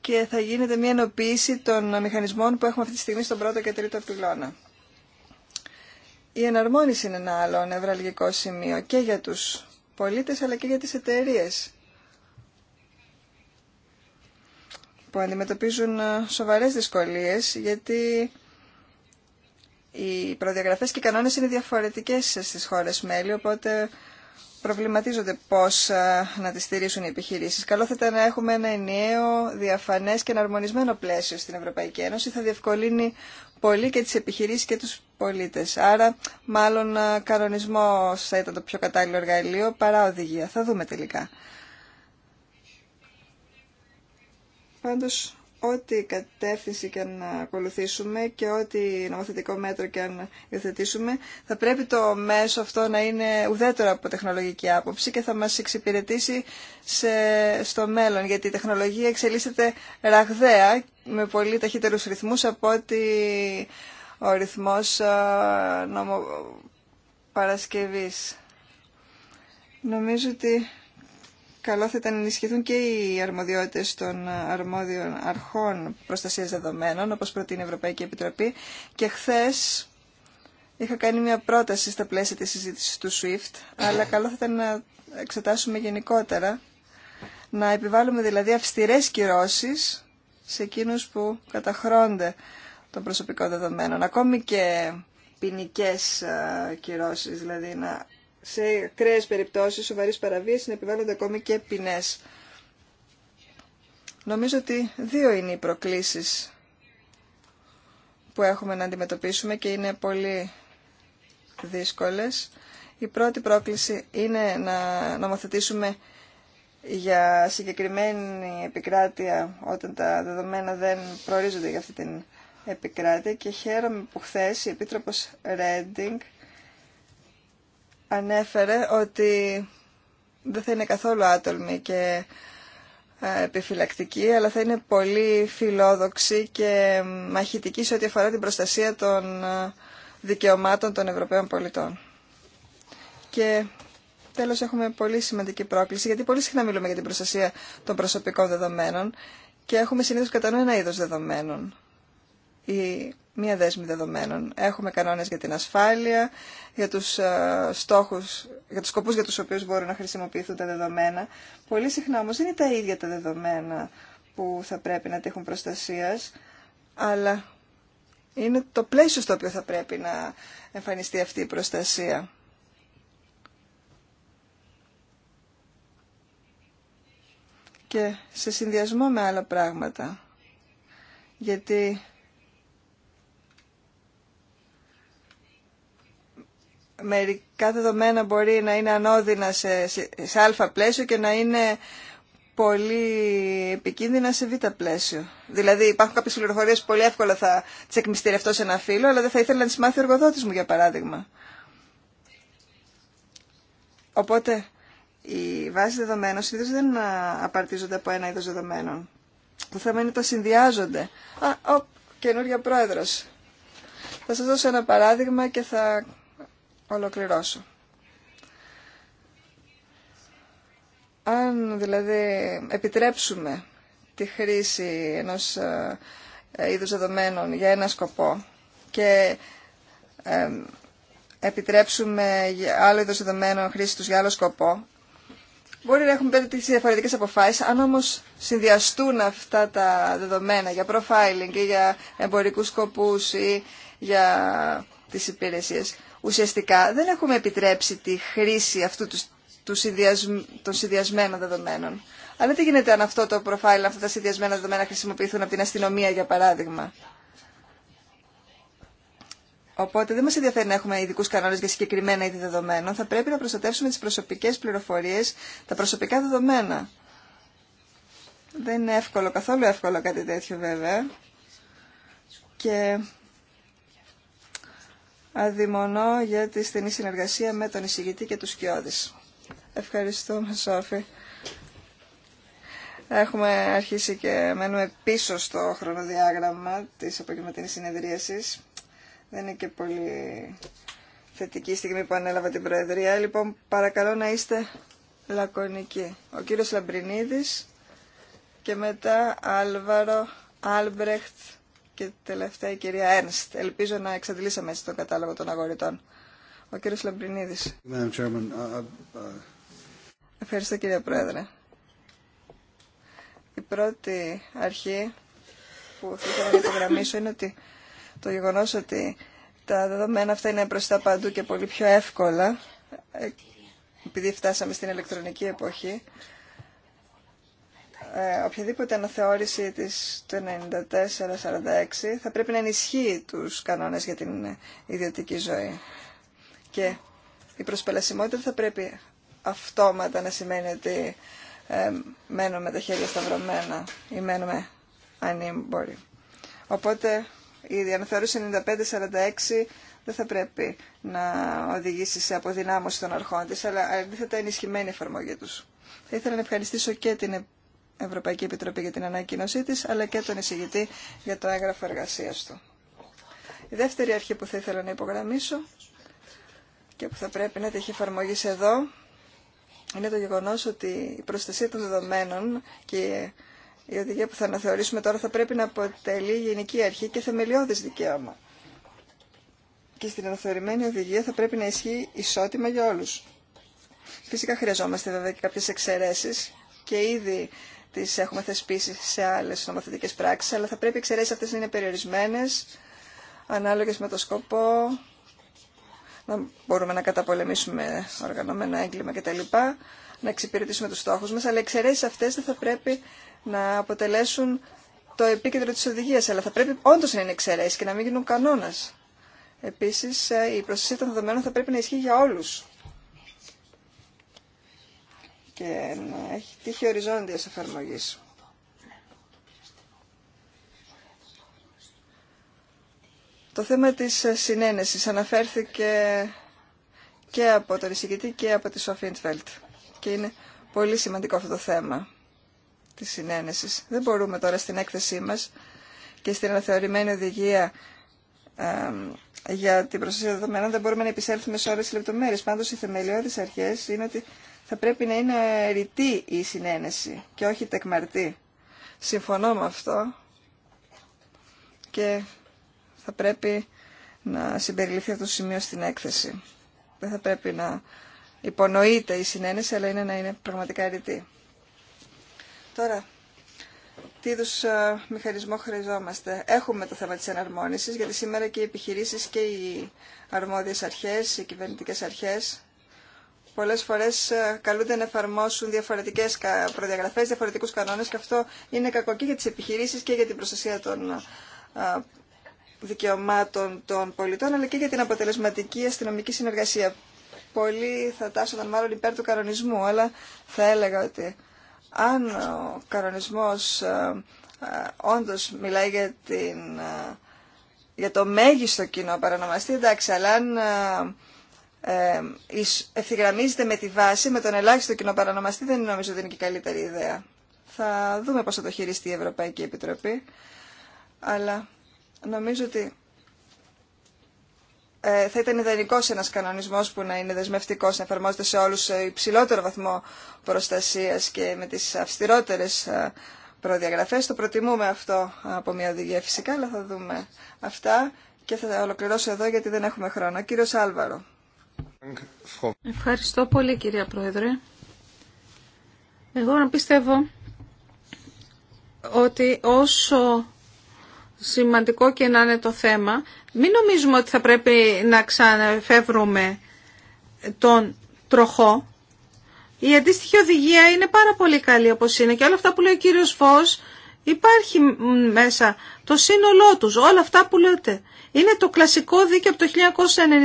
και θα γίνεται μια ενοποίηση των μηχανισμών που έχουμε αυτή τη στιγμή στον πρώτο και τρίτο πυλώνα. Η εναρμόνιση είναι ένα άλλο νευραλγικό σημείο και για τους πολίτες αλλά και για τις εταιρείες που αντιμετωπίζουν ε, σοβαρές δυσκολίες γιατί οι προδιαγραφές και οι κανόνες είναι διαφορετικές στις χώρες μέλη, οπότε προβληματίζονται πώς ε, να τις στηρίσουν οι επιχειρήσεις. Καλό θα ήταν να έχουμε ένα ενιαίο, διαφανές και εναρμονισμένο πλαίσιο στην Ευρωπαϊκή Ένωση. Θα διευκολύνει πολύ και τις επιχειρήσεις και τους πολίτες. Άρα, μάλλον ε, κανονισμός θα ήταν το πιο κατάλληλο εργαλείο παρά οδηγία. Θα δούμε τελικά. Πάντως, ό,τι κατεύθυνση και αν ακολουθήσουμε και ό,τι νομοθετικό μέτρο και αν υιοθετήσουμε, θα πρέπει το μέσο αυτό να είναι ουδέτερο από τεχνολογική άποψη και θα μας εξυπηρετήσει στο μέλλον, γιατί η τεχνολογία εξελίσσεται ραγδαία με πολύ ταχύτερους ρυθμούς από ότι ο ρυθμός νομοπαρασκευής. Νομίζω ότι καλό θα ήταν να ενισχυθούν και οι αρμοδιότητες των αρμόδιων αρχών προστασίας δεδομένων, όπως προτείνει η Ευρωπαϊκή Επιτροπή. Και χθε είχα κάνει μια πρόταση στα πλαίσια της συζήτησης του SWIFT, αλλά καλό θα ήταν να εξετάσουμε γενικότερα, να επιβάλλουμε δηλαδή αυστηρές κυρώσεις σε εκείνους που καταχρώνται των προσωπικών δεδομένων, ακόμη και ποινικέ ε, κυρώσεις, δηλαδή να σε ακραίε περιπτώσει, σοβαρή παραβίαση να επιβάλλονται ακόμη και ποινέ. Νομίζω ότι δύο είναι οι προκλήσεις που έχουμε να αντιμετωπίσουμε και είναι πολύ δύσκολες. Η πρώτη πρόκληση είναι να νομοθετήσουμε για συγκεκριμένη επικράτεια όταν τα δεδομένα δεν προορίζονται για αυτή την επικράτεια και χαίρομαι που χθε η Επίτροπος Ρέντινγκ ανέφερε ότι δεν θα είναι καθόλου άτολμη και ε, επιφυλακτική, αλλά θα είναι πολύ φιλόδοξη και μαχητική σε ό,τι αφορά την προστασία των ε, δικαιωμάτων των Ευρωπαίων πολιτών. Και τέλος έχουμε πολύ σημαντική πρόκληση, γιατί πολύ συχνά μιλούμε για την προστασία των προσωπικών δεδομένων και έχουμε συνήθως κατά νου ένα είδος δεδομένων. Η μία δέσμη δεδομένων. Έχουμε κανόνες για την ασφάλεια, για τους ε, στόχους, για τους σκοπούς για τους οποίους μπορούν να χρησιμοποιηθούν τα δεδομένα. Πολύ συχνά όμως δεν είναι τα ίδια τα δεδομένα που θα πρέπει να τύχουν προστασίας, αλλά είναι το πλαίσιο στο οποίο θα πρέπει να εμφανιστεί αυτή η προστασία. Και σε συνδυασμό με άλλα πράγματα. Γιατί μερικά δεδομένα μπορεί να είναι ανώδυνα σε, σε, α πλαίσιο και να είναι πολύ επικίνδυνα σε β' πλαίσιο. Δηλαδή υπάρχουν κάποιες πληροφορίες που πολύ εύκολα θα τις εκμυστηρευτώ σε ένα φίλο, αλλά δεν θα ήθελα να τις μάθει ο εργοδότης μου για παράδειγμα. Οπότε οι βάσει δεδομένων συνήθως δεν απαρτίζονται από ένα είδος δεδομένων. Το θέμα είναι ότι τα συνδυάζονται. Α, ο, καινούργια πρόεδρος. Θα σας δώσω ένα παράδειγμα και θα ολοκληρώσω. Αν δηλαδή επιτρέψουμε τη χρήση ενός ε, ε, είδους δεδομένων για ένα σκοπό και ε, επιτρέψουμε άλλο είδος δεδομένων χρήση τους για άλλο σκοπό, Μπορεί να έχουν πέντε τις διαφορετικές αποφάσεις, αν όμως συνδυαστούν αυτά τα δεδομένα για profiling ή για εμπορικούς σκοπούς ή για τις υπηρεσίες, ουσιαστικά δεν έχουμε επιτρέψει τη χρήση αυτού του, του συνδυασμ, των συνδυασμένων δεδομένων. Αλλά τι γίνεται αν αυτό το προφάιλ, αυτά τα συνδυασμένα δεδομένα χρησιμοποιηθούν από την αστυνομία, για παράδειγμα. Οπότε δεν μα ενδιαφέρει να έχουμε ειδικού κανόνε για συγκεκριμένα είδη δεδομένων. Θα πρέπει να προστατεύσουμε τι προσωπικέ πληροφορίε, τα προσωπικά δεδομένα. Δεν είναι εύκολο, καθόλου εύκολο κάτι τέτοιο βέβαια. Και αδειμονώ για τη στενή συνεργασία με τον εισηγητή και τους σκιώδης. Ευχαριστούμε, Σόφη. Έχουμε αρχίσει και μένουμε πίσω στο χρονοδιάγραμμα της απογευματινής συνεδρίασης. Δεν είναι και πολύ θετική στιγμή που ανέλαβα την Προεδρία. Λοιπόν, παρακαλώ να είστε λακωνικοί. Ο κύριος Λαμπρινίδης και μετά Άλβαρο, Άλμπρεχτ, και τελευταία η κυρία Έρνστ. Ελπίζω να εξαντλήσαμε έτσι τον κατάλογο των αγορητών. Ο κύριος Λαμπρινίδης. Uh, uh, Ευχαριστώ κύριε Πρόεδρε. Η πρώτη αρχή που θέλω να υπογραμμίσω είναι ότι το γεγονός ότι τα δεδομένα αυτά είναι μπροστά παντού και πολύ πιο εύκολα, ε, επειδή φτάσαμε στην ηλεκτρονική εποχή, ε, οποιαδήποτε αναθεώρηση της του 94-46 θα πρέπει να ενισχύει τους κανόνες για την ιδιωτική ζωή. Και η προσπελασιμότητα θα πρέπει αυτόματα να σημαίνει ότι ε, μένουμε τα χέρια σταυρωμένα ή μένουμε ανήμποροι. Οπότε η αναθεώρηση 95-46 δεν θα πρέπει να οδηγήσει σε αποδυνάμωση των αρχών της, αλλά αντίθετα ενισχυμένη εφαρμογή τους. Θα ήθελα να ευχαριστήσω και την Ευρωπαϊκή Επιτροπή για την ανακοίνωσή της, αλλά και τον εισηγητή για το έγγραφο εργασίας του. Η δεύτερη αρχή που θα ήθελα να υπογραμμίσω και που θα πρέπει να έχει εφαρμογή εδώ είναι το γεγονός ότι η προστασία των δεδομένων και η οδηγία που θα αναθεωρήσουμε τώρα θα πρέπει να αποτελεί γενική αρχή και θεμελιώδης δικαίωμα. Και στην αναθεωρημένη οδηγία θα πρέπει να ισχύει ισότιμα για όλους. Φυσικά χρειαζόμαστε βέβαια και κάποιες εξαιρέσεις και ήδη τι έχουμε θεσπίσει σε άλλε νομοθετικέ πράξει, αλλά θα πρέπει οι εξαιρέσει αυτές να είναι περιορισμένε, ανάλογε με το σκοπό, να μπορούμε να καταπολεμήσουμε οργανωμένα έγκλημα κτλ, να εξυπηρετήσουμε του στόχου μα, αλλά οι εξαιρέσει αυτές δεν θα πρέπει να αποτελέσουν το επίκεντρο τη οδηγία, αλλά θα πρέπει όντω να είναι εξαιρέσει και να μην γίνουν κανόνα. Επίση, η προστασία των δεδομένων θα πρέπει να ισχύει για όλου και να έχει τύχει οριζόντιας εφαρμογής. Το θέμα της συνένεσης αναφέρθηκε και από τον εισηγητή και από τη Σοφία Ιντφέλτ. Και είναι πολύ σημαντικό αυτό το θέμα της συνένεσης. Δεν μπορούμε τώρα στην έκθεσή μας και στην αναθεωρημένη οδηγία ε, για την προστασία δεδομένων δεν μπορούμε να επισέλθουμε σε ώρες λεπτομέρειες. Πάντως οι θεμελιώδεις αρχές είναι ότι θα πρέπει να είναι ρητή η συνένεση και όχι τεκμαρτή. Συμφωνώ με αυτό και θα πρέπει να συμπεριληφθεί αυτό το σημείο στην έκθεση. Δεν θα πρέπει να υπονοείται η συνένεση, αλλά είναι να είναι πραγματικά ρητή. Τώρα, τι είδου ε, μηχανισμό χρειαζόμαστε. Έχουμε το θέμα της εναρμόνιση, γιατί σήμερα και οι επιχειρήσεις και οι αρμόδιες αρχές, οι κυβερνητικές αρχές πολλές φορές ε, καλούνται να εφαρμόσουν διαφορετικές προδιαγραφές, διαφορετικούς κανόνες και αυτό είναι κακό και για τις επιχειρήσεις και για την προστασία των ε, δικαιωμάτων των πολιτών, αλλά και για την αποτελεσματική αστυνομική συνεργασία. Πολλοί θα τάσσονταν μάλλον υπέρ του κανονισμού, αλλά θα έλεγα ότι αν ο κανονισμός ε, όντως μιλάει για, το μέγιστο κοινό παρανομαστή, εντάξει, αλλά αν ευθυγραμμίζεται με τη βάση, με τον ελάχιστο κοινό παρανομαστή, δεν νομίζω ότι είναι και η καλύτερη ιδέα. Θα δούμε πώς θα το χειριστεί η Ευρωπαϊκή Επιτροπή, αλλά νομίζω ότι ε, θα ήταν ιδανικό ένα κανονισμό που να είναι δεσμευτικό, να εφαρμόζεται σε όλου σε υψηλότερο βαθμό προστασία και με τι αυστηρότερε προδιαγραφέ. Το προτιμούμε αυτό από μια οδηγία φυσικά, αλλά θα δούμε αυτά και θα ολοκληρώσω εδώ γιατί δεν έχουμε χρόνο. Κύριο Άλβαρο. Ευχαριστώ πολύ κυρία Πρόεδρε. Εγώ να πιστεύω ότι όσο σημαντικό και να είναι το θέμα, μην νομίζουμε ότι θα πρέπει να ξαναφεύρουμε τον τροχό. Η αντίστοιχη οδηγία είναι πάρα πολύ καλή όπως είναι και όλα αυτά που λέει ο κύριος Φως υπάρχει μέσα το σύνολό τους, όλα αυτά που λέτε. Είναι το κλασικό δίκαιο από το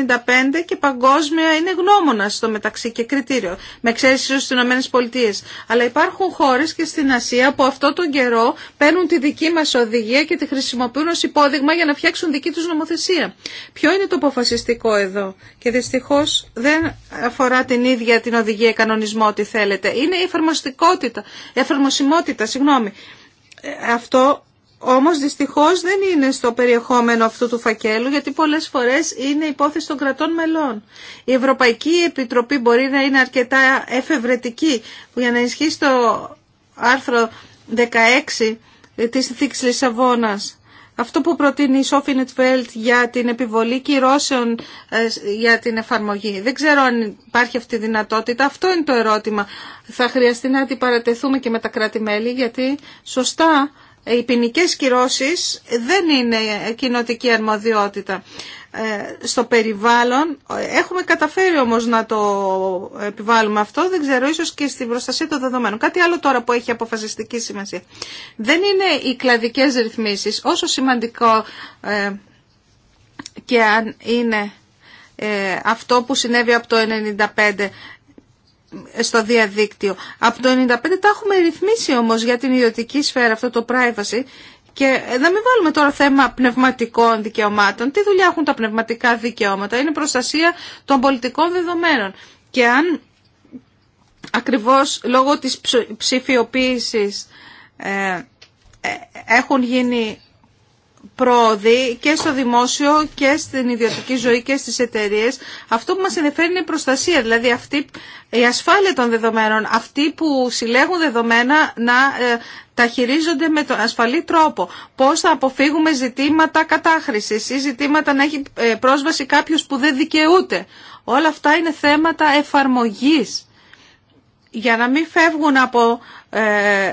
1995 και παγκόσμια είναι γνώμονα στο μεταξύ και κριτήριο, με εξαίρεση ίσω στις Αλλά υπάρχουν χώρες και στην Ασία που αυτό τον καιρό παίρνουν τη δική μας οδηγία και τη χρησιμοποιούν ω υπόδειγμα για να φτιάξουν δική τους νομοθεσία. Ποιο είναι το αποφασιστικό εδώ και δυστυχώ δεν αφορά την ίδια την οδηγία κανονισμό ότι θέλετε. Είναι η εφαρμοστικότητα, η εφαρμοσιμότητα, συγγνώμη. Ε, αυτό όμως δυστυχώς δεν είναι στο περιεχόμενο αυτού του φακέλου γιατί πολλές φορές είναι υπόθεση των κρατών μελών. Η Ευρωπαϊκή Επιτροπή μπορεί να είναι αρκετά εφευρετική που για να ισχύσει το άρθρο 16 της θήκης Λισαβόνα. Αυτό που προτείνει η Σόφι Νετφέλτ για την επιβολή κυρώσεων ε, για την εφαρμογή. Δεν ξέρω αν υπάρχει αυτή η δυνατότητα. Αυτό είναι το ερώτημα. Θα χρειαστεί να αντιπαρατεθούμε και με τα κράτη-μέλη γιατί σωστά ε, οι ποινικέ κυρώσει δεν είναι κοινοτική αρμοδιότητα. Ε, στο περιβάλλον έχουμε καταφέρει όμως να το επιβάλλουμε αυτό, δεν ξέρω, ίσως και στην προστασία των δεδομένων. Κάτι άλλο τώρα που έχει αποφασιστική σημασία. Δεν είναι οι κλαδικές ρυθμίσεις, όσο σημαντικό ε, και αν είναι αυτό που συνέβη από το 1995 στο διαδίκτυο. Από το 95 τα έχουμε ρυθμίσει όμως για την ιδιωτική σφαίρα αυτό το privacy και να μην βάλουμε τώρα θέμα πνευματικών δικαιωμάτων. Τι δουλειά έχουν τα πνευματικά δικαιώματα. Είναι προστασία των πολιτικών δεδομένων. Και αν ακριβώς λόγω της ψηφιοποίησης ε, ε, έχουν γίνει πρόοδοι και στο δημόσιο και στην ιδιωτική ζωή και στις εταιρείες. Αυτό που μας ενδιαφέρει είναι η προστασία, δηλαδή αυτή, η ασφάλεια των δεδομένων, αυτοί που συλλέγουν δεδομένα να ε, τα χειρίζονται με τον ασφαλή τρόπο. Πώς θα αποφύγουμε ζητήματα κατάχρησης ή ζητήματα να έχει ε, πρόσβαση κάποιος που δεν δικαιούται. Όλα αυτά είναι θέματα εφαρμογής για να μην φεύγουν από ε,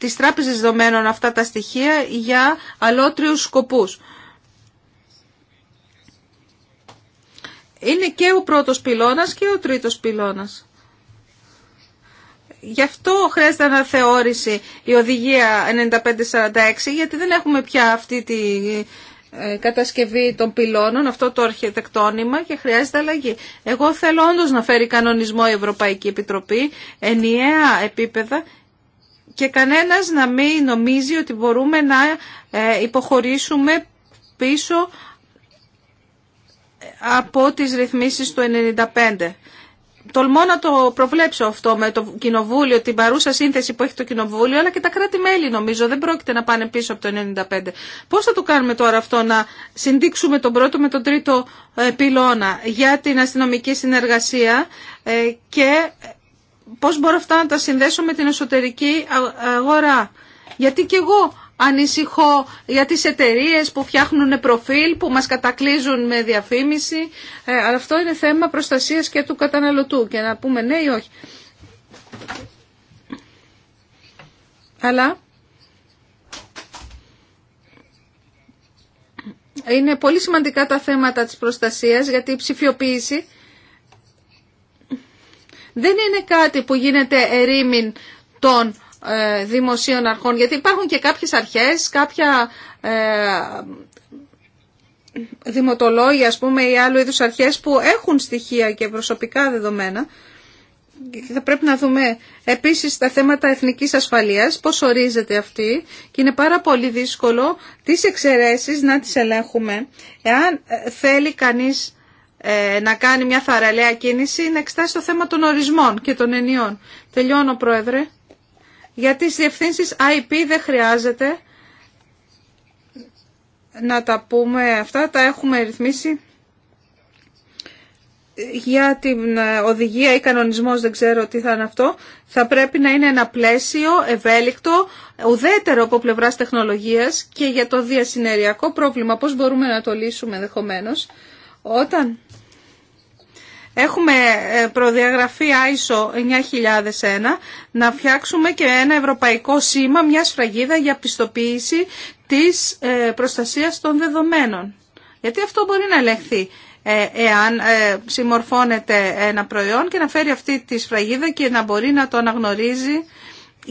της τράπεζας δεδομένων αυτά τα στοιχεία για αλότριους σκοπούς. Είναι και ο πρώτος πυλώνας και ο τρίτος πυλώνας. Γι' αυτό χρειάζεται αναθεώρηση η οδηγία 9546, γιατί δεν έχουμε πια αυτή τη ε, κατασκευή των πυλώνων, αυτό το αρχιτεκτόνιμα και χρειάζεται αλλαγή. Εγώ θέλω όντως να φέρει κανονισμό η Ευρωπαϊκή Επιτροπή, ενιαία επίπεδα και κανένας να μην νομίζει ότι μπορούμε να ε, υποχωρήσουμε πίσω από τις ρυθμίσεις του 95. Τολμώ να το προβλέψω αυτό με το κοινοβούλιο, την παρούσα σύνθεση που έχει το κοινοβούλιο, αλλά και τα κράτη-μέλη νομίζω δεν πρόκειται να πάνε πίσω από το 95. Πώς θα το κάνουμε τώρα αυτό να συνδείξουμε τον πρώτο με τον τρίτο ε, πυλώνα για την αστυνομική συνεργασία ε, και πώς μπορώ αυτά να τα συνδέσω με την εσωτερική αγορά. Γιατί και εγώ ανησυχώ για τις εταιρείε που φτιάχνουν προφίλ, που μας κατακλείζουν με διαφήμιση. Ε, αλλά αυτό είναι θέμα προστασίας και του καταναλωτού και να πούμε ναι ή όχι. Αλλά είναι πολύ σημαντικά τα θέματα της προστασίας γιατί η ψηφιοποίηση δεν είναι κάτι που γίνεται ερήμην των ε, δημοσίων αρχών, γιατί υπάρχουν και κάποιες αρχές, κάποια ε, δημοτολόγια ας πούμε ή άλλου είδους αρχές που έχουν στοιχεία και προσωπικά δεδομένα θα πρέπει να δούμε επίσης τα θέματα εθνικής ασφαλείας, πώς ορίζεται αυτή και είναι πάρα πολύ δύσκολο τις εξαιρέσεις να τις ελέγχουμε. Εάν ε, θέλει κανείς ε, να κάνει μια θαραλέα κίνηση να εξτάσει το θέμα των ορισμών και των ενιών. Τελειώνω, Πρόεδρε. Για τις διευθύνσεις IP δεν χρειάζεται να τα πούμε αυτά, τα έχουμε ρυθμίσει. Για την ε, οδηγία ή κανονισμός δεν ξέρω τι θα είναι αυτό, θα πρέπει να είναι ένα πλαίσιο ευέλικτο, ουδέτερο από πλευράς τεχνολογίας και για το διασυνεριακό πρόβλημα, πώς μπορούμε να το λύσουμε ενδεχομένω. Όταν Έχουμε ε, προδιαγραφή ISO 9001 να φτιάξουμε και ένα ευρωπαϊκό σήμα, μια σφραγίδα για πιστοποίηση της ε, προστασίας των δεδομένων. Γιατί αυτό μπορεί να ελεγχθεί ε, εάν συμμορφώνεται ένα προϊόν και να φέρει αυτή τη σφραγίδα και να μπορεί να το αναγνωρίζει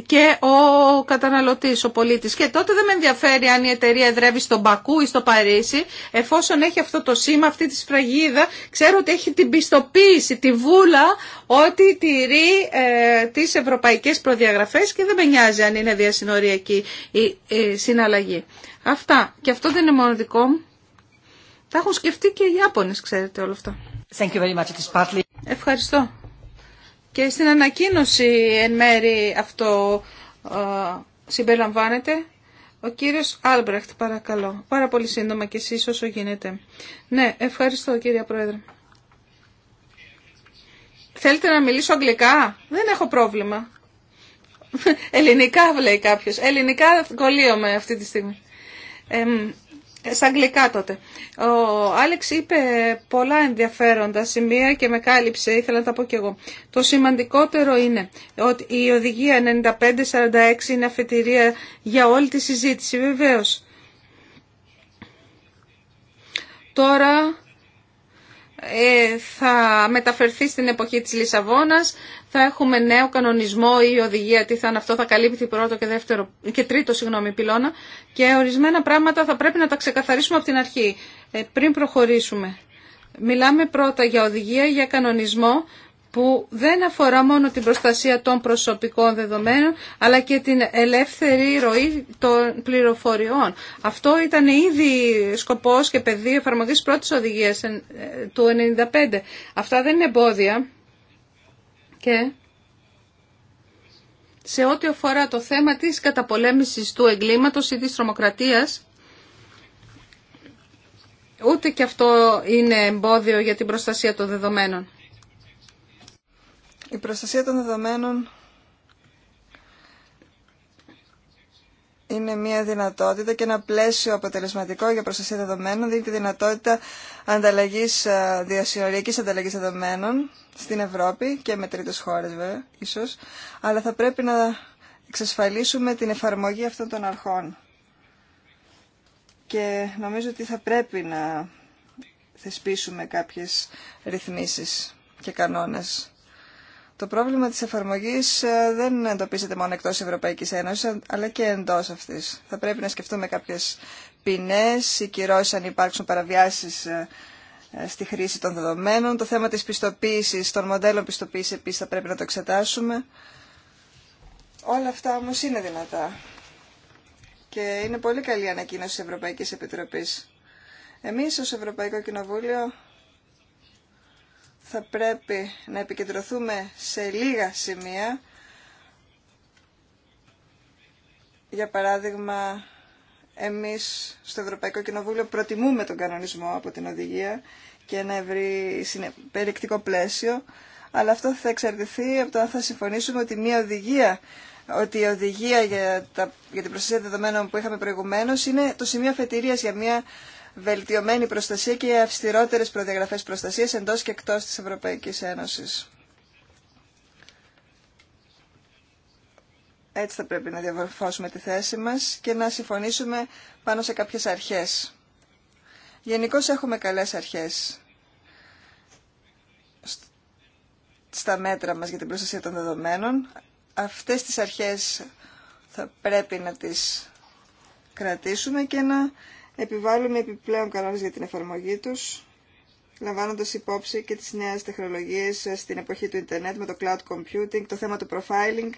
και ο καταναλωτής, ο πολίτης. Και τότε δεν με ενδιαφέρει αν η εταιρεία εδρεύει στον Πακού ή στο Παρίσι, εφόσον έχει αυτό το σήμα, αυτή τη σφραγίδα, ξέρω ότι έχει την πιστοποίηση, τη βούλα, ότι τηρεί ε, τις ευρωπαϊκές προδιαγραφές και δεν με νοιάζει αν είναι διασυνοριακή η, συναλλαγή. Αυτά. Και αυτό δεν είναι μόνο δικό μου. Τα έχουν σκεφτεί και οι Ιάπωνες, ξέρετε όλο αυτά. Ευχαριστώ και στην ανακοίνωση εν μέρη αυτό ε, συμπεριλαμβάνεται. Ο κύριος Άλμπρεχτ, παρακαλώ. Πάρα πολύ σύντομα και εσείς όσο γίνεται. Ναι, ευχαριστώ κύριε Πρόεδρε. Θέλετε να μιλήσω αγγλικά. Δεν έχω πρόβλημα. Ελληνικά βλέπει κάποιος. Ελληνικά κολλείομαι αυτή τη στιγμή. Ε, ε, στα αγγλικά τότε. Ο Άλεξ είπε πολλά ενδιαφέροντα σημεία και με κάλυψε, ήθελα να τα πω κι εγώ. Το σημαντικότερο είναι ότι η οδηγία 9546 είναι αφετηρία για όλη τη συζήτηση, βεβαίως. Τώρα ε, θα μεταφερθεί στην εποχή της Λισαβόνας, θα έχουμε νέο κανονισμό ή οδηγία, τι θα είναι αυτό, θα καλύπτει πρώτο και, δεύτερο, και τρίτο συγγνώμη, πυλώνα και ορισμένα πράγματα θα πρέπει να τα ξεκαθαρίσουμε από την αρχή, ε, πριν προχωρήσουμε. Μιλάμε πρώτα για οδηγία, για κανονισμό που δεν αφορά μόνο την προστασία των προσωπικών δεδομένων, αλλά και την ελεύθερη ροή των πληροφοριών. Αυτό ήταν ήδη σκοπός και πεδίο εφαρμογής πρώτης οδηγίας ε, του 1995. Αυτά δεν είναι εμπόδια. Και σε ό,τι αφορά το θέμα της καταπολέμησης του εγκλήματος ή της τρομοκρατίας, ούτε και αυτό είναι εμπόδιο για την προστασία των δεδομένων. Η προστασία των δεδομένων είναι μια δυνατότητα και ένα πλαίσιο αποτελεσματικό για προστασία δεδομένων δίνει τη δυνατότητα ανταλλαγής, ε, διασυνοριακής ανταλλαγής δεδομένων στην Ευρώπη και με τρίτες χώρες βέβαια ίσως, αλλά θα πρέπει να εξασφαλίσουμε την εφαρμογή αυτών των αρχών. Και νομίζω ότι θα πρέπει να θεσπίσουμε κάποιες ρυθμίσεις και κανόνες το πρόβλημα της εφαρμογής ε, δεν εντοπίζεται μόνο εκτός Ευρωπαϊκής Ένωσης, αλλά και εντός αυτής. Θα πρέπει να σκεφτούμε κάποιες ποινές ή κυρώσεις αν υπάρξουν παραβιάσεις ε, ε, στη χρήση των δεδομένων. Το θέμα της πιστοποίησης, των μοντέλων πιστοποίησης επίσης θα πρέπει να το εξετάσουμε. Όλα αυτά όμως είναι δυνατά. Και είναι πολύ καλή η ανακοίνωση της Ευρωπαϊκής Επιτροπής. Εμείς ως Ευρωπαϊκό Κοινοβούλιο θα πρέπει να επικεντρωθούμε σε λίγα σημεία. Για παράδειγμα, εμείς στο Ευρωπαϊκό Κοινοβούλιο προτιμούμε τον κανονισμό από την οδηγία και ένα ευρύ περιεκτικό πλαίσιο, αλλά αυτό θα εξαρτηθεί από το αν θα συμφωνήσουμε ότι μια οδηγία ότι η οδηγία για, τα, την προστασία δεδομένων που είχαμε προηγουμένως είναι το σημείο αφετηρίας για μια βελτιωμένη προστασία και αυστηρότερες προδιαγραφές προστασίας εντός και εκτός της Ευρωπαϊκής Ένωσης. Έτσι θα πρέπει να διαμορφώσουμε τη θέση μας και να συμφωνήσουμε πάνω σε κάποιες αρχές. Γενικώ έχουμε καλές αρχές στα μέτρα μας για την προστασία των δεδομένων. Αυτές τις αρχές θα πρέπει να τις κρατήσουμε και να επιβάλλουμε επιπλέον κανόνες για την εφαρμογή τους, λαμβάνοντας υπόψη και τις νέες τεχνολογίες στην εποχή του ίντερνετ με το cloud computing, το θέμα του profiling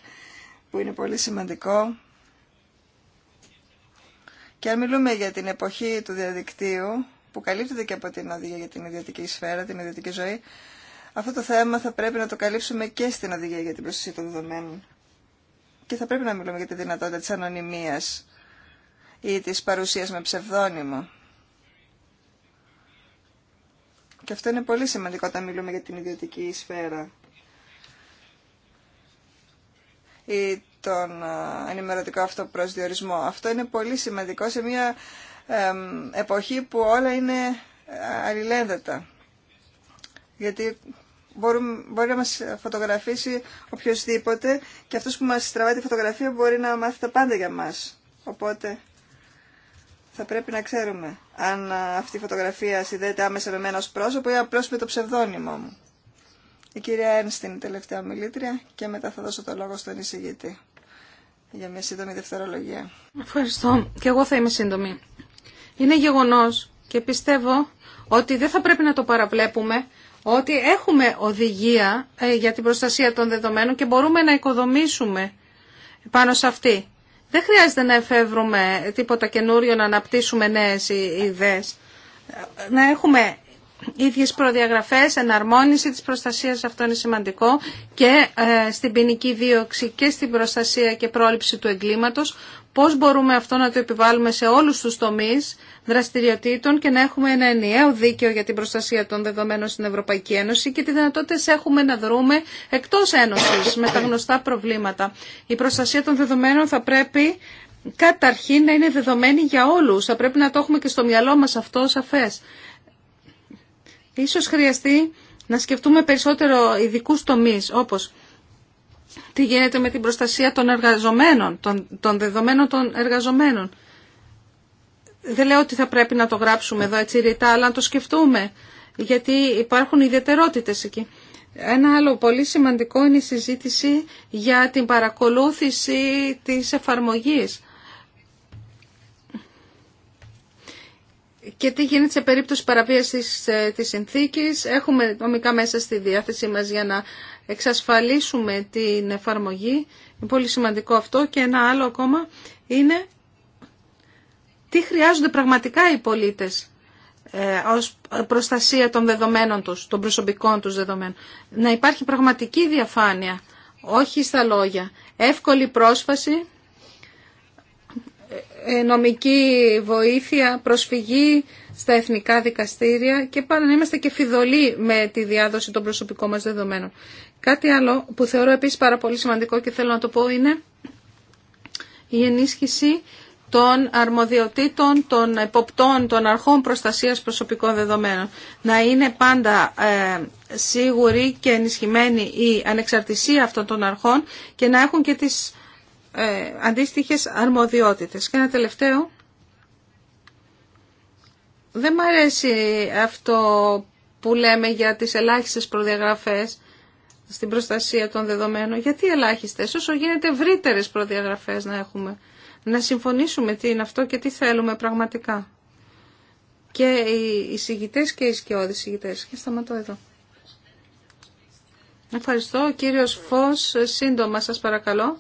που είναι πολύ σημαντικό. Και αν μιλούμε για την εποχή του διαδικτύου, που καλύπτεται και από την οδηγία για την ιδιωτική σφαίρα, την ιδιωτική ζωή, αυτό το θέμα θα πρέπει να το καλύψουμε και στην οδηγία για την προστασία των δεδομένων. Και θα πρέπει να μιλούμε για τη δυνατότητα της ανωνυμίας ή της παρουσίας με ψευδόνυμο. Και αυτό είναι πολύ σημαντικό όταν μιλούμε για την ιδιωτική σφαίρα ή τον ενημερωτικό αυτό προσδιορισμό. Αυτό είναι πολύ σημαντικό σε μια εποχή που όλα είναι ε, αλληλένδετα. Γιατί μπορεί να μας φωτογραφίσει οποιοδήποτε και αυτός που μας τραβάει τη φωτογραφία μπορεί να μάθει τα πάντα για μας. Οπότε θα πρέπει να ξέρουμε αν αυτή η φωτογραφία συνδέεται άμεσα με μένα ως πρόσωπο ή απλώς με το ψευδόνυμο μου. Η κυρία Ένστιν είναι η τελευταία ομιλήτρια και μετά θα δώσω το λόγο στον εισηγητή για μια σύντομη δευτερολογία. Ευχαριστώ. Και εγώ θα είμαι σύντομη. Είναι γεγονός και πιστεύω ότι δεν θα πρέπει να το παραβλέπουμε ότι έχουμε οδηγία ε, για την προστασία των δεδομένων και μπορούμε να οικοδομήσουμε πάνω σε αυτή. Δεν χρειάζεται να εφεύρουμε τίποτα καινούριο, να αναπτύσσουμε νέες ιδέες. Να έχουμε ίδιες προδιαγραφές, εναρμόνιση της προστασίας, αυτό είναι σημαντικό, και ε, στην ποινική δίωξη και στην προστασία και πρόληψη του εγκλήματος. Πώς μπορούμε αυτό να το επιβάλλουμε σε όλους τους τομείς, δραστηριοτήτων και να έχουμε ένα ενιαίο δίκαιο για την προστασία των δεδομένων στην Ευρωπαϊκή Ένωση και τι δυνατότητε έχουμε να δρούμε εκτό Ένωση με τα γνωστά προβλήματα. Η προστασία των δεδομένων θα πρέπει καταρχήν να είναι δεδομένη για όλου. Θα πρέπει να το έχουμε και στο μυαλό μα αυτό σαφέ. Ίσως χρειαστεί να σκεφτούμε περισσότερο ειδικού τομεί, όπω τι γίνεται με την προστασία των εργαζομένων, των, των δεδομένων των εργαζομένων. Δεν λέω ότι θα πρέπει να το γράψουμε εδώ έτσι ρητά, αλλά να το σκεφτούμε, γιατί υπάρχουν ιδιαιτερότητες εκεί. Ένα άλλο πολύ σημαντικό είναι η συζήτηση για την παρακολούθηση της εφαρμογής. Και τι γίνεται σε περίπτωση παραβίασης ε, της συνθήκης. Έχουμε νομικά μέσα στη διάθεσή μας για να εξασφαλίσουμε την εφαρμογή. Είναι πολύ σημαντικό αυτό. Και ένα άλλο ακόμα είναι τι χρειάζονται πραγματικά οι πολίτες ε, ως προστασία των δεδομένων τους, των προσωπικών τους δεδομένων. Να υπάρχει πραγματική διαφάνεια, όχι στα λόγια. Εύκολη πρόσφαση, ε, νομική βοήθεια, προσφυγή στα εθνικά δικαστήρια και πάνω να είμαστε και φιδωλοί με τη διάδοση των προσωπικών μας δεδομένων. Κάτι άλλο που θεωρώ επίσης πάρα πολύ σημαντικό και θέλω να το πω είναι η ενίσχυση των αρμοδιοτήτων των εποπτών των αρχών προστασίας προσωπικών δεδομένων. Να είναι πάντα ε, σίγουρη και ενισχυμένη η ανεξαρτησία αυτών των αρχών και να έχουν και τις ε, αντίστοιχες αρμοδιότητες. Και ένα τελευταίο. Δεν μου αρέσει αυτό που λέμε για τις ελάχιστες προδιαγραφές στην προστασία των δεδομένων. Γιατί ελάχιστες, όσο γίνεται ευρύτερε προδιαγραφές να έχουμε να συμφωνήσουμε τι είναι αυτό και τι θέλουμε πραγματικά. Και οι συγητές και οι σκιώδεις συγητές. Και σταματώ εδώ. Ευχαριστώ. Κύριος Φως, σύντομα σας παρακαλώ.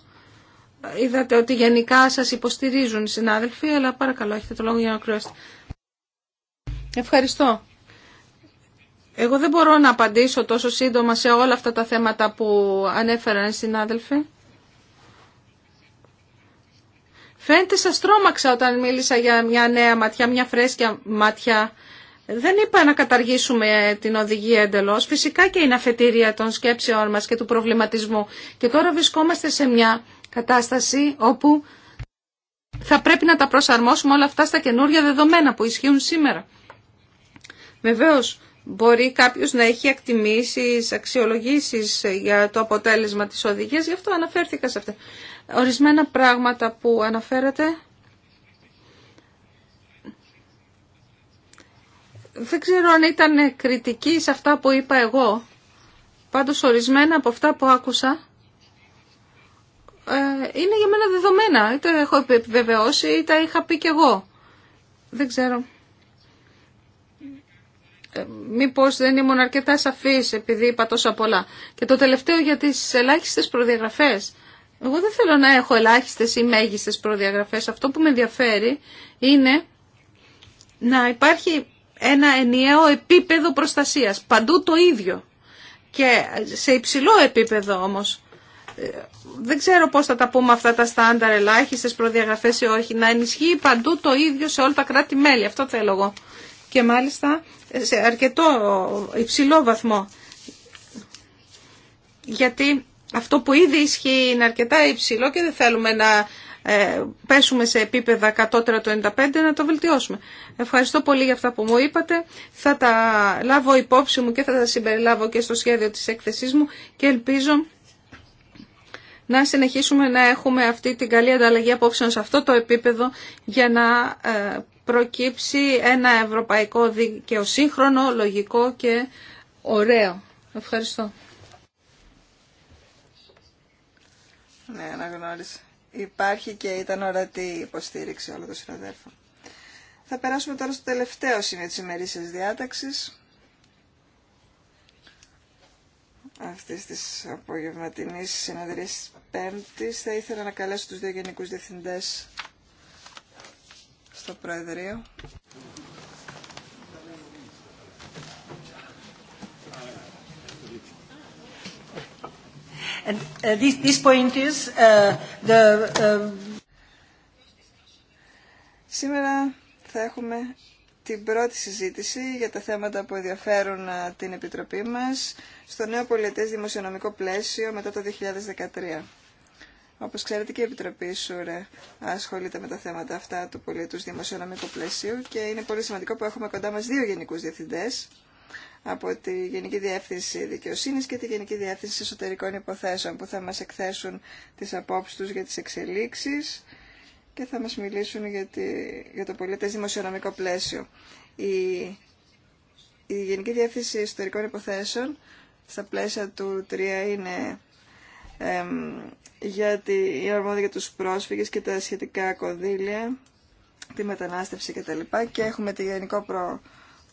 Είδατε ότι γενικά σας υποστηρίζουν οι συνάδελφοι, αλλά παρακαλώ έχετε το λόγο για να κρυώσετε. Ευχαριστώ. Εγώ δεν μπορώ να απαντήσω τόσο σύντομα σε όλα αυτά τα θέματα που ανέφεραν οι συνάδελφοι. Φαίνεται σας τρόμαξα όταν μίλησα για μια νέα ματιά, μια φρέσκια ματιά. Δεν είπα να καταργήσουμε την οδηγία εντελώ. Φυσικά και είναι αφετήρια των σκέψεών μας και του προβληματισμού. Και τώρα βρισκόμαστε σε μια κατάσταση όπου θα πρέπει να τα προσαρμόσουμε όλα αυτά στα καινούργια δεδομένα που ισχύουν σήμερα. Βεβαίως, Μπορεί κάποιος να έχει ακτιμήσεις, αξιολογήσεις για το αποτέλεσμα της οδηγίας, γι' αυτό αναφέρθηκα σε αυτά. Ορισμένα πράγματα που αναφέρατε, δεν ξέρω αν ήταν κριτική σε αυτά που είπα εγώ, πάντως ορισμένα από αυτά που άκουσα, ε, είναι για μένα δεδομένα. Είτε έχω επιβεβαιώσει, είτε είχα πει κι εγώ. Δεν ξέρω. Ε, Μηπω δεν ήμουν αρκετά σαφή επειδή είπα τόσα πολλά. Και το τελευταίο για τις ελάχιστες προδιαγραφές. Εγώ δεν θέλω να έχω ελάχιστες ή μέγιστε προδιαγραφές. Αυτό που με ενδιαφέρει είναι να υπάρχει ένα ενιαίο επίπεδο προστασίας. Παντού το ίδιο. Και σε υψηλό επίπεδο όμως. Ε, δεν ξέρω πώς θα τα πούμε αυτά τα στάνταρ ελάχιστες προδιαγραφές ή όχι. Να ενισχύει παντού το ίδιο σε όλα τα κράτη-μέλη. Αυτό θέλω εγώ και μάλιστα σε αρκετό υψηλό βαθμό. Γιατί αυτό που ήδη ισχύει είναι αρκετά υψηλό και δεν θέλουμε να ε, πέσουμε σε επίπεδα κατώτερα το 95 να το βελτιώσουμε. Ευχαριστώ πολύ για αυτά που μου είπατε. Θα τα λάβω υπόψη μου και θα τα συμπεριλάβω και στο σχέδιο της έκθεσής μου και ελπίζω να συνεχίσουμε να έχουμε αυτή την καλή ανταλλαγή απόψεων σε αυτό το επίπεδο για να ε, προκύψει ένα ευρωπαϊκό δίκαιο σύγχρονο, λογικό και ωραίο. Ευχαριστώ. Ναι, αναγνώριση. Υπάρχει και ήταν ορατή η υποστήριξη όλων των συναδέλφων. Θα περάσουμε τώρα στο τελευταίο σημείο της ημερήσιας διάταξης. Αυτή της απογευματινής τη Πέμπτης θα ήθελα να καλέσω του δύο γενικού διευθυντές στο Προεδρείο. And, uh, this, this point is, uh, the, um, Σήμερα θα έχουμε την πρώτη συζήτηση για τα θέματα που ενδιαφέρουν uh, την Επιτροπή μας στο νέο πολιτές δημοσιονομικό πλαίσιο μετά το 2013. Όπω ξέρετε και η Επιτροπή ΣΟΥΡΕ ασχολείται με τα θέματα αυτά του πολιτού δημοσιονομικού πλαισίου και είναι πολύ σημαντικό που έχουμε κοντά μα δύο γενικού διευθυντέ από τη Γενική Διεύθυνση Δικαιοσύνη και τη Γενική Διεύθυνση Εσωτερικών Υποθέσεων που θα μα εκθέσουν τι απόψει του για τις εξελίξεις και θα μα μιλήσουν για, τη, για το πολίτε δημοσιονομικό πλαίσιο. Η, η Γενική Διεύθυνση Εσωτερικών Υποθέσεων στα πλαίσια του 3 είναι γιατί είναι τη, για τους πρόσφυγες και τα σχετικά κονδύλια, τη μετανάστευση κτλ. Και, έχουμε το γενικό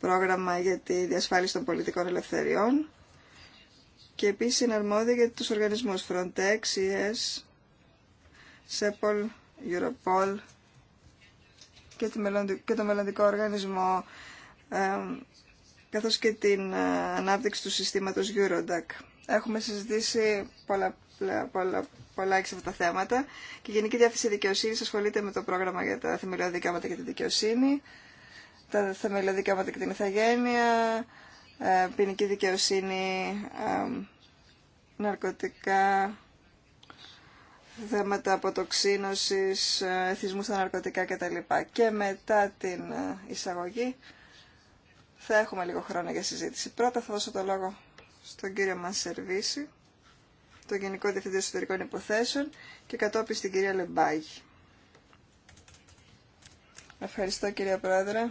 πρόγραμμα για τη διασφάλιση των πολιτικών ελευθεριών και επίσης είναι αρμόδια για τους οργανισμούς Frontex, ES, SEPOL, Europol και, το μελλοντικό οργανισμό καθώς και την ε, ανάπτυξη του συστήματος Eurodac. Έχουμε συζητήσει πολλά πολλά, πολλά εξ τα θέματα. Και η Γενική Διάθεση Δικαιοσύνη ασχολείται με το πρόγραμμα για τα θεμελιώδη δικαιώματα και τη δικαιοσύνη, τα θεμελιώδη δικαιώματα και την ηθαγένεια, ε, ποινική δικαιοσύνη, ε, ναρκωτικά, θέματα αποτοξίνωσης, ε, εθισμού στα ναρκωτικά κτλ. Και μετά την εισαγωγή θα έχουμε λίγο χρόνο για συζήτηση. Πρώτα θα δώσω το λόγο στον κύριο Μανσερβίση το Γενικό Διευθυντή Εσωτερικών Υποθέσεων και κατόπιν στην κυρία Λεμπάγη. Ευχαριστώ κυρία Πρόεδρε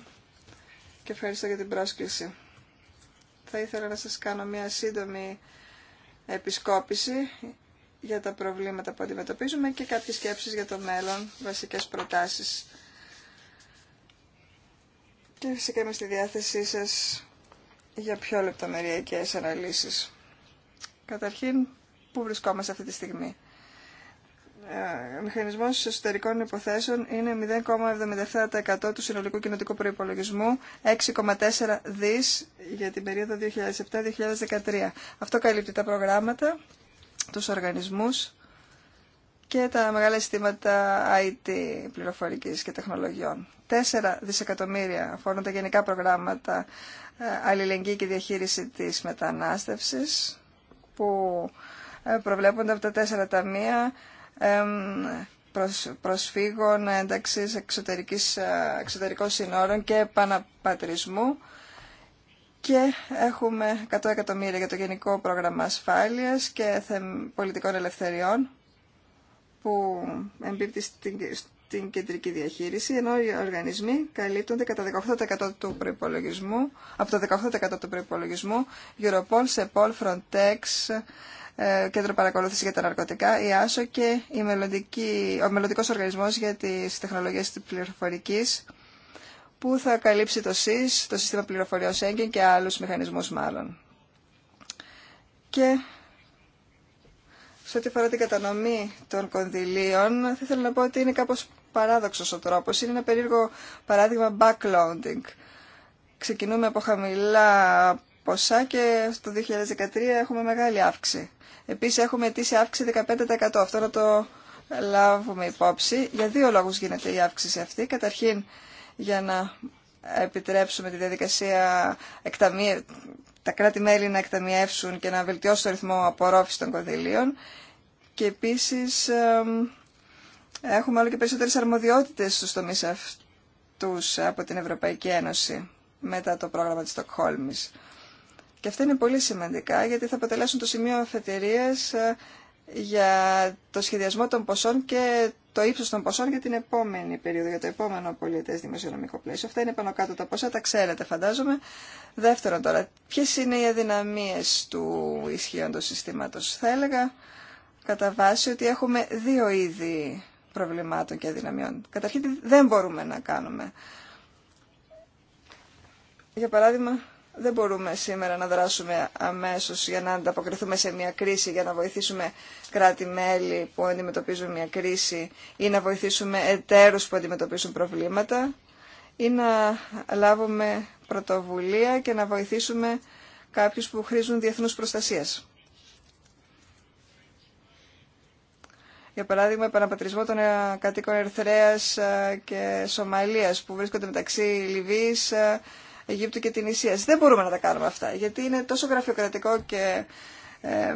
και ευχαριστώ για την πρόσκληση. Θα ήθελα να σας κάνω μια σύντομη επισκόπηση για τα προβλήματα που αντιμετωπίζουμε και κάποιες σκέψεις για το μέλλον, βασικές προτάσεις. Και φυσικά είμαι στη διάθεσή σας για πιο λεπτομεριακές αναλύσεις. Καταρχήν, πού βρισκόμαστε αυτή τη στιγμή. Ε, ο μηχανισμός εσωτερικών υποθέσεων είναι 0,77% του συνολικού κοινοτικού προϋπολογισμού, 6,4 δις για την περίοδο 2007-2013. Αυτό καλύπτει τα προγράμματα, τους οργανισμούς και τα μεγάλα συστήματα IT, πληροφορικής και τεχνολογιών. 4 δισεκατομμύρια αφορούν τα γενικά προγράμματα ε, αλληλεγγύη και διαχείριση της μετανάστευσης, που ε, προβλέπονται από τα τέσσερα ταμεία προσφύγων, ένταξης, ε, εξωτερικών συνόρων και επαναπατρισμού και έχουμε 100 εκατομμύρια για το Γενικό Πρόγραμμα Ασφάλειας και Πολιτικών Ελευθεριών που εμπίπτει στην, κεντρική διαχείριση, ενώ οι οργανισμοί καλύπτονται κατά 18% του προϋπολογισμού, από το 18% του προϋπολογισμού, Europol, Sepol, Frontex, ε, Κέντρο Παρακολούθηση για τα Ναρκωτικά, η ΆΣΟ και η ο Μελλοντικό Οργανισμό για τι Τεχνολογίε τη Πληροφορική, που θα καλύψει το ΣΥΣ, το Σύστημα Πληροφοριών Σέγγεν και άλλου μηχανισμού μάλλον. Και σε ό,τι αφορά την κατανομή των κονδυλίων, θα ήθελα να πω ότι είναι κάπω παράδοξο ο τρόπο. Είναι ένα περίεργο παράδειγμα backloading ξεκινούμε από χαμηλά ποσά και στο 2013 έχουμε μεγάλη αύξηση. Επίσης έχουμε αιτήσει αύξηση 15%. Αυτό να το λάβουμε υπόψη. Για δύο λόγους γίνεται η αύξηση αυτή. Καταρχήν για να επιτρέψουμε τη διαδικασία τα κράτη-μέλη να εκταμιεύσουν και να βελτιώσουν το ρυθμό απορρόφησης των κονδυλίων. Και επίσης έχουμε όλο και περισσότερες αρμοδιότητες στους τομείς αυτούς από την Ευρωπαϊκή Ένωση μετά το πρόγραμμα της Στοκχόλμης. Και αυτά είναι πολύ σημαντικά γιατί θα αποτελέσουν το σημείο αφετηρίας ε, για το σχεδιασμό των ποσών και το ύψο των ποσών για την επόμενη περίοδο, για το επόμενο πολιτέ δημοσιονομικό πλαίσιο. Αυτά είναι πάνω κάτω τα ποσά, τα ξέρετε φαντάζομαι. Δεύτερον τώρα, ποιε είναι οι αδυναμίε του ισχύοντο συστήματο. Θα έλεγα κατά βάση ότι έχουμε δύο είδη προβλημάτων και αδυναμιών. Καταρχήν δεν μπορούμε να κάνουμε. Για παράδειγμα, δεν μπορούμε σήμερα να δράσουμε αμέσως για να ανταποκριθούμε σε μια κρίση, για να βοηθήσουμε κράτη-μέλη που αντιμετωπίζουν μια κρίση ή να βοηθήσουμε εταίρους που αντιμετωπίζουν προβλήματα ή να λάβουμε πρωτοβουλία και να βοηθήσουμε κάποιους που χρήζουν διεθνούς προστασίας. Για παράδειγμα, επαναπατρισμό των ε, κατοίκων Ερθρέας ε, και Σομαλίας που βρίσκονται μεταξύ Λιβύης ε, Αιγύπτου και την Ισία. Δεν μπορούμε να τα κάνουμε αυτά, γιατί είναι τόσο γραφειοκρατικό και ε,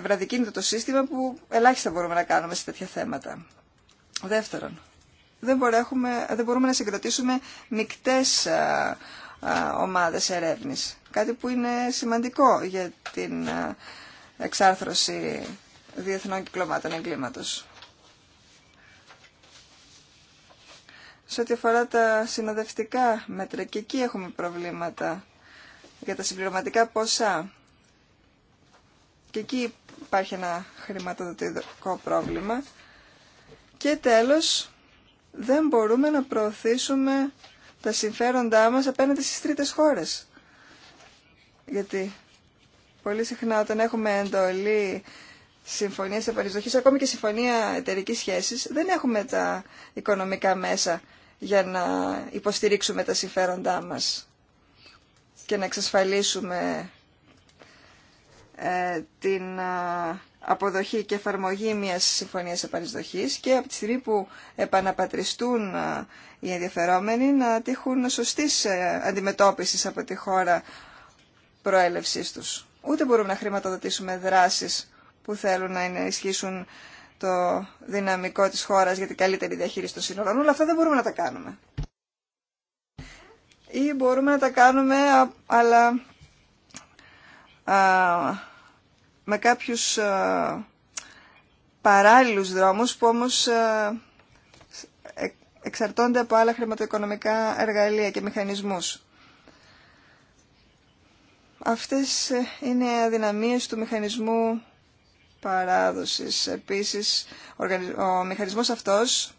βραδικίνητο το σύστημα που ελάχιστα μπορούμε να κάνουμε σε τέτοια θέματα. Δεύτερον, δεν μπορούμε, δεν μπορούμε να συγκρατήσουμε μικτές ε, ε, ομάδες ερεύνης. Κάτι που είναι σημαντικό για την εξάρθρωση διεθνών κυκλωμάτων εγκλήματος. σε ό,τι αφορά τα συνοδευτικά μέτρα. Και εκεί έχουμε προβλήματα για τα συμπληρωματικά ποσά. Και εκεί υπάρχει ένα χρηματοδοτικό πρόβλημα. Και τέλος, δεν μπορούμε να προωθήσουμε τα συμφέροντά μας απέναντι στις τρίτες χώρες. Γιατί πολύ συχνά όταν έχουμε εντολή συμφωνία παρισδοχή ακόμη και συμφωνία εταιρικής σχέσης, δεν έχουμε τα οικονομικά μέσα για να υποστηρίξουμε τα συμφέροντά μας και να εξασφαλίσουμε ε, την αποδοχή και εφαρμογή μιας συμφωνίας επανεισδοχής και από τη στιγμή που επαναπατριστούν οι ενδιαφερόμενοι να τύχουν σωστής ε, αντιμετώπισης από τη χώρα προέλευσής τους. Ούτε μπορούμε να χρηματοδοτήσουμε δράσεις που θέλουν να ενισχύσουν το δυναμικό της χώρας για την καλύτερη διαχείριση των σύνορων. Όλα αυτά δεν μπορούμε να τα κάνουμε. Ή μπορούμε να τα κάνουμε, αλλά α, με κάποιους α, παράλληλους δρόμους που όμως ε, εξαρτώνται από άλλα χρηματοοικονομικά εργαλεία και μηχανισμούς. Αυτές ε, είναι αδυναμίες του μηχανισμού παράδοσης. Επίσης, ο μηχανισμός αυτός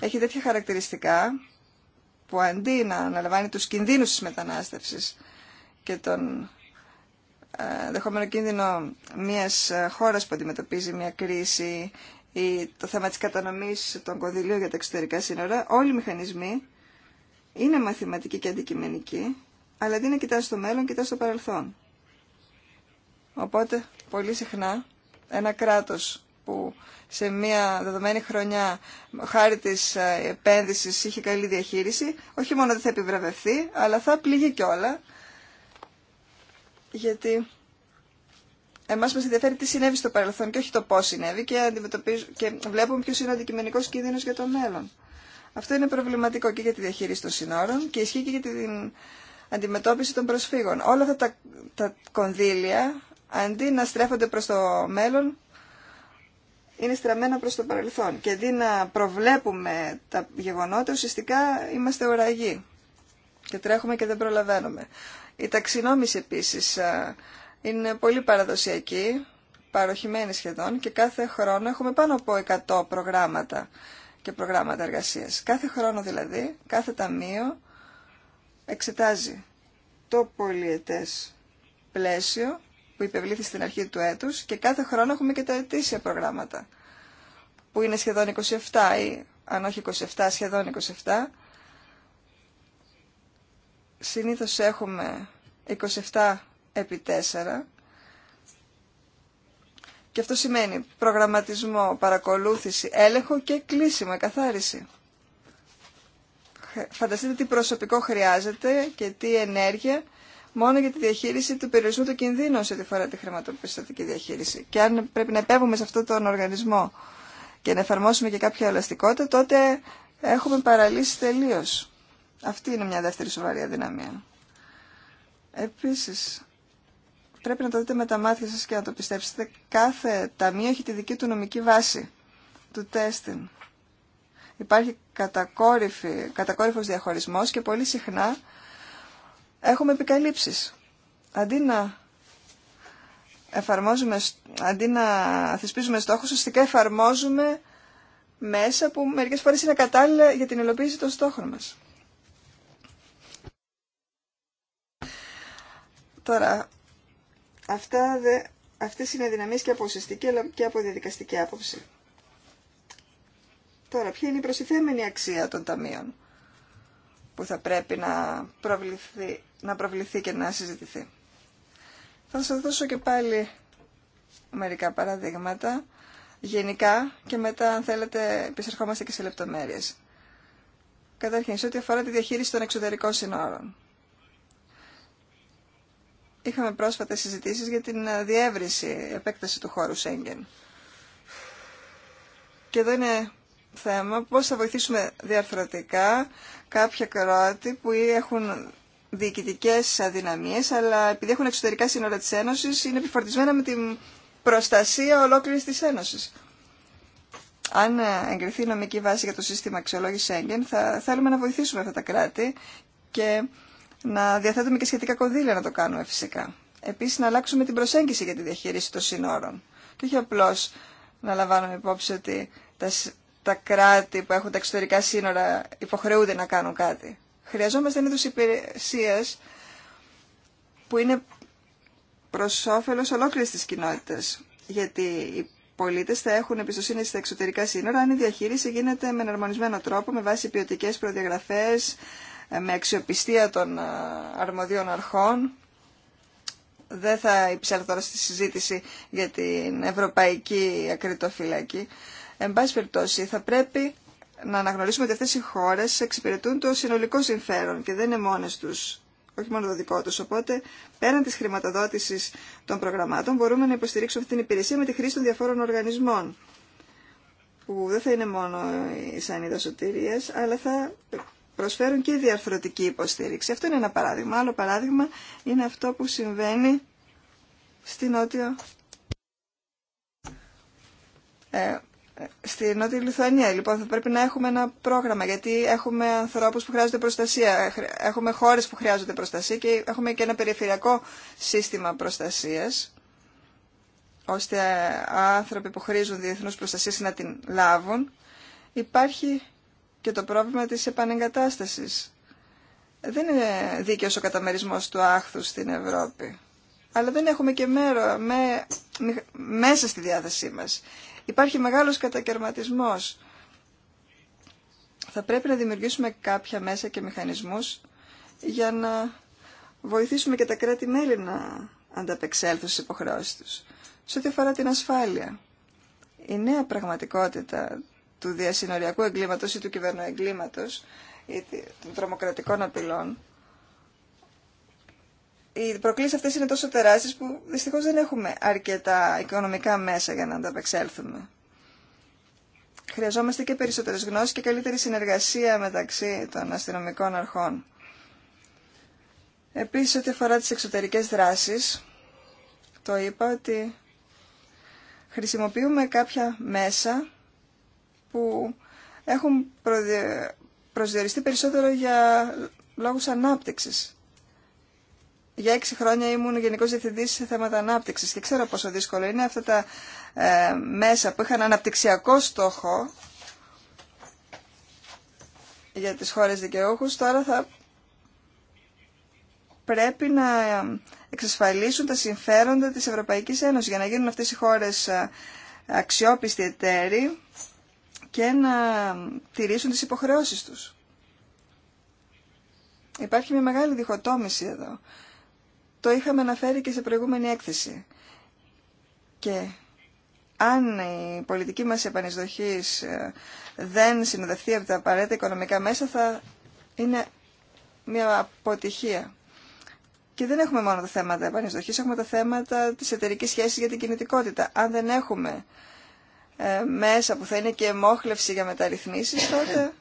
έχει τέτοια χαρακτηριστικά που αντί να αναλαμβάνει τους κινδύνους της μετανάστευσης και τον ε, δεχόμενο κίνδυνο μιας ε, χώρας που αντιμετωπίζει μια κρίση ή το θέμα της κατανομής των κονδυλίων για τα εξωτερικά σύνορα, όλοι οι μηχανισμοί είναι μαθηματικοί και αντικειμενικοί, αλλά αντί να κοιτάς στο μέλλον, κοιτάς στο παρελθόν. Οπότε, πολύ συχνά, ένα κράτος που σε μια δεδομένη χρονιά χάρη της ε, επένδυσης είχε καλή διαχείριση, όχι μόνο δεν θα επιβραβευθεί, αλλά θα πληγεί κιόλα, γιατί εμάς μας ενδιαφέρει τι συνέβη στο παρελθόν και όχι το πώς συνέβη και, και βλέπουμε ποιος είναι ο αντικειμενικός κίνδυνος για το μέλλον. Αυτό είναι προβληματικό και για τη διαχείριση των συνόρων και ισχύει και για την αντιμετώπιση των προσφύγων. Όλα αυτά τα κονδύλια αντί να στρέφονται προς το μέλλον, είναι στραμμένα προς το παρελθόν. Και αντί να προβλέπουμε τα γεγονότα, ουσιαστικά είμαστε οραγοί και τρέχουμε και δεν προλαβαίνουμε. Η ταξινόμηση επίσης είναι πολύ παραδοσιακή, παροχημένη σχεδόν και κάθε χρόνο έχουμε πάνω από 100 προγράμματα και προγράμματα εργασίας. Κάθε χρόνο δηλαδή, κάθε ταμείο εξετάζει το πολιετές πλαίσιο που υπευλήθη στην αρχή του έτους και κάθε χρόνο έχουμε και τα ετήσια προγράμματα που είναι σχεδόν 27 ή αν όχι 27, σχεδόν 27. Συνήθως έχουμε 27 επί 4 και αυτό σημαίνει προγραμματισμό, παρακολούθηση, έλεγχο και κλείσιμο, καθάριση. Φανταστείτε τι προσωπικό χρειάζεται και τι ενέργεια μόνο για τη διαχείριση του περιορισμού του κινδύνου σε τη φορά τη χρηματοπιστωτική διαχείριση. Και αν πρέπει να επέβουμε σε αυτόν τον οργανισμό και να εφαρμόσουμε και κάποια ελαστικότητα, τότε έχουμε παραλύσει τελείω. Αυτή είναι μια δεύτερη σοβαρή αδυναμία. Επίσης, πρέπει να το δείτε με τα μάτια σα και να το πιστέψετε. Κάθε ταμείο έχει τη δική του νομική βάση, του τέστην. Υπάρχει κατακόρυφος διαχωρισμός και πολύ συχνά έχουμε επικαλύψεις. Αντί να εφαρμόζουμε, αντί να θεσπίζουμε στόχους, ουσιαστικά εφαρμόζουμε μέσα που μερικές φορές είναι κατάλληλα για την υλοποίηση των στόχων μας. Τώρα, αυτά αυτές είναι δυναμίες και από ουσιαστική αλλά και από διαδικαστική άποψη. Τώρα, ποια είναι η προστιθέμενη αξία των ταμείων που θα πρέπει να προβληθεί, να προβληθεί και να συζητηθεί. Θα σας δώσω και πάλι μερικά παραδείγματα γενικά και μετά αν θέλετε επισερχόμαστε και σε λεπτομέρειες. Καταρχήν, σε ό,τι αφορά τη διαχείριση των εξωτερικών συνόρων. Είχαμε πρόσφατες συζητήσεις για την ε, διεύρυνση, επέκταση του χώρου Σέγγεν. Και εδώ είναι θέμα πώς θα βοηθήσουμε διαρθρωτικά κάποια κράτη που έχουν διοικητικέ αδυναμίες, αλλά επειδή έχουν εξωτερικά σύνορα τη Ένωση είναι επιφορτισμένα με την προστασία ολόκληρη τη Ένωση. Αν ε, εγκριθεί η νομική βάση για το σύστημα αξιολόγηση έγκεν, θα θέλουμε να βοηθήσουμε αυτά τα κράτη και να διαθέτουμε και σχετικά κονδύλια να το κάνουμε φυσικά. Επίση, να αλλάξουμε την προσέγγιση για τη διαχείριση των σύνορων. Και όχι απλώ να λαμβάνουμε υπόψη ότι τα τα κράτη που έχουν τα εξωτερικά σύνορα υποχρεούνται να κάνουν κάτι. Χρειαζόμαστε ένα είδους που είναι προ όφελο ολόκληρη τη κοινότητα. Γιατί οι πολίτες θα έχουν εμπιστοσύνη στα εξωτερικά σύνορα αν η διαχείριση γίνεται με εναρμονισμένο τρόπο, με βάση ποιοτικέ προδιαγραφές, με αξιοπιστία των αρμοδίων αρχών. Δεν θα υψέλθω τώρα στη συζήτηση για την ευρωπαϊκή ακριτοφυλακή. Εν πάση περιπτώσει, θα πρέπει να αναγνωρίσουμε ότι αυτές οι χώρες εξυπηρετούν το συνολικό συμφέρον και δεν είναι μόνες τους, όχι μόνο το δικό τους. Οπότε, πέραν της χρηματοδότησης των προγραμμάτων, μπορούμε να υποστηρίξουμε αυτή την υπηρεσία με τη χρήση των διαφόρων οργανισμών, που δεν θα είναι μόνο οι σανίδα σωτηρίας, αλλά θα προσφέρουν και διαρθρωτική υποστήριξη. Αυτό είναι ένα παράδειγμα. Άλλο παράδειγμα είναι αυτό που συμβαίνει στην Νότιο ε, στη Νότια Λιθουανία. Λοιπόν, θα πρέπει να έχουμε ένα πρόγραμμα, γιατί έχουμε ανθρώπου που χρειάζονται προστασία, έχουμε χώρε που χρειάζονται προστασία και έχουμε και ένα περιφερειακό σύστημα προστασία, ώστε άνθρωποι που χρήζουν διεθνού προστασία να την λάβουν. Υπάρχει και το πρόβλημα τη επανεγκατάσταση. Δεν είναι δίκαιο ο καταμερισμό του άχθου στην Ευρώπη αλλά δεν έχουμε και μέρο, με, μέσα στη διάθεσή μας υπάρχει μεγάλος κατακαιρματισμός. Θα πρέπει να δημιουργήσουμε κάποια μέσα και μηχανισμούς για να βοηθήσουμε και τα κράτη-μέλη να ανταπεξέλθουν στις υποχρεώσεις τους. Σε ό,τι αφορά την ασφάλεια, η νέα πραγματικότητα του διασυνοριακού εγκλήματος ή του κυβερνοεγκλήματος ή των τρομοκρατικών απειλών οι προκλήσει αυτές είναι τόσο τεράστιες που δυστυχώ δεν έχουμε αρκετά οικονομικά μέσα για να ανταπεξέλθουμε. Χρειαζόμαστε και περισσότερες γνώσεις και καλύτερη συνεργασία μεταξύ των αστυνομικών αρχών. Επίση, ό,τι αφορά τι εξωτερικές δράσεις, το είπα ότι χρησιμοποιούμε κάποια μέσα που έχουν προσδιοριστεί περισσότερο για λόγους ανάπτυξης για έξι χρόνια ήμουν Γενικός Διευθυντής σε θέματα ανάπτυξης και ξέρω πόσο δύσκολο είναι αυτά τα ε, μέσα που είχαν αναπτυξιακό στόχο για τις χώρες δικαιούχους τώρα θα πρέπει να εξασφαλίσουν τα συμφέροντα της Ευρωπαϊκής Ένωσης για να γίνουν αυτές οι χώρες ε, αξιόπιστοι εταίροι και να τηρήσουν τις υποχρεώσεις τους. Υπάρχει μια μεγάλη διχοτόμηση εδώ. Το είχαμε αναφέρει και σε προηγούμενη έκθεση. Και αν η πολιτική μας επανεισδοχής ε, δεν συνοδευτεί από τα απαραίτητα οικονομικά μέσα θα είναι μια αποτυχία. Και δεν έχουμε μόνο τα θέματα επανεισδοχής, έχουμε τα θέματα της εταιρικής σχέσης για την κινητικότητα. Αν δεν έχουμε ε, μέσα που θα είναι και εμόχλευση για μεταρρυθμίσεις, τότε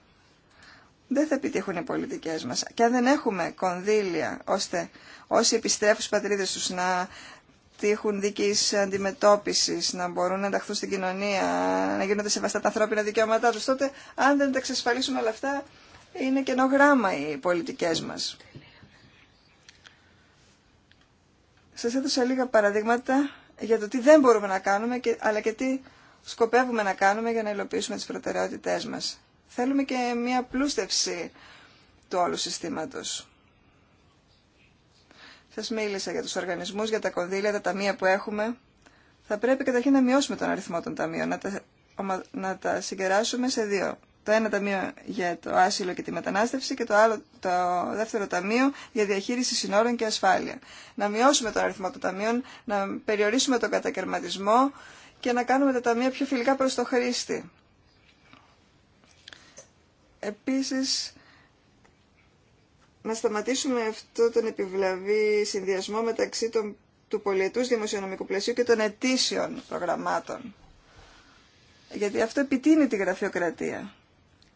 δεν θα επιτύχουν οι πολιτικέ μα Και αν δεν έχουμε κονδύλια ώστε όσοι επιστρέφουν στι πατρίδε του να τύχουν δική αντιμετώπιση, να μπορούν να ενταχθούν στην κοινωνία, να γίνονται σεβαστά τα ανθρώπινα δικαιώματά τους, τότε αν δεν τα εξασφαλίσουν όλα αυτά είναι κενό γράμμα οι πολιτικέ μα. Σα έδωσα λίγα παραδείγματα για το τι δεν μπορούμε να κάνουμε, αλλά και τι σκοπεύουμε να κάνουμε για να υλοποιήσουμε τι προτεραιότητέ μα. Θέλουμε και μια πλούστευση του όλου συστήματος. Σας μίλησα για τους οργανισμούς, για τα κονδύλια, τα ταμεία που έχουμε. Θα πρέπει καταρχήν να μειώσουμε τον αριθμό των ταμείων, να τα, να τα συγκεράσουμε σε δύο. Το ένα ταμείο για το άσυλο και τη μετανάστευση και το, άλλο, το δεύτερο ταμείο για διαχείριση συνόρων και ασφάλεια. Να μειώσουμε τον αριθμό των ταμείων, να περιορίσουμε τον κατακαιρματισμό και να κάνουμε τα ταμεία πιο φιλικά προς το χρήστη. Επίσης, να σταματήσουμε αυτό τον επιβλαβή συνδυασμό μεταξύ των, του πολιετούς δημοσιονομικού πλαισίου και των ετήσιων προγραμμάτων. Γιατί αυτό επιτείνει τη γραφειοκρατία.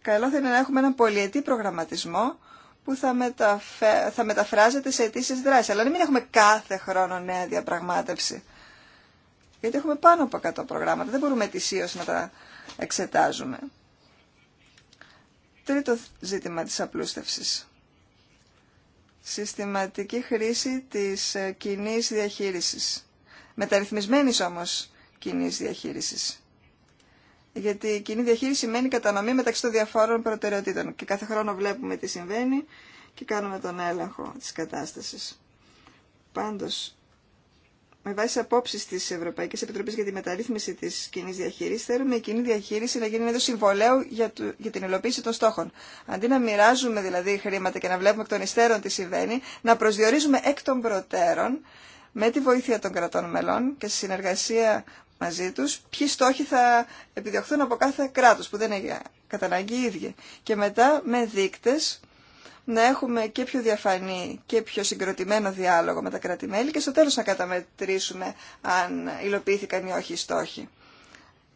Καλό θα είναι να έχουμε έναν πολιετή προγραμματισμό που θα, θα μεταφράζεται σε αιτήσει δράση. Αλλά να μην έχουμε κάθε χρόνο νέα διαπραγμάτευση. Γιατί έχουμε πάνω από 100 προγράμματα. Δεν μπορούμε ετησίω να τα εξετάζουμε. Τρίτο ζήτημα της απλούστευσης. Συστηματική χρήση της ε, κοινή διαχείρισης. Μεταρρυθμισμένης όμως κοινή διαχείρισης. Γιατί η κοινή διαχείριση σημαίνει κατανομή μεταξύ των διαφόρων προτεραιοτήτων. Και κάθε χρόνο βλέπουμε τι συμβαίνει και κάνουμε τον έλεγχο της κατάστασης. Πάντως, με βάση απόψει τη Ευρωπαϊκή Επιτροπή για τη μεταρρύθμιση τη κοινή διαχείριση, θέλουμε η κοινή διαχείριση να γίνει ένα συμβολέου για, για την υλοποίηση των στόχων. Αντί να μοιράζουμε δηλαδή χρήματα και να βλέπουμε εκ των υστέρων τι συμβαίνει, να προσδιορίζουμε εκ των προτέρων με τη βοήθεια των κρατών μελών και στη συνεργασία μαζί του, ποιοι στόχοι θα επιδιωχθούν από κάθε κράτο που δεν είναι κατά αναγκή ίδιοι. Και μετά με δείκτε να έχουμε και πιο διαφανή και πιο συγκροτημένο διάλογο με τα κράτη-μέλη και στο τέλος να καταμετρήσουμε αν υλοποιήθηκαν ή όχι οι στόχοι.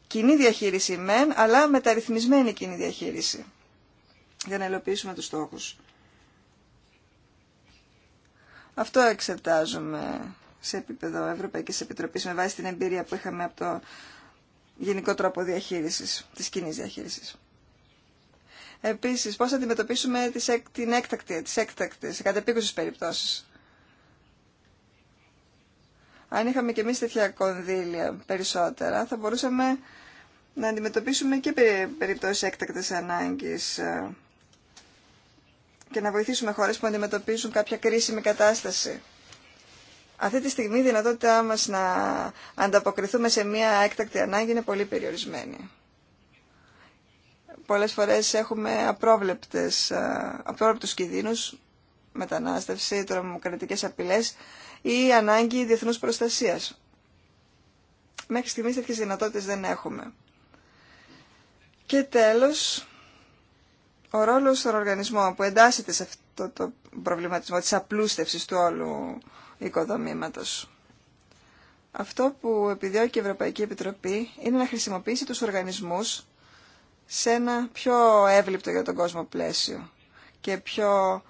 Κοινή διαχείριση μεν, αλλά μεταρρυθμισμένη κοινή διαχείριση για να υλοποιήσουμε τους στόχους. Αυτό εξετάζουμε σε επίπεδο Ευρωπαϊκής Επιτροπής με βάση την εμπειρία που είχαμε από το γενικό τρόπο διαχείρισης, της κοινής διαχείρισης. Επίσης, πώς θα αντιμετωπίσουμε τις, την έκτακτη, τις έκτακτες, κατεπίκουσες περιπτώσεις. Αν είχαμε και εμεί τέτοια κονδύλια περισσότερα, θα μπορούσαμε να αντιμετωπίσουμε και περιπτώσεις έκτακτη ανάγκη ε, και να βοηθήσουμε χώρες που αντιμετωπίζουν κάποια κρίσιμη κατάσταση. Αυτή τη στιγμή η δυνατότητά μας να ανταποκριθούμε σε μια έκτακτη ανάγκη είναι πολύ περιορισμένη πολλές φορές έχουμε απρόβλεπτες, ε, απρόβλεπτους κινδύνους, μετανάστευση, τρομοκρατικές απειλές ή ανάγκη διεθνούς προστασίας. Μέχρι στιγμής τέτοιες δυνατότητες δεν έχουμε. Και τέλος, ο ρόλος στον οργανισμό που εντάσσεται σε αυτό το προβληματισμό της απλούστευσης του όλου οικοδομήματος. Αυτό που επιδιώκει η Ευρωπαϊκή ο ρολος των οργανισμο που εντασσεται σε αυτο το προβληματισμο της είναι να χρησιμοποιήσει τους οργανισμούς σε ένα πιο εύληπτο για τον κόσμο πλαίσιο και πιο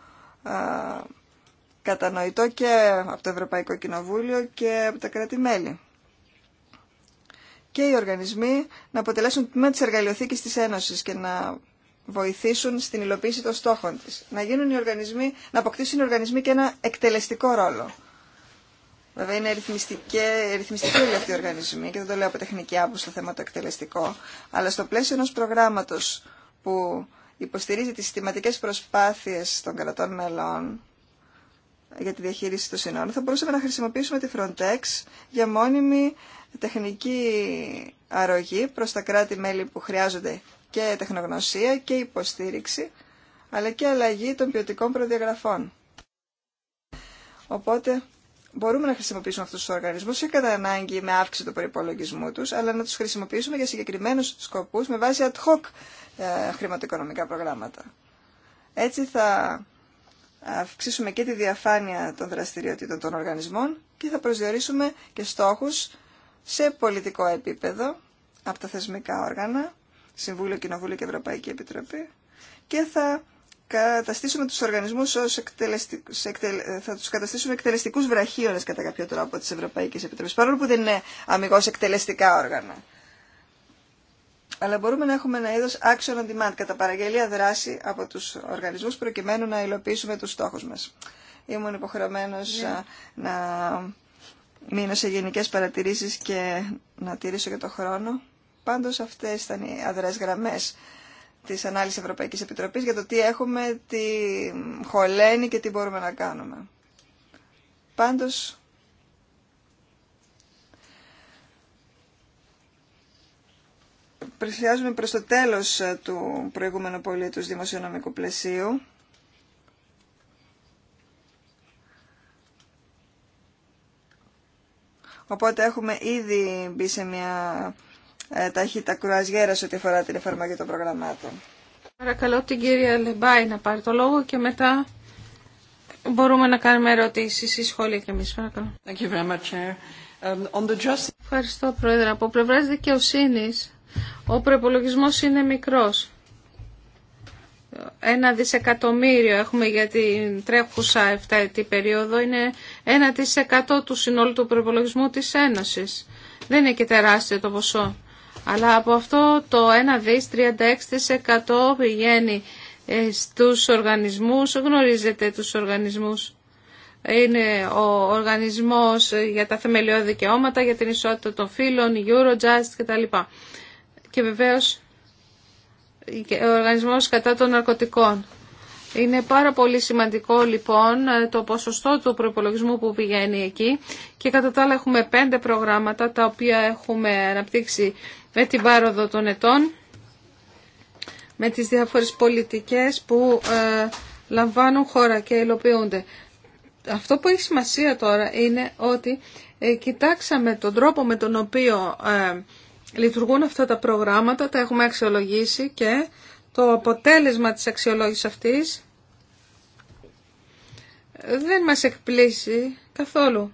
κατανοητό και από το Ευρωπαϊκό Κοινοβούλιο και από τα κράτη-μέλη. Και οι οργανισμοί να αποτελέσουν τμήμα της εργαλειοθήκης της Ένωσης και να βοηθήσουν στην υλοποίηση των στόχων της. Να, γίνουν οι οργανισμοί, να αποκτήσουν οι οργανισμοί και ένα εκτελεστικό ρόλο. Βέβαια είναι ρυθμιστικοί όλοι αυτοί οι οργανισμοί και δεν το λέω από τεχνική άποψη το θέμα το εκτελεστικό, αλλά στο πλαίσιο ενός προγράμματος που υποστηρίζει τις συστηματικές προσπάθειες των κρατών μελών για τη διαχείριση των συνόρων, θα μπορούσαμε να χρησιμοποιήσουμε τη Frontex για μόνιμη τεχνική αρρωγή προς τα κράτη-μέλη που χρειάζονται και τεχνογνωσία και υποστήριξη, αλλά και αλλαγή των ποιοτικών προδιαγραφών. Οπότε μπορούμε να χρησιμοποιήσουμε αυτού του οργανισμού και κατά ανάγκη με αύξηση του προπολογισμού του, αλλά να του χρησιμοποιήσουμε για συγκεκριμένου σκοπού με βάση ad hoc ε, χρηματοοικονομικά προγράμματα. Έτσι θα αυξήσουμε και τη διαφάνεια των δραστηριοτήτων των οργανισμών και θα προσδιορίσουμε και στόχους σε πολιτικό επίπεδο από τα θεσμικά όργανα, Συμβούλιο, Κοινοβούλιο και Ευρωπαϊκή Επιτροπή και θα καταστήσουμε τους οργανισμούς ως εκτελεστικούς, θα τους καταστήσουμε εκτελεστικούς βραχίονες κατά κάποιο τρόπο της Ευρωπαϊκής Επιτροπής, παρόλο που δεν είναι αμυγός εκτελεστικά όργανα. Αλλά μπορούμε να έχουμε ένα είδος action on demand, κατά παραγγελία δράση από τους οργανισμούς, προκειμένου να υλοποιήσουμε τους στόχους μας. Ήμουν υποχρεωμένος ναι. να μείνω σε γενικές παρατηρήσεις και να τηρήσω και το χρόνο. Πάντως αυτές ήταν οι αδρές γραμμές Τη ανάλυση Ευρωπαϊκής Επιτροπής για το τι έχουμε, τι χωλαίνει και τι μπορούμε να κάνουμε. Πάντως, πλησιάζουμε προς το τέλος ε, του προηγούμενου πολίτους δημοσιονομικού πλαισίου. Οπότε έχουμε ήδη μπει σε μια ε, ταχύτητα σε ό,τι αφορά την εφαρμογή των προγραμμάτων. Παρακαλώ την κυρία Λεμπάη να πάρει το λόγο και μετά μπορούμε να κάνουμε ερωτήσει ή σχόλια και εμεί. Παρακαλώ. Um, Ευχαριστώ, Πρόεδρε. Από πλευρά δικαιοσύνη, ο προπολογισμό είναι μικρό, Ένα δισεκατομμύριο έχουμε για την τρέχουσα 7 περίοδο. Είναι ένα δισεκατό του συνόλου του προπολογισμού της Ένωσης. Δεν είναι και τεράστιο το ποσό. Αλλά από αυτό το 1 δις 36% πηγαίνει ε, στους οργανισμούς, γνωρίζετε τους οργανισμούς. Είναι ο Οργανισμός για τα Θεμελιώδη Δικαιώματα, για την Ισότητα των Φύλων, Eurojust κτλ. Και βεβαίως ο Οργανισμός κατά των Ναρκωτικών. Είναι πάρα πολύ σημαντικό λοιπόν το ποσοστό του προπολογισμού που πηγαίνει εκεί και κατά τα άλλα έχουμε πέντε προγράμματα τα οποία έχουμε αναπτύξει με την πάροδο των ετών, με τις διάφορες πολιτικές που ε, λαμβάνουν χώρα και υλοποιούνται. Αυτό που έχει σημασία τώρα είναι ότι ε, κοιτάξαμε τον τρόπο με τον οποίο ε, λειτουργούν αυτά τα προγράμματα, τα έχουμε αξιολογήσει και το αποτέλεσμα της αξιολόγησης αυτής δεν μας εκπλήσει καθόλου.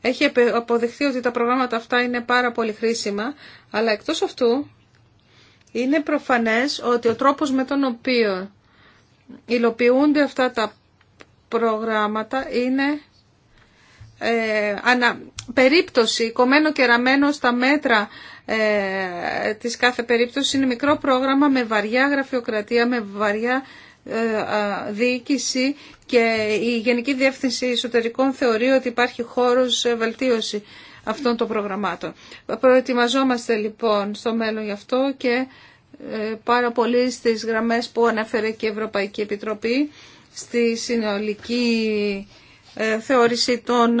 Έχει αποδειχθεί ότι τα προγράμματα αυτά είναι πάρα πολύ χρήσιμα, αλλά εκτός αυτού είναι προφανές ότι ο τρόπος με τον οποίο υλοποιούνται αυτά τα προγράμματα είναι ε, ανα, περίπτωση, κομμένο και ραμμένο στα μέτρα ε, της κάθε περίπτωση είναι μικρό πρόγραμμα με βαριά γραφειοκρατία, με βαριά ε, διοίκηση και η Γενική Διεύθυνση Εσωτερικών θεωρεί ότι υπάρχει χώρος ε, βελτίωση αυτών των προγραμμάτων. Προετοιμαζόμαστε λοιπόν στο μέλλον γι' αυτό και ε, πάρα πολύ στις γραμμές που ανέφερε και η Ευρωπαϊκή Επιτροπή στη συνολική θεώρηση των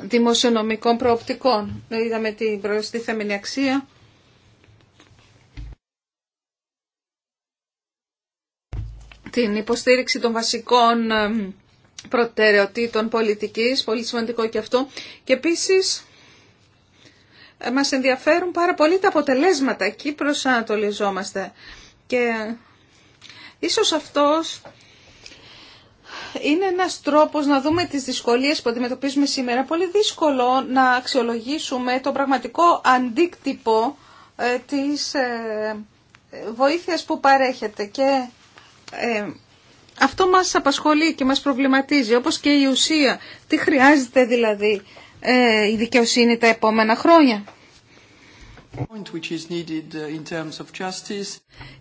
δημοσιονομικών προοπτικών. Είδαμε την προστιθέμενη αξία την υποστήριξη των βασικών προτεραιοτήτων πολιτικής, πολύ σημαντικό και αυτό. Και επίσης ε, μας ενδιαφέρουν πάρα πολύ τα αποτελέσματα, εκεί προσανατολιζόμαστε. Και ε, ίσως αυτός είναι ένας τρόπος να δούμε τις δυσκολίες που αντιμετωπίζουμε σήμερα. Πολύ δύσκολο να αξιολογήσουμε το πραγματικό αντίκτυπο ε, της βοήθειας που παρέχεται και ε, αυτό μας απασχολεί και μας προβληματίζει, όπως και η ουσία. Τι χρειάζεται δηλαδή ε, η δικαιοσύνη τα επόμενα χρόνια. Uh,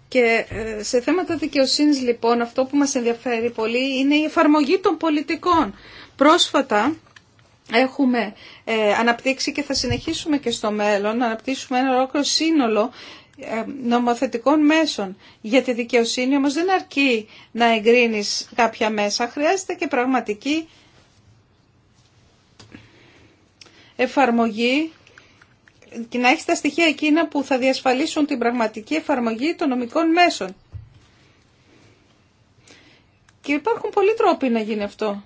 και ε, σε θέματα δικαιοσύνης λοιπόν αυτό που μας ενδιαφέρει πολύ είναι η εφαρμογή των πολιτικών. Πρόσφατα έχουμε ε, αναπτύξει και θα συνεχίσουμε και στο μέλλον να αναπτύσσουμε ένα ολόκληρο σύνολο ε, νομοθετικών μέσων. Για τη δικαιοσύνη όμως δεν αρκεί να εγκρίνεις κάποια μέσα, χρειάζεται και πραγματική εφαρμογή και να έχεις τα στοιχεία εκείνα που θα διασφαλίσουν την πραγματική εφαρμογή των νομικών μέσων. Και υπάρχουν πολλοί τρόποι να γίνει αυτό.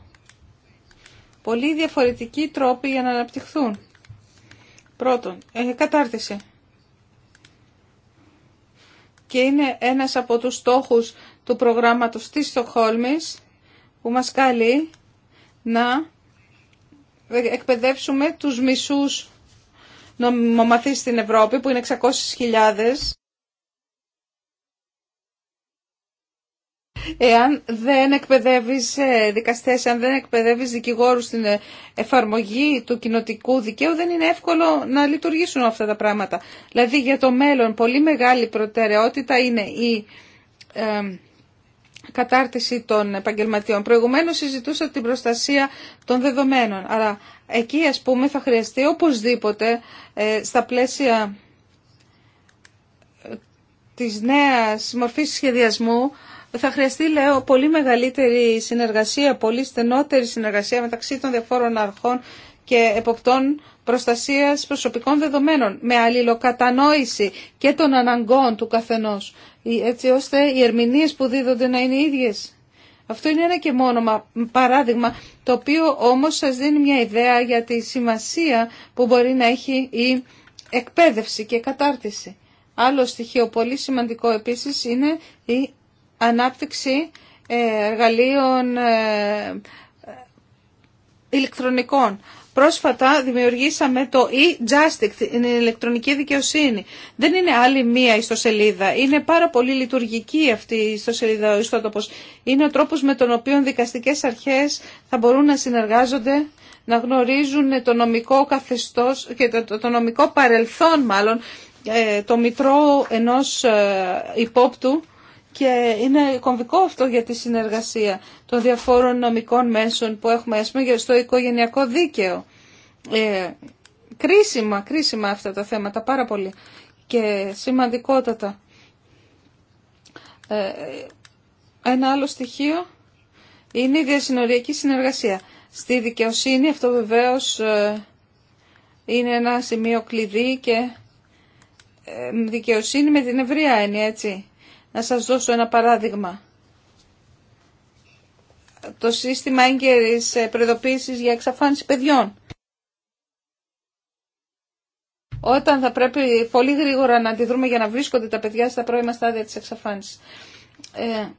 Πολλοί διαφορετικοί τρόποι για να αναπτυχθούν. Πρώτον, ε, κατάρτιση και είναι ένας από τους στόχους του προγράμματος της Στοχόλμης που μας καλεί να εκπαιδεύσουμε τους μισούς νομιμομαθείς στην Ευρώπη που είναι 600.000 εάν δεν εκπαιδεύεις ε, δικαστές, αν δεν εκπαιδεύεις δικηγόρους στην ε, εφαρμογή του κοινοτικού δικαίου, δεν είναι εύκολο να λειτουργήσουν αυτά τα πράγματα. Δηλαδή για το μέλλον πολύ μεγάλη προτεραιότητα είναι η κατάρτιση των επαγγελματιών. Προηγουμένως συζητούσα την προστασία των δεδομένων, αλλά εκεί ας πούμε θα χρειαστεί οπωσδήποτε ε, στα πλαίσια της νέας μορφής σχεδιασμού θα χρειαστεί, λέω, πολύ μεγαλύτερη συνεργασία, πολύ στενότερη συνεργασία μεταξύ των διαφόρων αρχών και εποπτών προστασίας προσωπικών δεδομένων με αλληλοκατανόηση και των αναγκών του καθενός έτσι ώστε οι ερμηνείες που δίδονται να είναι ίδιες. Αυτό είναι ένα και μόνο παράδειγμα το οποίο όμως σας δίνει μια ιδέα για τη σημασία που μπορεί να έχει η εκπαίδευση και κατάρτιση. Άλλο στοιχείο πολύ σημαντικό επίσης είναι η ανάπτυξη ε, εργαλείων ε, ηλεκτρονικών. Πρόσφατα δημιουργήσαμε το e-Justice, την ηλεκτρονική δικαιοσύνη. Δεν είναι άλλη μία ιστοσελίδα. Είναι πάρα πολύ λειτουργική αυτή η ιστοσελίδα, ο ιστότοπος. Είναι ο τρόπος με τον οποίο δικαστικές αρχές θα μπορούν να συνεργάζονται, να γνωρίζουν το νομικό καθεστώς και το, το νομικό παρελθόν μάλλον, ε, το μητρό ενός υπόπτου και είναι κομβικό αυτό για τη συνεργασία των διαφόρων νομικών μέσων που έχουμε ας πούμε, στο οικογενειακό δίκαιο. Ε, κρίσιμα, κρίσιμα αυτά τα θέματα πάρα πολύ και σημαντικότατα. Ε, ένα άλλο στοιχείο είναι η διασυνοριακή συνεργασία. Στη δικαιοσύνη αυτό βεβαίως ε, είναι ένα σημείο κλειδί και ε, δικαιοσύνη με την ευρία έννοια έτσι. Να σας δώσω ένα παράδειγμα. Το σύστημα έγκαιρης προειδοποίησης για εξαφάνιση παιδιών. Όταν θα πρέπει πολύ γρήγορα να αντιδρούμε για να βρίσκονται τα παιδιά στα πρώιμα στάδια της εξαφάνισης. Ε,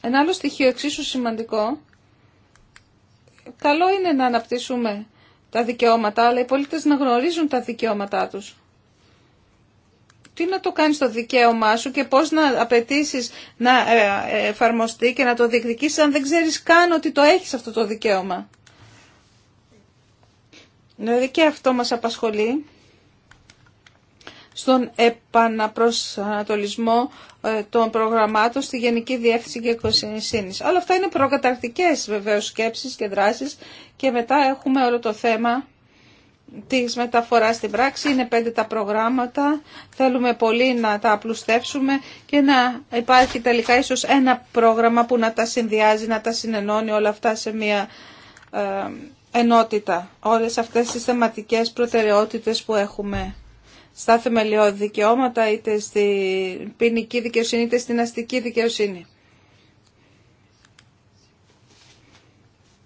ένα άλλο στοιχείο εξίσου σημαντικό. Καλό είναι να αναπτύσσουμε τα δικαιώματα, αλλά οι πολίτες να γνωρίζουν τα δικαιώματά τους. Τι να το κάνεις το δικαίωμά σου και πώς να απαιτήσει να ε, εφαρμοστεί και να το διεκδικήσεις αν δεν ξέρεις καν ότι το έχεις αυτό το δικαίωμα. Δηλαδή και αυτό μας απασχολεί στον επαναπροσανατολισμό ε, των προγραμμάτων στη Γενική Διεύθυνση και Όλα αυτά είναι προκαταρκτικές βεβαίως σκέψεις και δράσεις και μετά έχουμε όλο το θέμα τη μεταφορά στην πράξη. Είναι πέντε τα προγράμματα, θέλουμε πολύ να τα απλουστεύσουμε και να υπάρχει τελικά ίσω ένα πρόγραμμα που να τα συνδυάζει, να τα συνενώνει όλα αυτά σε μια ε, ενότητα. Όλε αυτέ τι θεματικέ προτεραιότητε που έχουμε στα θεμελιώδη δικαιώματα, είτε στην ποινική δικαιοσύνη, είτε στην αστική δικαιοσύνη.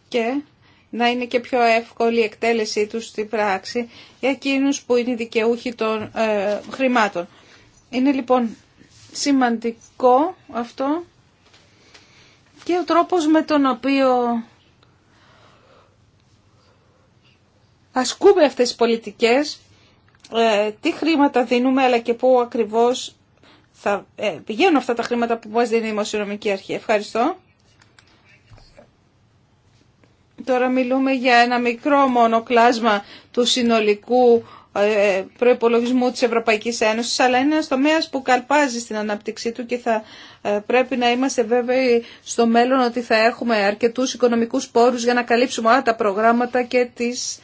Και να είναι και πιο εύκολη η εκτέλεσή τους στην πράξη για εκείνους που είναι δικαιούχοι των ε, χρημάτων. Είναι λοιπόν σημαντικό αυτό και ο τρόπος με τον οποίο ασκούμε αυτές τις πολιτικές ε, τι χρήματα δίνουμε αλλά και πού ακριβώς θα ε, πηγαίνουν αυτά τα χρήματα που μας δίνει η Δημοσιονομική Αρχή. Ευχαριστώ. Τώρα μιλούμε για ένα μικρό μόνο κλάσμα του συνολικού ε, προϋπολογισμού της Ευρωπαϊκής Ένωσης, αλλά είναι ένας τομέας που καλπάζει στην ανάπτυξή του και θα πρέπει να είμαστε βέβαιοι στο μέλλον ότι θα έχουμε αρκετούς οικονομικούς πόρους για να καλύψουμε όλα τα προγράμματα και τις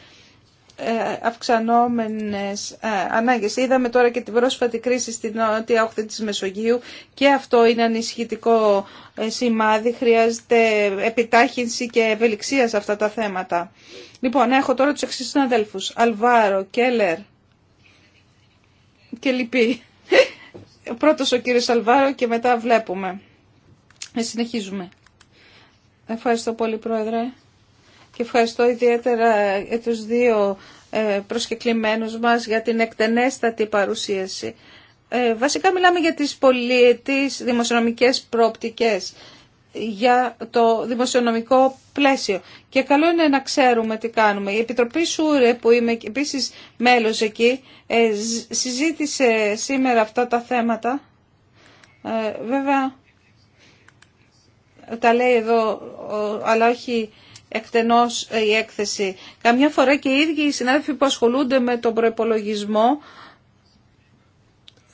ε, αυξανόμενες ε, ανάγκες. Είδαμε τώρα και την πρόσφατη κρίση στην νότια όχθη της Μεσογείου και αυτό είναι ανησυχητικό ε, σημάδι. Χρειάζεται επιτάχυνση και ευελιξία σε αυτά τα θέματα. Λοιπόν, έχω τώρα τους εξής συναδέλφους. Αλβάρο, Κέλλερ και λοιποί. Πρώτος ο κύριος Αλβάρο και μετά βλέπουμε. Συνεχίζουμε. Ευχαριστώ πολύ, Πρόεδρε και ευχαριστώ ιδιαίτερα ε, τους δύο ε, προσκεκλημένους μας για την εκτενέστατη παρουσίαση. Ε, βασικά μιλάμε για τις πολιτικές δημοσιονομικές προοπτικές για το δημοσιονομικό πλαίσιο. Και καλό είναι να ξέρουμε τι κάνουμε. Η Επιτροπή ΣΟΥΡΕ, που είμαι επίσης μέλος εκεί, συζήτησε σήμερα αυτά τα θέματα. Βέβαια, τα λέει εδώ, αλλά όχι εκτενώς η έκθεση. Καμιά φορά και οι ίδιοι οι συνάδελφοι που ασχολούνται με τον προπολογισμό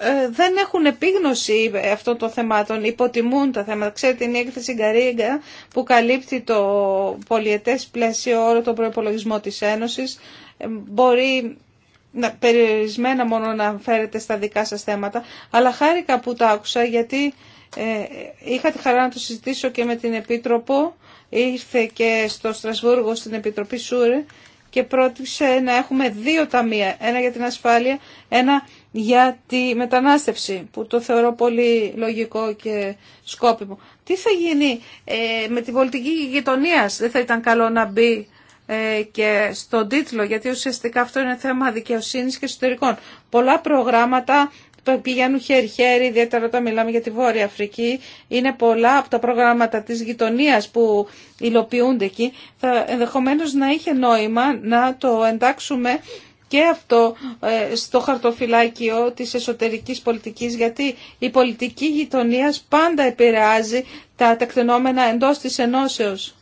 ε, δεν έχουν επίγνωση αυτών των θεμάτων, υποτιμούν τα θέματα. Ξέρετε, είναι η έκθεση Γκαρίγκα που καλύπτει το πολιετές πλαίσιο όλο τον προεπολογισμό της Ένωσης. Ε, μπορεί να, περιορισμένα μόνο να φέρετε στα δικά σας θέματα, αλλά χάρηκα που τα άκουσα γιατί ε, είχα τη χαρά να το συζητήσω και με την Επίτροπο. Ήρθε και στο Στρασβούργο στην Επιτροπή Σούρε και πρότησε να έχουμε δύο ταμεία. Ένα για την ασφάλεια, ένα για τη μετανάστευση που το θεωρώ πολύ λογικό και σκόπιμο. Τι θα γίνει ε, με τη πολιτική γειτονία, δεν θα ήταν καλό να μπει ε, και στον τίτλο γιατί ουσιαστικά αυτό είναι θέμα δικαιοσύνης και εσωτερικών. Πολλά προγράμματα το πηγαίνουν χέρι-χέρι, ιδιαίτερα όταν μιλάμε για τη Βόρεια Αφρική. Είναι πολλά από τα προγράμματα της γειτονίας που υλοποιούνται εκεί. Θα ενδεχομένως να είχε νόημα να το εντάξουμε και αυτό ε, στο χαρτοφυλάκιο της εσωτερικής πολιτικής, γιατί η πολιτική γειτονίας πάντα επηρεάζει τα τεκτενόμενα εντός της ενώσεως.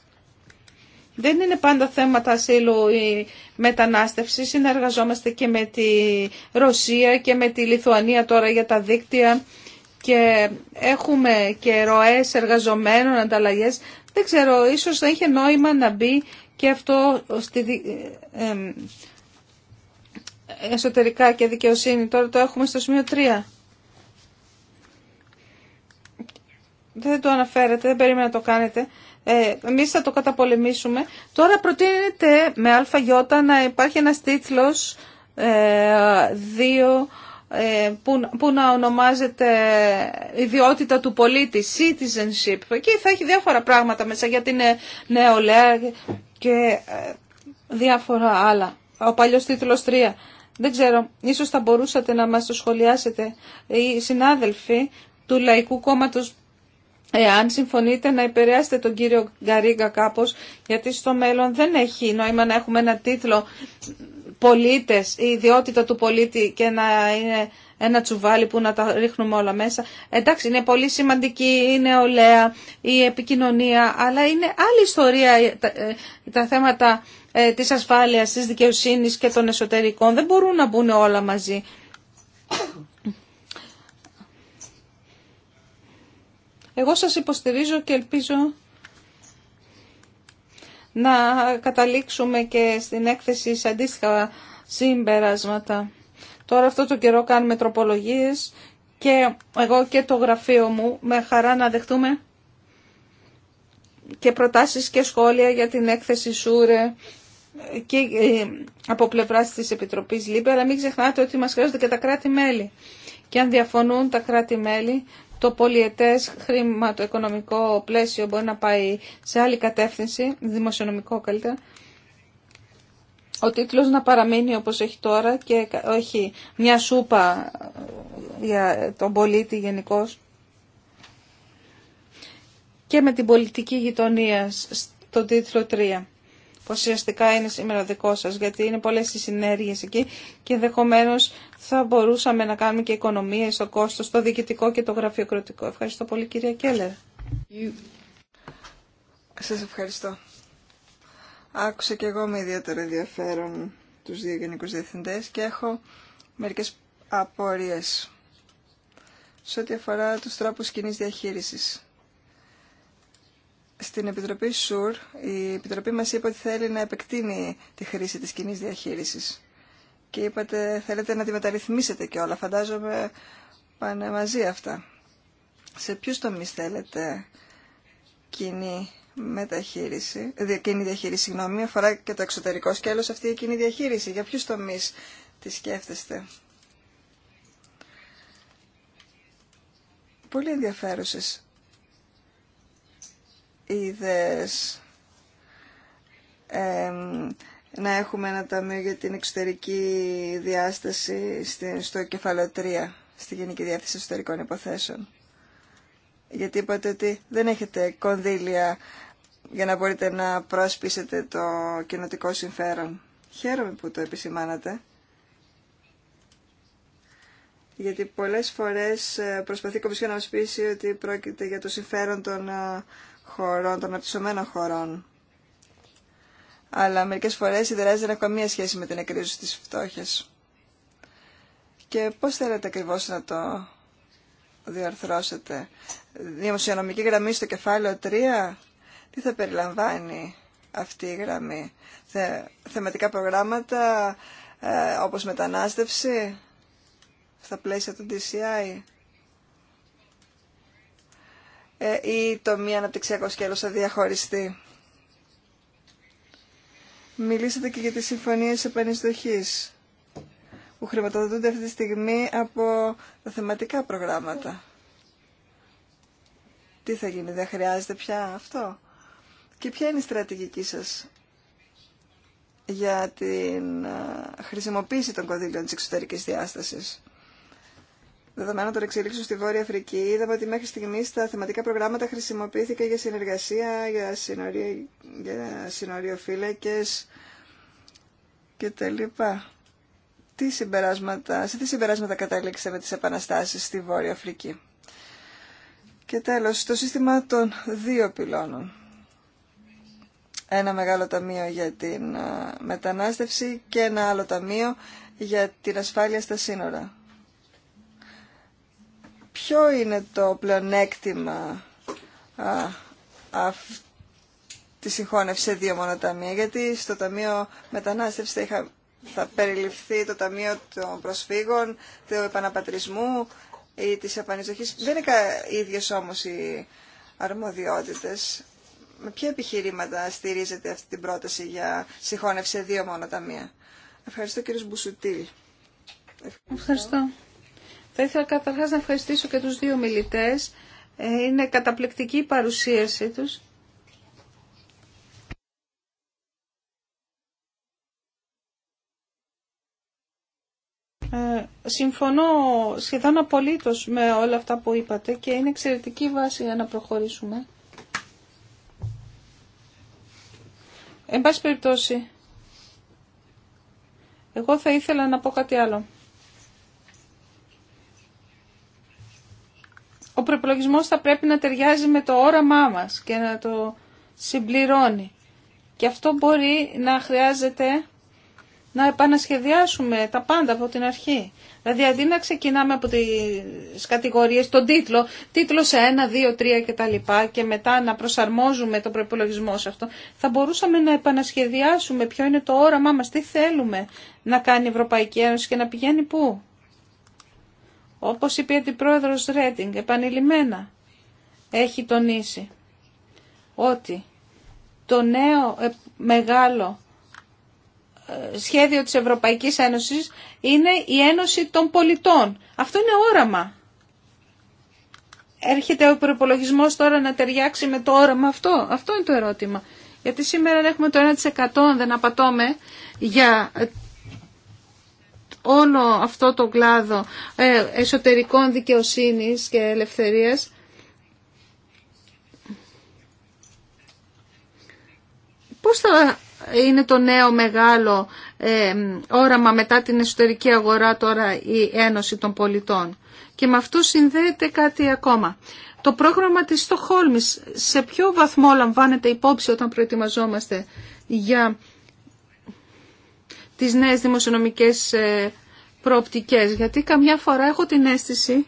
Δεν είναι πάντα θέματα ασύλου ή μετανάστευση. Συνεργαζόμαστε και με τη Ρωσία και με τη Λιθουανία τώρα για τα δίκτυα και έχουμε και ροές εργαζομένων, ανταλλαγέ. Δεν ξέρω, ίσως θα είχε νόημα να μπει και αυτό στη εσωτερικά και δικαιοσύνη. Τώρα το έχουμε στο σημείο 3. Δεν το αναφέρετε, δεν περίμενα να το κάνετε ε, εμείς θα το καταπολεμήσουμε. Τώρα προτείνεται με ΑΙ να υπάρχει ένας τίτλος ε, δύο ε, που, να ονομάζεται ιδιότητα του πολίτη, citizenship. Εκεί θα έχει διάφορα πράγματα μέσα γιατί είναι νεολαία και ε, διάφορα άλλα. Ο παλιός τίτλος 3. Δεν ξέρω, ίσως θα μπορούσατε να μας το σχολιάσετε οι συνάδελφοι του Λαϊκού Κόμματος Εάν συμφωνείτε να επηρεάσετε τον κύριο Γκαρίγκα κάπως, γιατί στο μέλλον δεν έχει νόημα να έχουμε ένα τίτλο πολίτες, η ιδιότητα του πολίτη και να είναι ένα τσουβάλι που να τα ρίχνουμε όλα μέσα. Εντάξει, είναι πολύ σημαντική η νεολαία, η επικοινωνία, αλλά είναι άλλη ιστορία τα, ε, θέματα ε, της ασφάλειας, της δικαιοσύνης και των εσωτερικών. Δεν μπορούν να μπουν όλα μαζί. Εγώ σας υποστηρίζω και ελπίζω να καταλήξουμε και στην έκθεση σε αντίστοιχα συμπεράσματα. Τώρα αυτό το καιρό κάνουμε τροπολογίες και εγώ και το γραφείο μου με χαρά να δεχτούμε και προτάσεις και σχόλια για την έκθεση ΣΟΥΡΕ και ε, από πλευρά τη Επιτροπή ΛΥΜΠΕ, αλλά μην ξεχνάτε ότι μα χρειάζονται και τα κράτη-μέλη. Και αν διαφωνούν τα κράτη-μέλη, το πολιετές χρηματοοικονομικό πλαίσιο μπορεί να πάει σε άλλη κατεύθυνση, δημοσιονομικό καλύτερα, ο τίτλος να παραμείνει όπως έχει τώρα και όχι μια σούπα ε, για τον πολίτη γενικώ. Και με την πολιτική γειτονία στο τίτλο 3 που ουσιαστικά είναι σήμερα δικό σας, γιατί είναι πολλές οι συνέργειες εκεί και ενδεχομένω θα μπορούσαμε να κάνουμε και οικονομίες στο κόστος, το διοικητικό και το γραφειοκρατικό. Ευχαριστώ πολύ κυρία Κέλλερ. Σας ευχαριστώ. Άκουσα και εγώ με ιδιαίτερο ενδιαφέρον τους δύο γενικούς διευθυντές και έχω μερικές απορίες σε ό,τι αφορά τους τρόπους κοινή διαχείρισης. Στην Επιτροπή ΣΟΥΡ η Επιτροπή μας είπε ότι θέλει να επεκτείνει τη χρήση της κοινή διαχείρισης και είπατε θέλετε να τη μεταρρυθμίσετε και όλα. Φαντάζομαι πάνε μαζί αυτά. Σε ποιους τομείς θέλετε κοινή μεταχείριση, κοινή διαχείριση, συγγνώμη, αφορά και το εξωτερικό σκέλος αυτή η κοινή διαχείριση. Για ποιους τομείς τη σκέφτεστε. Πολύ ενδιαφέρουσες ιδέες να έχουμε ένα ταμείο για την εξωτερική διάσταση στο κεφάλαιο 3, στη Γενική Διάθεση Εσωτερικών Υποθέσεων. Γιατί είπατε ότι δεν έχετε κονδύλια για να μπορείτε να πρόσπισετε το κοινοτικό συμφέρον. Χαίρομαι που το επισημάνατε. Γιατί πολλές φορές ε, προσπαθεί η να μας πείσει ότι πρόκειται για το συμφέρον των ε, χωρών, των αναπτυσσομένων χωρών. Αλλά μερικές φορές οι δράσεις δεν έχουν καμία σχέση με την εκρίζωση της φτώχειας. Και πώς θέλετε ακριβώς να το διαρθρώσετε. Δημοσιονομική γραμμή στο κεφάλαιο 3. Τι θα περιλαμβάνει αυτή η γραμμή. θεματικά προγράμματα ε, όπως μετανάστευση στα πλαίσια του DCI. Ε, ή το μη αναπτυξιακό σκέλος θα Μιλήσατε και για τις συμφωνίες επανεισδοχής που χρηματοδοτούνται αυτή τη στιγμή από τα θεματικά προγράμματα. Τι θα γίνει, δεν χρειάζεται πια αυτό. Και ποια είναι η στρατηγική σας για την ε, χρησιμοποίηση των κονδύλιων της εξωτερικής διάστασης. Δεδομένων των εξελίξεων στη Βόρεια Αφρική, είδαμε ότι μέχρι στιγμή τα θεματικά προγράμματα χρησιμοποιήθηκαν για συνεργασία, για, συνορι... για συνοριοφύλακε κτλ. Τι συμπεράσματα, σε τι συμπεράσματα κατάληξαμε τις επαναστάσεις στη Βόρεια Αφρική. Και τέλος, το σύστημα των δύο πυλώνων. Ένα μεγάλο ταμείο για την ε, μετανάστευση και ένα άλλο ταμείο για την ασφάλεια στα σύνορα ποιο είναι το πλεονέκτημα α, τη συγχώνευση σε δύο μόνο ταμεία, γιατί στο Ταμείο Μετανάστευση θα, είχα, περιληφθεί το Ταμείο των Προσφύγων, του Επαναπατρισμού ή της Επανεισδοχής. Δεν είναι ίδιες όμως οι αρμοδιότητες. Με ποια επιχειρήματα στηρίζεται αυτή την πρόταση για συγχώνευση σε δύο μόνο ταμεία. Ευχαριστώ κύριος Μπουσουτήλ. Ευχαριστώ. Θα ήθελα καταρχάς να ευχαριστήσω και τους δύο μιλητές. Ε, είναι καταπληκτική η παρουσίασή τους. Ε, συμφωνώ σχεδόν απολύτως με όλα αυτά που είπατε και είναι εξαιρετική βάση για να προχωρήσουμε. Εν πάση περιπτώσει, εγώ θα ήθελα να πω κάτι άλλο. ο προπολογισμό θα πρέπει να ταιριάζει με το όραμά μα και να το συμπληρώνει. Και αυτό μπορεί να χρειάζεται να επανασχεδιάσουμε τα πάντα από την αρχή. Δηλαδή αντί να ξεκινάμε από τις κατηγορίες, τον τίτλο, τίτλο σε 1, 2, 3 κτλ. και μετά να προσαρμόζουμε τον προπολογισμό σε αυτό, θα μπορούσαμε να επανασχεδιάσουμε ποιο είναι το όραμά μας, τι θέλουμε να κάνει η Ευρωπαϊκή Ένωση και να πηγαίνει πού όπως είπε η πρόεδρος Ρέντινγκ επανειλημμένα, έχει τονίσει ότι το νέο ε, μεγάλο ε, σχέδιο της Ευρωπαϊκής Ένωσης είναι η Ένωση των Πολιτών. Αυτό είναι όραμα. Έρχεται ο προπολογισμό τώρα να ταιριάξει με το όραμα αυτό. Αυτό είναι το ερώτημα. Γιατί σήμερα έχουμε το 1% δεν απατώμε για όλο αυτό το κλάδο ε, εσωτερικών δικαιοσύνης και ελευθερίας πώς θα είναι το νέο μεγάλο ε, όραμα μετά την εσωτερική αγορά τώρα η Ένωση των Πολιτών. Και με αυτό συνδέεται κάτι ακόμα. Το πρόγραμμα της Στοχόλμης, σε ποιο βαθμό λαμβάνεται υπόψη όταν προετοιμαζόμαστε για τις νέες δημοσιονομικές ε, προοπτικές. Γιατί καμιά φορά έχω την αίσθηση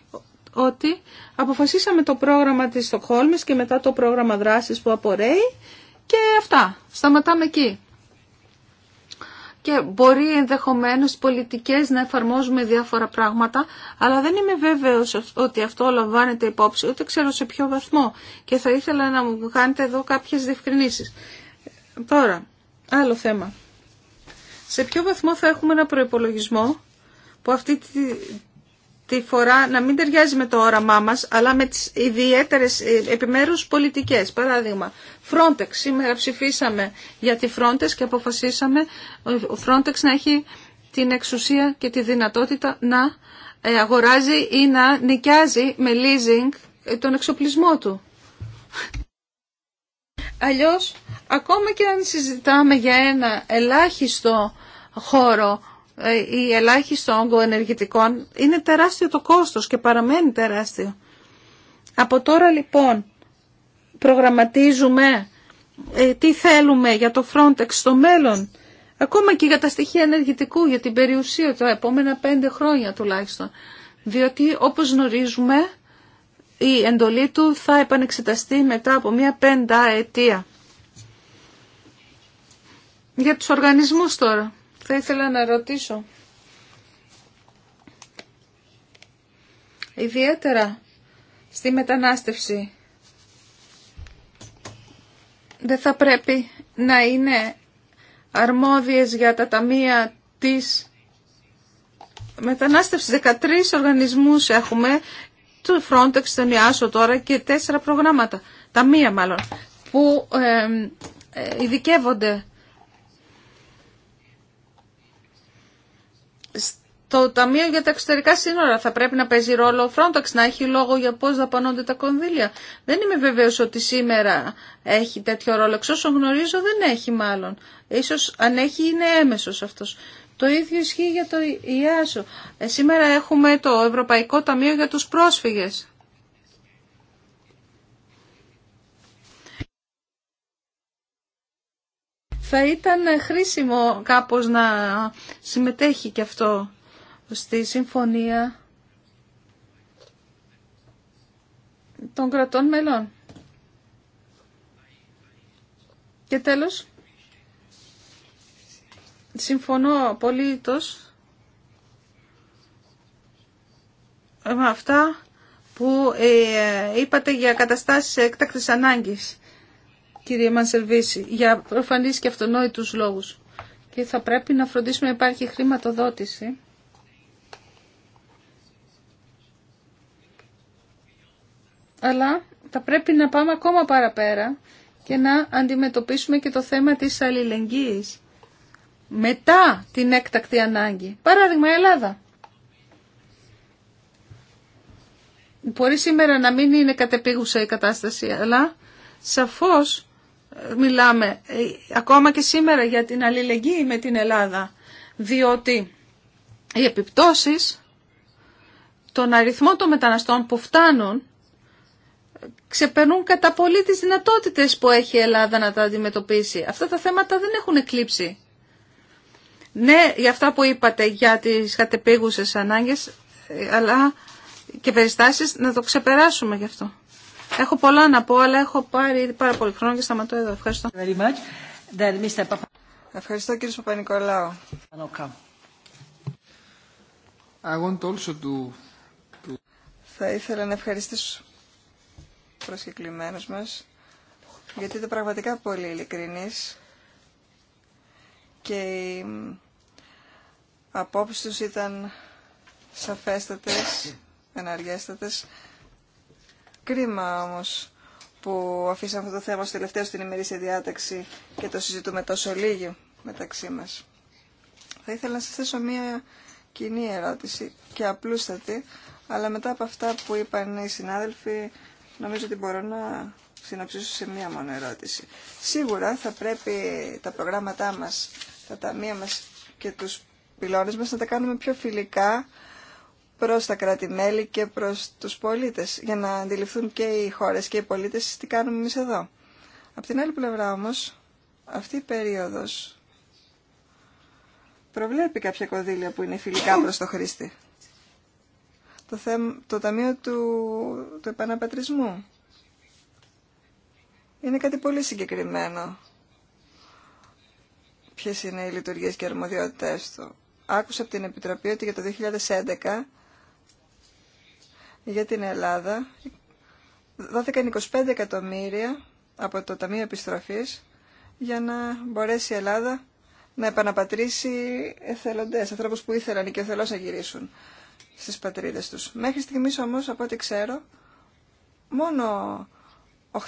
ότι αποφασίσαμε το πρόγραμμα της Στοκχόλμης και μετά το πρόγραμμα δράσης που απορρέει και αυτά. Σταματάμε εκεί. Και μπορεί ενδεχομένως οι πολιτικές να εφαρμόζουμε διάφορα πράγματα, αλλά δεν είμαι βέβαιος ότι αυτό λαμβάνεται υπόψη, ούτε ξέρω σε ποιο βαθμό. Και θα ήθελα να μου κάνετε εδώ κάποιες διευκρινήσεις. Τώρα, άλλο θέμα σε ποιο βαθμό θα έχουμε ένα προπολογισμό που αυτή τη, τη φορά να μην ταιριάζει με το όραμά μας, αλλά με τις ιδιαίτερες ε, επιμέρους πολιτικές. Παράδειγμα, Frontex. Σήμερα ψηφίσαμε για τη Frontex και αποφασίσαμε ε, ο Frontex να έχει την εξουσία και τη δυνατότητα να ε, αγοράζει ή να νοικιάζει με leasing τον εξοπλισμό του. Αλλιώς, ακόμα και αν συζητάμε για ένα ελάχιστο χώρο ε, ή ελάχιστο όγκο ενεργητικών, είναι τεράστιο το κόστος και παραμένει τεράστιο. Από τώρα λοιπόν προγραμματίζουμε ε, τι θέλουμε για το Frontex στο μέλλον, ακόμα και για τα στοιχεία ενεργητικού, για την περιουσία τα επόμενα πέντε χρόνια τουλάχιστον. Διότι όπως γνωρίζουμε η εντολή του θα επανεξεταστεί μετά από μία πέντα αιτία. Για τους οργανισμούς τώρα, θα ήθελα να ρωτήσω. Ιδιαίτερα στη μετανάστευση δεν θα πρέπει να είναι αρμόδιες για τα ταμεία της μετανάστευσης. 13 οργανισμούς έχουμε του Frontex, τον Ιάσο τώρα και τέσσερα προγράμματα, τα μία μάλλον, που ε, ειδικεύονται Το Ταμείο για τα Εξωτερικά Σύνορα θα πρέπει να παίζει ρόλο ο Frontex, να έχει λόγο για πώς δαπανώνται τα κονδύλια. Δεν είμαι βεβαίως ότι σήμερα έχει τέτοιο ρόλο. Εξ όσων γνωρίζω δεν έχει μάλλον. Ίσως αν έχει είναι έμεσος αυτός. Το ίδιο ισχύει για το ΙΑΣΟ. Ε, σήμερα έχουμε το Ευρωπαϊκό Ταμείο για τους πρόσφυγες. Θα ήταν χρήσιμο κάπως να συμμετέχει και αυτό στη συμφωνία των κρατών μελών. Και τέλος, Συμφωνώ απολύτως με αυτά που ε, είπατε για καταστάσεις έκτακτης ανάγκης, κύριε Μανσελβίση, για προφανείς και αυτονόητους λόγους. Και θα πρέπει να φροντίσουμε να υπάρχει χρηματοδότηση. Αλλά θα πρέπει να πάμε ακόμα παραπέρα και να αντιμετωπίσουμε και το θέμα της αλληλεγγύης μετά την έκτακτη ανάγκη. Παράδειγμα η Ελλάδα. Μπορεί σήμερα να μην είναι κατεπίγουσα η κατάσταση, αλλά σαφώς ε, μιλάμε ε, ακόμα και σήμερα για την αλληλεγγύη με την Ελλάδα, διότι οι επιπτώσεις τον αριθμό των μεταναστών που φτάνουν ξεπερνούν κατά πολύ τις δυνατότητες που έχει η Ελλάδα να τα αντιμετωπίσει. Αυτά τα θέματα δεν έχουν εκλείψει. Ναι, για αυτά που είπατε για τις κατεπήγουσες ανάγκες, αλλά και περιστάσεις να το ξεπεράσουμε γι' αυτό. Έχω πολλά να πω, αλλά έχω πάρει πάρα πολύ χρόνο και σταματώ εδώ. Ευχαριστώ. Ευχαριστώ κύριε Παπα-Νικολάου. Θα ήθελα να ευχαριστήσω προσκεκλημένους μας, γιατί ήταν πραγματικά πολύ ειλικρινής και απόψεις τους ήταν σαφέστατες, εναργέστατες. Κρίμα όμως που αφήσαμε αυτό το θέμα στο τελευταίο στην ημερήσια διάταξη και το συζητούμε τόσο λίγοι μεταξύ μας. Θα ήθελα να σας θέσω μία κοινή ερώτηση και απλούστατη, αλλά μετά από αυτά που είπαν οι συνάδελφοι, νομίζω ότι μπορώ να συνοψίσω σε μία μόνο ερώτηση. Σίγουρα θα πρέπει τα προγράμματά μας, τα ταμεία μας και τους πυλώνες μας να τα κάνουμε πιο φιλικά προς τα κράτη-μέλη και προς τους πολίτες, για να αντιληφθούν και οι χώρες και οι πολίτες τι κάνουμε εμείς εδώ. Απ' την άλλη πλευρά όμως, αυτή η περίοδος προβλέπει κάποια κονδύλια που είναι φιλικά προς το χρήστη. Το, θε... το Ταμείο του, του Επαναπατρισμού είναι κάτι πολύ συγκεκριμένο. Ποιες είναι οι λειτουργίες και αρμοδιότητες του άκουσα από την Επιτροπή ότι για το 2011 για την Ελλάδα δόθηκαν 25 εκατομμύρια από το Ταμείο Επιστροφής για να μπορέσει η Ελλάδα να επαναπατρίσει εθελοντές, ανθρώπους που ήθελαν και εθελώς να γυρίσουν στις πατρίδες τους. Μέχρι στιγμής όμως, από ό,τι ξέρω, μόνο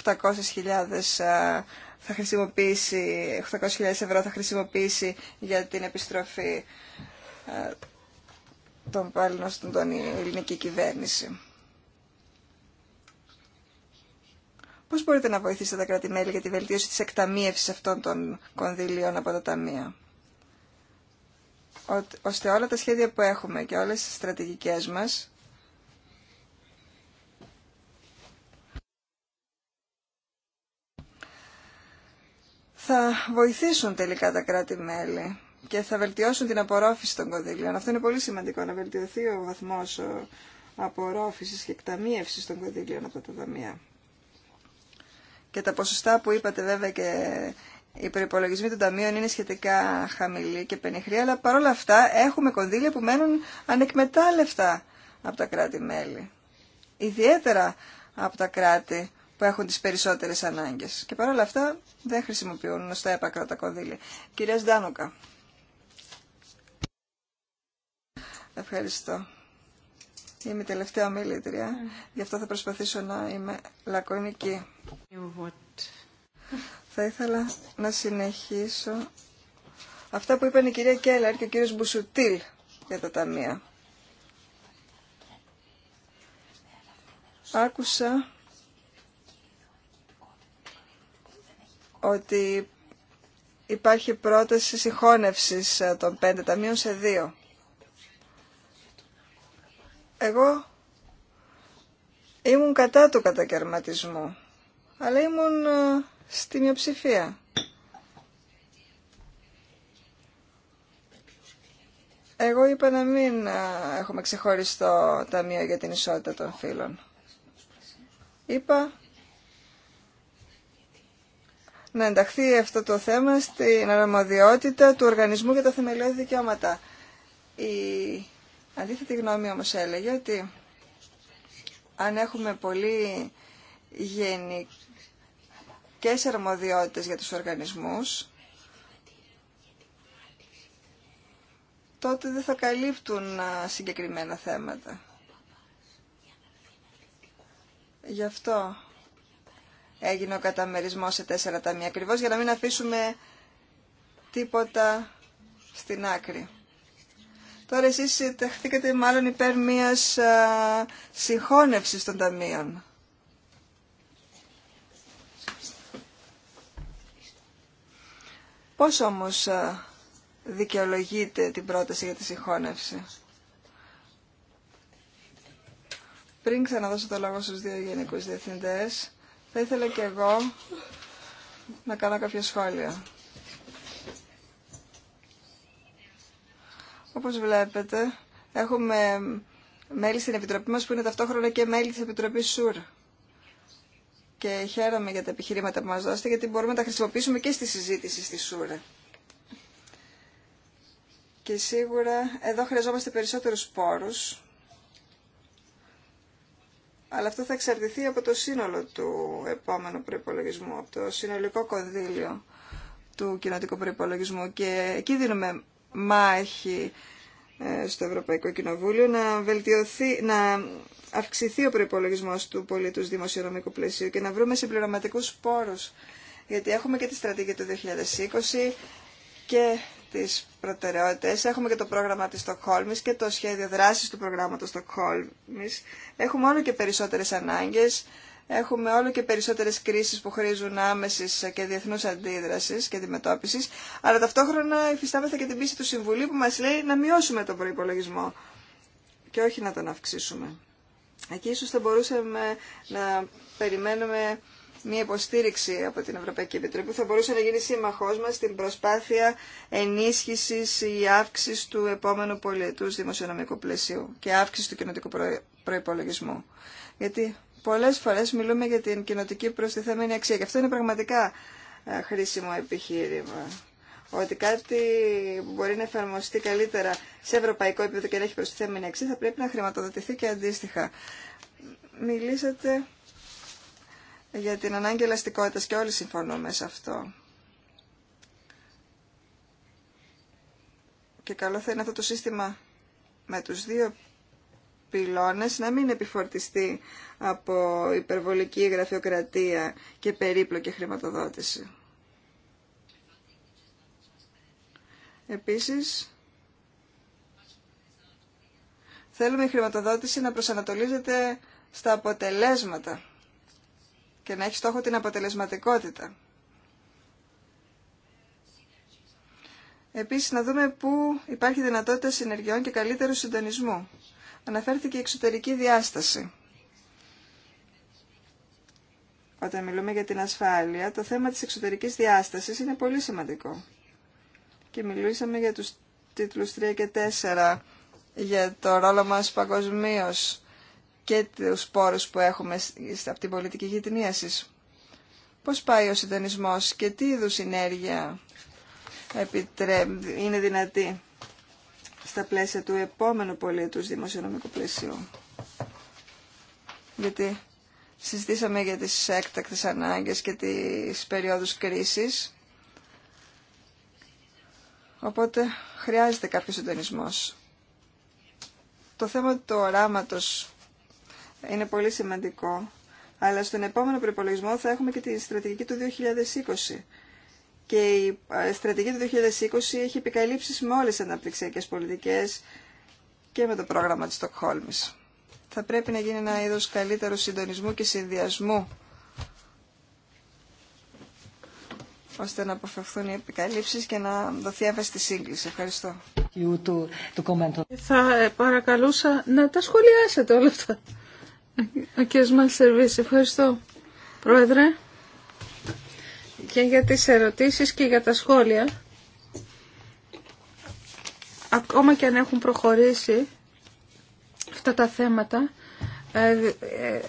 800.000 θα χρησιμοποιήσει, 800.000 ευρώ θα χρησιμοποιήσει για την επιστροφή ε, των πάλι στον τον ελληνική κυβέρνηση. Πώς μπορείτε να βοηθήσετε τα κράτη-μέλη για τη βελτίωση της εκταμίευσης αυτών των κονδυλίων από τα ταμεία ώστε όλα τα σχέδια που έχουμε και όλες τις στρατηγικές μας θα βοηθήσουν τελικά τα κράτη-μέλη και θα βελτιώσουν την απορρόφηση των κονδύλιων. Αυτό είναι πολύ σημαντικό, να βελτιωθεί ο βαθμός απορρόφησης και εκταμίευσης των κονδύλιων από τα ταμεία. Και τα ποσοστά που είπατε βέβαια και οι προπολογισμοί των ταμείων είναι σχετικά χαμηλοί και πενιχροί, αλλά παρόλα αυτά έχουμε κονδύλια που μένουν ανεκμετάλλευτα από τα κράτη-μέλη. Ιδιαίτερα από τα κράτη που έχουν τις περισσότερες ανάγκες. Και παρόλα αυτά δεν χρησιμοποιούν στα έπακρα τα κονδύλια. Κυρία Σντάνοκα. Ευχαριστώ. Είμαι η τελευταία ομιλήτρια, mm. γι' αυτό θα προσπαθήσω να είμαι λακωνική. Θα ήθελα να συνεχίσω αυτά που είπαν η κυρία Κέλλαρ και ο κύριος Μπουσουτήλ για τα ταμεία. Άκουσα ότι υπάρχει πρόταση συγχώνευσης ε, των πέντε ταμείων σε δύο. Εγώ ήμουν κατά του κατακαιρματισμού, αλλά ήμουν ε, στη μειοψηφία. Εγώ είπα να μην ε, έχουμε ξεχωριστό ταμείο για την ισότητα των φύλων. Είπα να ενταχθεί αυτό το θέμα στην αρμοδιότητα του Οργανισμού για τα Θεμελιώδη Δικαιώματα. Η αντίθετη γνώμη όμως έλεγε ότι αν έχουμε πολύ γενικές αρμοδιότητες για τους οργανισμούς, τότε δεν θα καλύπτουν συγκεκριμένα θέματα. Γι' αυτό έγινε ο καταμερισμός σε τέσσερα ταμεία ακριβώ για να μην αφήσουμε τίποτα στην άκρη. Τώρα εσείς ταχθήκατε μάλλον υπέρ μιας α, συγχώνευσης των ταμείων. Πώς όμως α, δικαιολογείτε την πρόταση για τη συγχώνευση. Πριν ξαναδώσω το λόγο στους δύο γενικούς διευθυντές, θα ήθελα και εγώ να κάνω κάποια σχόλια. Όπως βλέπετε, έχουμε μέλη στην Επιτροπή μας που είναι ταυτόχρονα και μέλη της Επιτροπής ΣΟΥΡ. Και χαίρομαι για τα επιχειρήματα που μας δώσετε, γιατί μπορούμε να τα χρησιμοποιήσουμε και στη συζήτηση στη ΣΟΥΡ. Και σίγουρα εδώ χρειαζόμαστε περισσότερους πόρους αλλά αυτό θα εξαρτηθεί από το σύνολο του επόμενου προϋπολογισμού, από το συνολικό κονδύλιο του κοινοτικού προϋπολογισμού και εκεί δίνουμε μάχη ε, στο Ευρωπαϊκό Κοινοβούλιο να βελτιωθεί, να αυξηθεί ο προϋπολογισμός του πολίτους δημοσιονομικού πλαισίου και να βρούμε συμπληρωματικούς πόρους γιατί έχουμε και τη στρατηγική του 2020 και τις προτεραιότητες. Έχουμε και το πρόγραμμα της Στοκχόλμης και το σχέδιο δράσης του προγράμματος Στοκχόλμης. Έχουμε όλο και περισσότερες ανάγκες, έχουμε όλο και περισσότερες κρίσεις που χρήζουν άμεσης και διεθνούς αντίδρασης και αντιμετώπισης, αλλά ταυτόχρονα υφιστάμεθα και την πίστη του Συμβουλίου που μας λέει να μειώσουμε τον προϋπολογισμό και όχι να τον αυξήσουμε. Εκεί ίσως θα μπορούσαμε να περιμένουμε μια υποστήριξη από την Ευρωπαϊκή Επιτροπή που θα μπορούσε να γίνει σύμμαχός μας στην προσπάθεια ενίσχυσης ή αύξηση του επόμενου πολιετούς δημοσιονομικού πλαισίου και αύξηση του κοινοτικού προϋπολογισμού. Γιατί πολλές φορές μιλούμε για την κοινοτική προστιθέμενη αξία και αυτό είναι πραγματικά χρήσιμο επιχείρημα ότι κάτι που μπορεί να εφαρμοστεί καλύτερα σε ευρωπαϊκό επίπεδο και να έχει προστιθέμενη αξία θα πρέπει να χρηματοδοτηθεί και αντίστοιχα. Μιλήσατε για την ανάγκη ελαστικότητας και όλοι συμφωνούμε σε αυτό. Και καλό θα είναι αυτό το σύστημα με τους δύο πυλώνες να μην επιφορτιστεί από υπερβολική γραφειοκρατία και περίπλοκη χρηματοδότηση. Επίσης, θέλουμε η χρηματοδότηση να προσανατολίζεται στα αποτελέσματα και να έχει στόχο την αποτελεσματικότητα. Επίσης, να δούμε πού υπάρχει δυνατότητα συνεργειών και καλύτερου συντονισμού. Αναφέρθηκε η εξωτερική διάσταση. Όταν μιλούμε για την ασφάλεια, το θέμα της εξωτερικής διάστασης είναι πολύ σημαντικό. Και μιλούσαμε για τους τίτλους 3 και 4, για το ρόλο μας παγκοσμίως και του πόρου που έχουμε από την πολιτική γειτονίασης. Πώς πάει ο συντονισμό και τι είδου συνέργεια είναι δυνατή στα πλαίσια του επόμενου πολίτου δημοσιονομικού πλαισίου. Γιατί συζητήσαμε για τις έκτακτε ανάγκε και τις περιόδους κρίσης. Οπότε χρειάζεται κάποιο συντονισμό. Το θέμα του οράματος είναι πολύ σημαντικό. Αλλά στον επόμενο προπολογισμό θα έχουμε και τη στρατηγική του 2020. Και η ε, στρατηγική του 2020 έχει επικαλύψεις με όλες τις αναπτυξιακέ πολιτικές και με το πρόγραμμα της Στοκχόλμης. Θα πρέπει να γίνει ένα είδος καλύτερου συντονισμού και συνδυασμού ώστε να αποφευθούν οι επικαλύψεις και να δοθεί έμφαση στη σύγκληση. Ευχαριστώ. Θα παρακαλούσα να τα σχολιάσετε όλα αυτά. Ο κ. Μαλσερβίς, ευχαριστώ. Πρόεδρε, και για τις ερωτήσεις και για τα σχόλια. Ακόμα και αν έχουν προχωρήσει αυτά τα θέματα, ε, ε,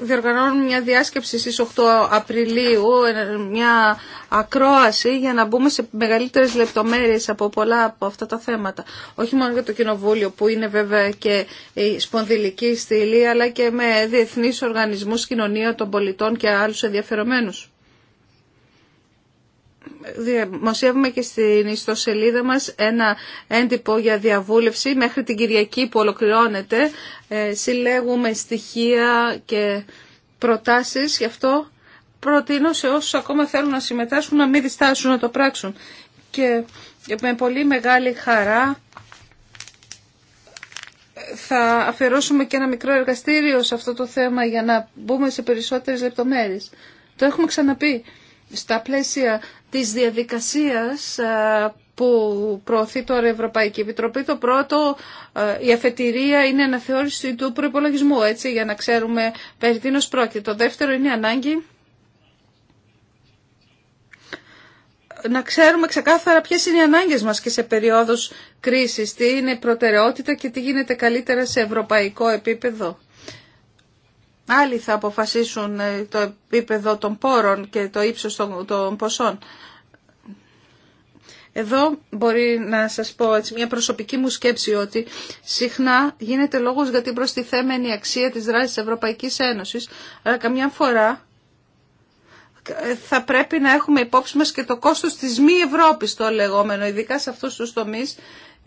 διοργανώνουμε μια διάσκεψη στις 8 Απριλίου, ε, μια ακρόαση για να μπούμε σε μεγαλύτερες λεπτομέρειες από πολλά από αυτά τα θέματα. Όχι μόνο για το Κοινοβούλιο που είναι βέβαια και η σπονδυλική στήλη, αλλά και με διεθνείς οργανισμούς κοινωνία των πολιτών και άλλους ενδιαφερομένους δημοσιεύουμε και στην ιστοσελίδα μας ένα έντυπο για διαβούλευση μέχρι την Κυριακή που ολοκληρώνεται. Ε, συλλέγουμε στοιχεία και προτάσεις γι' αυτό προτείνω σε όσους ακόμα θέλουν να συμμετάσχουν να μην διστάσουν να το πράξουν. Και με πολύ μεγάλη χαρά ε, θα αφαιρώσουμε και ένα μικρό εργαστήριο σε αυτό το θέμα για να μπούμε σε περισσότερες λεπτομέρειες. Το έχουμε ξαναπεί. Στα πλαίσια της διαδικασίας ε, που προωθεί τώρα η Ευρωπαϊκή Επιτροπή. Το πρώτο, ε, η αφετηρία είναι αναθεώρηση του προπολογισμού, έτσι, για να ξέρουμε περί τίνος πρόκειται. Το δεύτερο είναι η ανάγκη να ξέρουμε ξεκάθαρα ποιες είναι οι ανάγκες μας και σε περίοδους κρίσης, τι είναι προτεραιότητα και τι γίνεται καλύτερα σε ευρωπαϊκό επίπεδο. Άλλοι θα αποφασίσουν ε, το επίπεδο των πόρων και το ύψος των ποσών. Εδώ μπορεί να σας πω έτσι, μια προσωπική μου σκέψη ότι συχνά γίνεται λόγος για την προστιθέμενη αξία της δράσης της Ευρωπαϊκής Ένωσης, αλλά καμιά φορά ε, θα πρέπει να έχουμε υπόψη μας και το κόστος της μη Ευρώπης το λεγόμενο, ειδικά σε αυτούς τους τομείς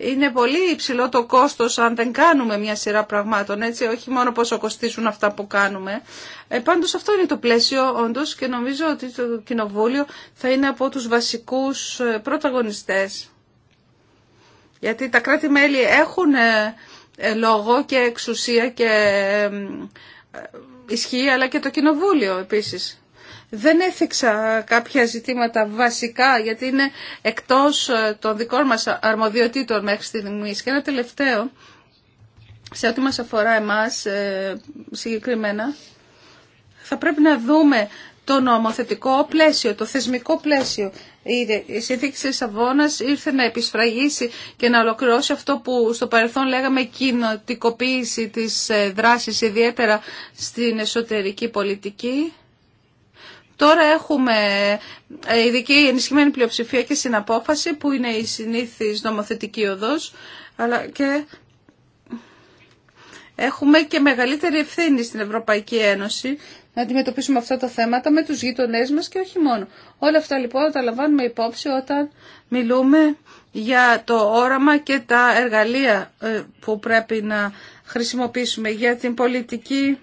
είναι πολύ υψηλό το κόστος αν δεν κάνουμε μια σειρά πραγμάτων, έτσι, όχι μόνο πόσο κοστίζουν αυτά που κάνουμε. Ε, πάντως αυτό είναι το πλαίσιο όντως και νομίζω ότι το Κοινοβούλιο θα είναι από τους βασικούς ε, πρωταγωνιστές. Γιατί τα κράτη-μέλη έχουν ε, ε, λόγο και εξουσία και ισχύ, αλλά και το Κοινοβούλιο επίσης. Δεν έθιξα κάποια ζητήματα βασικά γιατί είναι εκτός ε, των δικών μας αρμοδιοτήτων μέχρι στιγμής. Και ένα τελευταίο, σε ό,τι μας αφορά εμάς ε, συγκεκριμένα, θα πρέπει να δούμε το νομοθετικό πλαίσιο, το θεσμικό πλαίσιο. Η συνθήκη τη Λισαβόνα ήρθε να επισφραγίσει και να ολοκληρώσει αυτό που στο παρελθόν λέγαμε κοινοτικοποίηση τη ε, δράση, ιδιαίτερα στην εσωτερική πολιτική. Τώρα έχουμε ε, ειδική ενισχυμένη πλειοψηφία και συναπόφαση που είναι η συνήθις νομοθετική οδός αλλά και έχουμε και μεγαλύτερη ευθύνη στην Ευρωπαϊκή Ένωση να αντιμετωπίσουμε αυτά τα θέματα με τους γείτονές μας και όχι μόνο. Όλα αυτά λοιπόν τα λαμβάνουμε υπόψη όταν μιλούμε για το όραμα και τα εργαλεία ε, που πρέπει να χρησιμοποιήσουμε για την πολιτική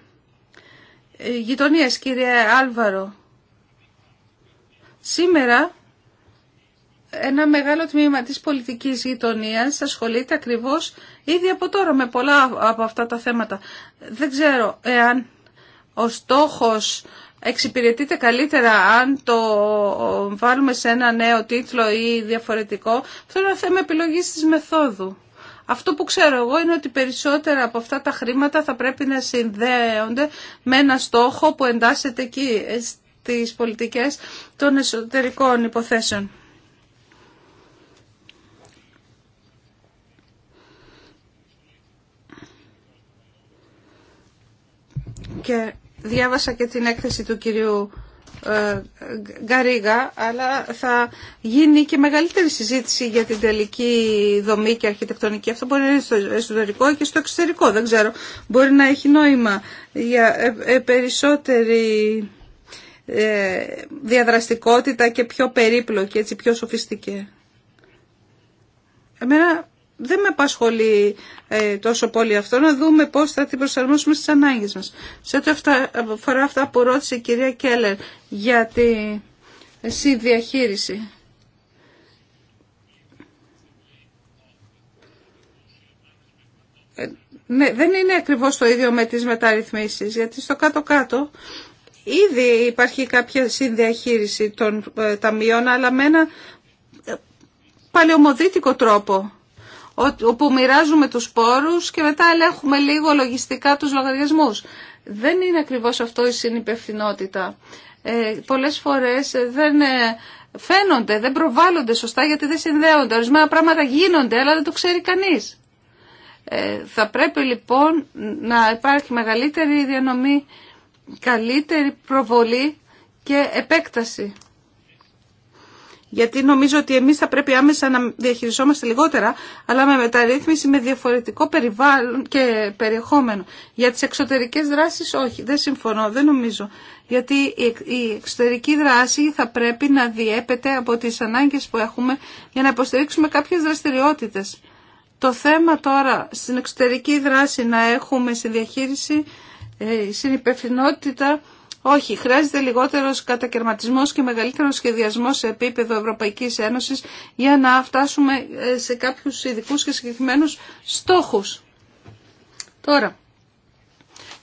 ε, γειτονία, κύριε Άλβαρο. Σήμερα ένα μεγάλο τμήμα της πολιτικής γειτονίας ασχολείται ακριβώς ήδη από τώρα με πολλά από αυτά τα θέματα. Δεν ξέρω εάν ο στόχος εξυπηρετείται καλύτερα αν το βάλουμε σε ένα νέο τίτλο ή διαφορετικό. Αυτό είναι ένα θέμα επιλογής της μεθόδου. Αυτό που ξέρω εγώ είναι ότι περισσότερα από αυτά τα χρήματα θα πρέπει να συνδέονται με ένα στόχο που εντάσσεται εκεί τις πολιτικές των εσωτερικών υποθέσεων. Και διάβασα και την έκθεση του κυρίου ε, Γκαρίγα, αλλά θα γίνει και μεγαλύτερη συζήτηση για την τελική δομή και αρχιτεκτονική. Αυτό μπορεί να είναι στο εσωτερικό και στο εξωτερικό, δεν ξέρω. Μπορεί να έχει νόημα για ε, ε, περισσότερη ε, διαδραστικότητα και πιο περίπλοκη, έτσι πιο σοφιστική. Εμένα δεν με απασχολεί ε, τόσο πολύ αυτό, να δούμε πώς θα την προσαρμόσουμε στις ανάγκες μας. Σε ό,τι αφορά αυτά που ρώτησε η κυρία Κέλλερ για τη ε, συνδιαχείριση. Ναι, δεν είναι ακριβώς το ίδιο με τις μεταρρυθμίσεις, γιατί στο κάτω-κάτω Ήδη υπάρχει κάποια συνδιαχείριση των ε, ταμείων, αλλά με ένα ε, παλαιομοδίτικο τρόπο όπου μοιράζουμε τους πόρους και μετά ελέγχουμε λίγο λογιστικά τους λογαριασμούς. Δεν είναι ακριβώς αυτό η συνυπευθυνότητα. Ε, πολλές φορές δεν ε, φαίνονται, δεν προβάλλονται σωστά γιατί δεν συνδέονται. Ορισμένα πράγματα γίνονται αλλά δεν το ξέρει κανείς. θα πρέπει λοιπόν να υπάρχει μεγαλύτερη διανομή καλύτερη προβολή και επέκταση. Γιατί νομίζω ότι εμείς θα πρέπει άμεσα να διαχειριζόμαστε λιγότερα, αλλά με μεταρρύθμιση με διαφορετικό περιβάλλον και περιεχόμενο. Για τις εξωτερικές δράσεις όχι, δεν συμφωνώ, δεν νομίζω. Γιατί η εξωτερική δράση θα πρέπει να διέπεται από τις ανάγκες που έχουμε για να υποστηρίξουμε κάποιες δραστηριότητες. Το θέμα τώρα στην εξωτερική δράση να έχουμε στη διαχείριση ε, η συνυπευθυνότητα όχι, χρειάζεται λιγότερο κατακαιρματισμό και μεγαλύτερο σχεδιασμό σε επίπεδο Ευρωπαϊκή Ένωση για να φτάσουμε ε, σε κάποιου ειδικού και συγκεκριμένου στόχου. Τώρα,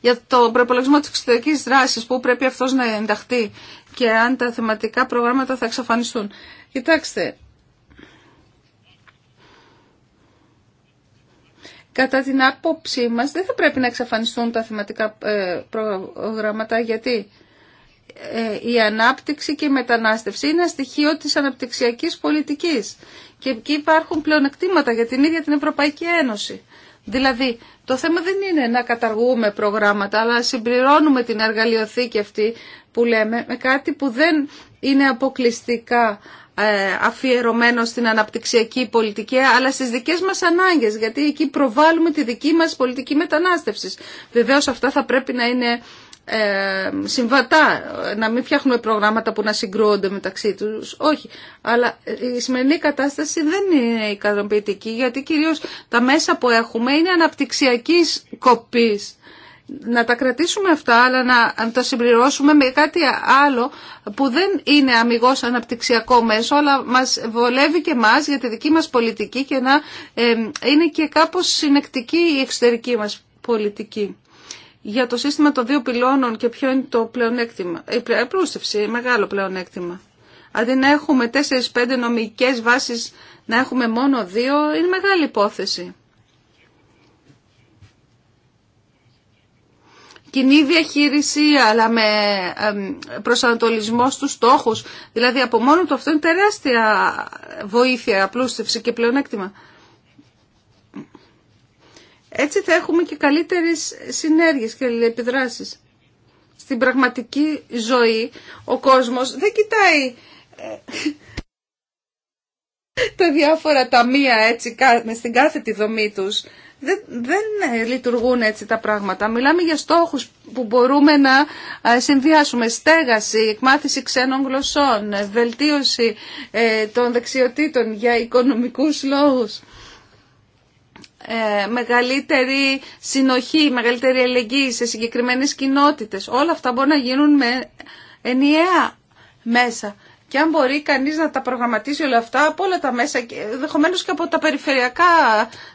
για το προπολογισμό τη εξωτερική δράση, πού πρέπει αυτό να ενταχθεί και αν τα θεματικά προγράμματα θα εξαφανιστούν. Κοιτάξτε, Κατά την άποψή μας δεν θα πρέπει να εξαφανιστούν τα θεματικά ε, προγράμματα γιατί ε, η ανάπτυξη και η μετανάστευση είναι στοιχείο της αναπτυξιακής πολιτικής και εκεί υπάρχουν πλεονεκτήματα για την ίδια την Ευρωπαϊκή Ένωση. Δηλαδή, το θέμα δεν είναι να καταργούμε προγράμματα, αλλά να συμπληρώνουμε την εργαλειοθήκη αυτή που λέμε με κάτι που δεν είναι αποκλειστικά ε, αφιερωμένο στην αναπτυξιακή πολιτική αλλά στις δικές μας ανάγκες γιατί εκεί προβάλλουμε τη δική μας πολιτική μετανάστευσης. Βεβαίως αυτά θα πρέπει να είναι ε, συμβατά, να μην φτιάχνουμε προγράμματα που να συγκρούονται μεταξύ τους, όχι. Αλλά η σημερινή κατάσταση δεν είναι ικανοποιητική γιατί κυρίως τα μέσα που έχουμε είναι αναπτυξιακής κοπής να τα κρατήσουμε αυτά, αλλά να τα συμπληρώσουμε με κάτι άλλο που δεν είναι αμυγός αναπτυξιακό μέσο, αλλά μας βολεύει και μας για τη δική μας πολιτική και να είναι και κάπως συνεκτική η εξωτερική μας πολιτική. Για το σύστημα των δύο πυλώνων και ποιο είναι το πλεονέκτημα. Η πλούστευση, μεγάλο πλεονέκτημα. Αντί να έχουμε τέσσερις-πέντε νομικές βάσεις, να έχουμε μόνο δύο, είναι μεγάλη υπόθεση. κοινή διαχείριση αλλά με προσανατολισμό στους στόχους. Δηλαδή από μόνο το αυτό είναι τεράστια βοήθεια, απλούστευση και πλεονέκτημα. Έτσι θα έχουμε και καλύτερες συνέργειες και επιδράσεις. Στην πραγματική ζωή ο κόσμος δεν κοιτάει ε, τα διάφορα ταμεία έτσι στην κάθε τη δομή τους δεν, ε, λειτουργούν έτσι τα πράγματα. Μιλάμε για στόχους που μπορούμε να ε, συνδυάσουμε. Στέγαση, εκμάθηση ξένων γλωσσών, βελτίωση ε, των δεξιοτήτων για οικονομικούς λόγους. Ε, μεγαλύτερη συνοχή, μεγαλύτερη ελεγγύη σε συγκεκριμένες κοινότητες. Όλα αυτά μπορούν να γίνουν με ενιαία μέσα και αν μπορεί κανείς να τα προγραμματίσει όλα αυτά από όλα τα μέσα, ενδεχομένω και από τα περιφερειακά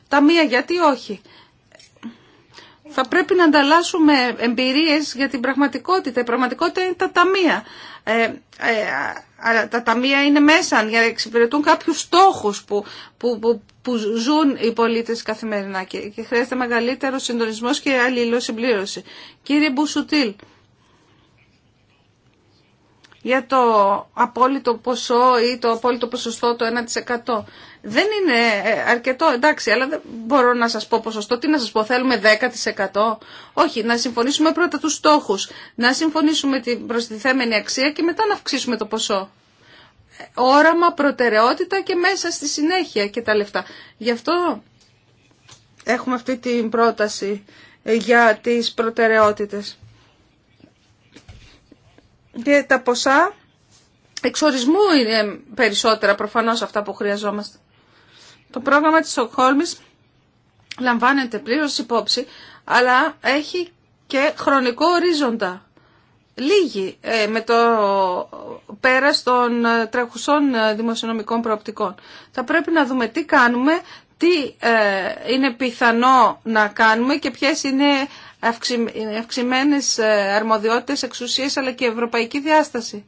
ταμεία, γιατί όχι. Θα πρέπει να ανταλλάσσουμε εμπειρίες για την πραγματικότητα. Η πραγματικότητα είναι τα ταμεία. Ε, ε αλλά τα ταμεία είναι μέσα για να εξυπηρετούν κάποιους στόχους που, που, που, που ζουν οι πολίτες καθημερινά και, και χρειάζεται μεγαλύτερο συντονισμός και αλληλοσυμπλήρωση. Κύριε Μπουσουτήλ, για το απόλυτο ποσό ή το απόλυτο ποσοστό το 1%. Δεν είναι ε, αρκετό, εντάξει, αλλά δεν μπορώ να σας πω ποσοστό. Τι να σας πω, θέλουμε 10%. Όχι, να συμφωνήσουμε πρώτα τους στόχους, να συμφωνήσουμε την προστιθέμενη αξία και μετά να αυξήσουμε το ποσό. Όραμα, προτεραιότητα και μέσα στη συνέχεια και τα λεφτά. Γι' αυτό έχουμε αυτή την πρόταση ε, για τις προτεραιότητες και τα ποσά εξορισμού είναι περισσότερα προφανώς αυτά που χρειαζόμαστε. Το πρόγραμμα της Στοκχόλμης λαμβάνεται πλήρως υπόψη, αλλά έχει και χρονικό ορίζοντα. Λίγη ε, με το πέρας των ε, τρέχουσών ε, δημοσιονομικών προοπτικών. Θα πρέπει να δούμε τι κάνουμε, τι είναι πιθανό να κάνουμε και ποιες είναι αυξημένες ε, αρμοδιότητες, εξουσίες αλλά και ευρωπαϊκή διάσταση.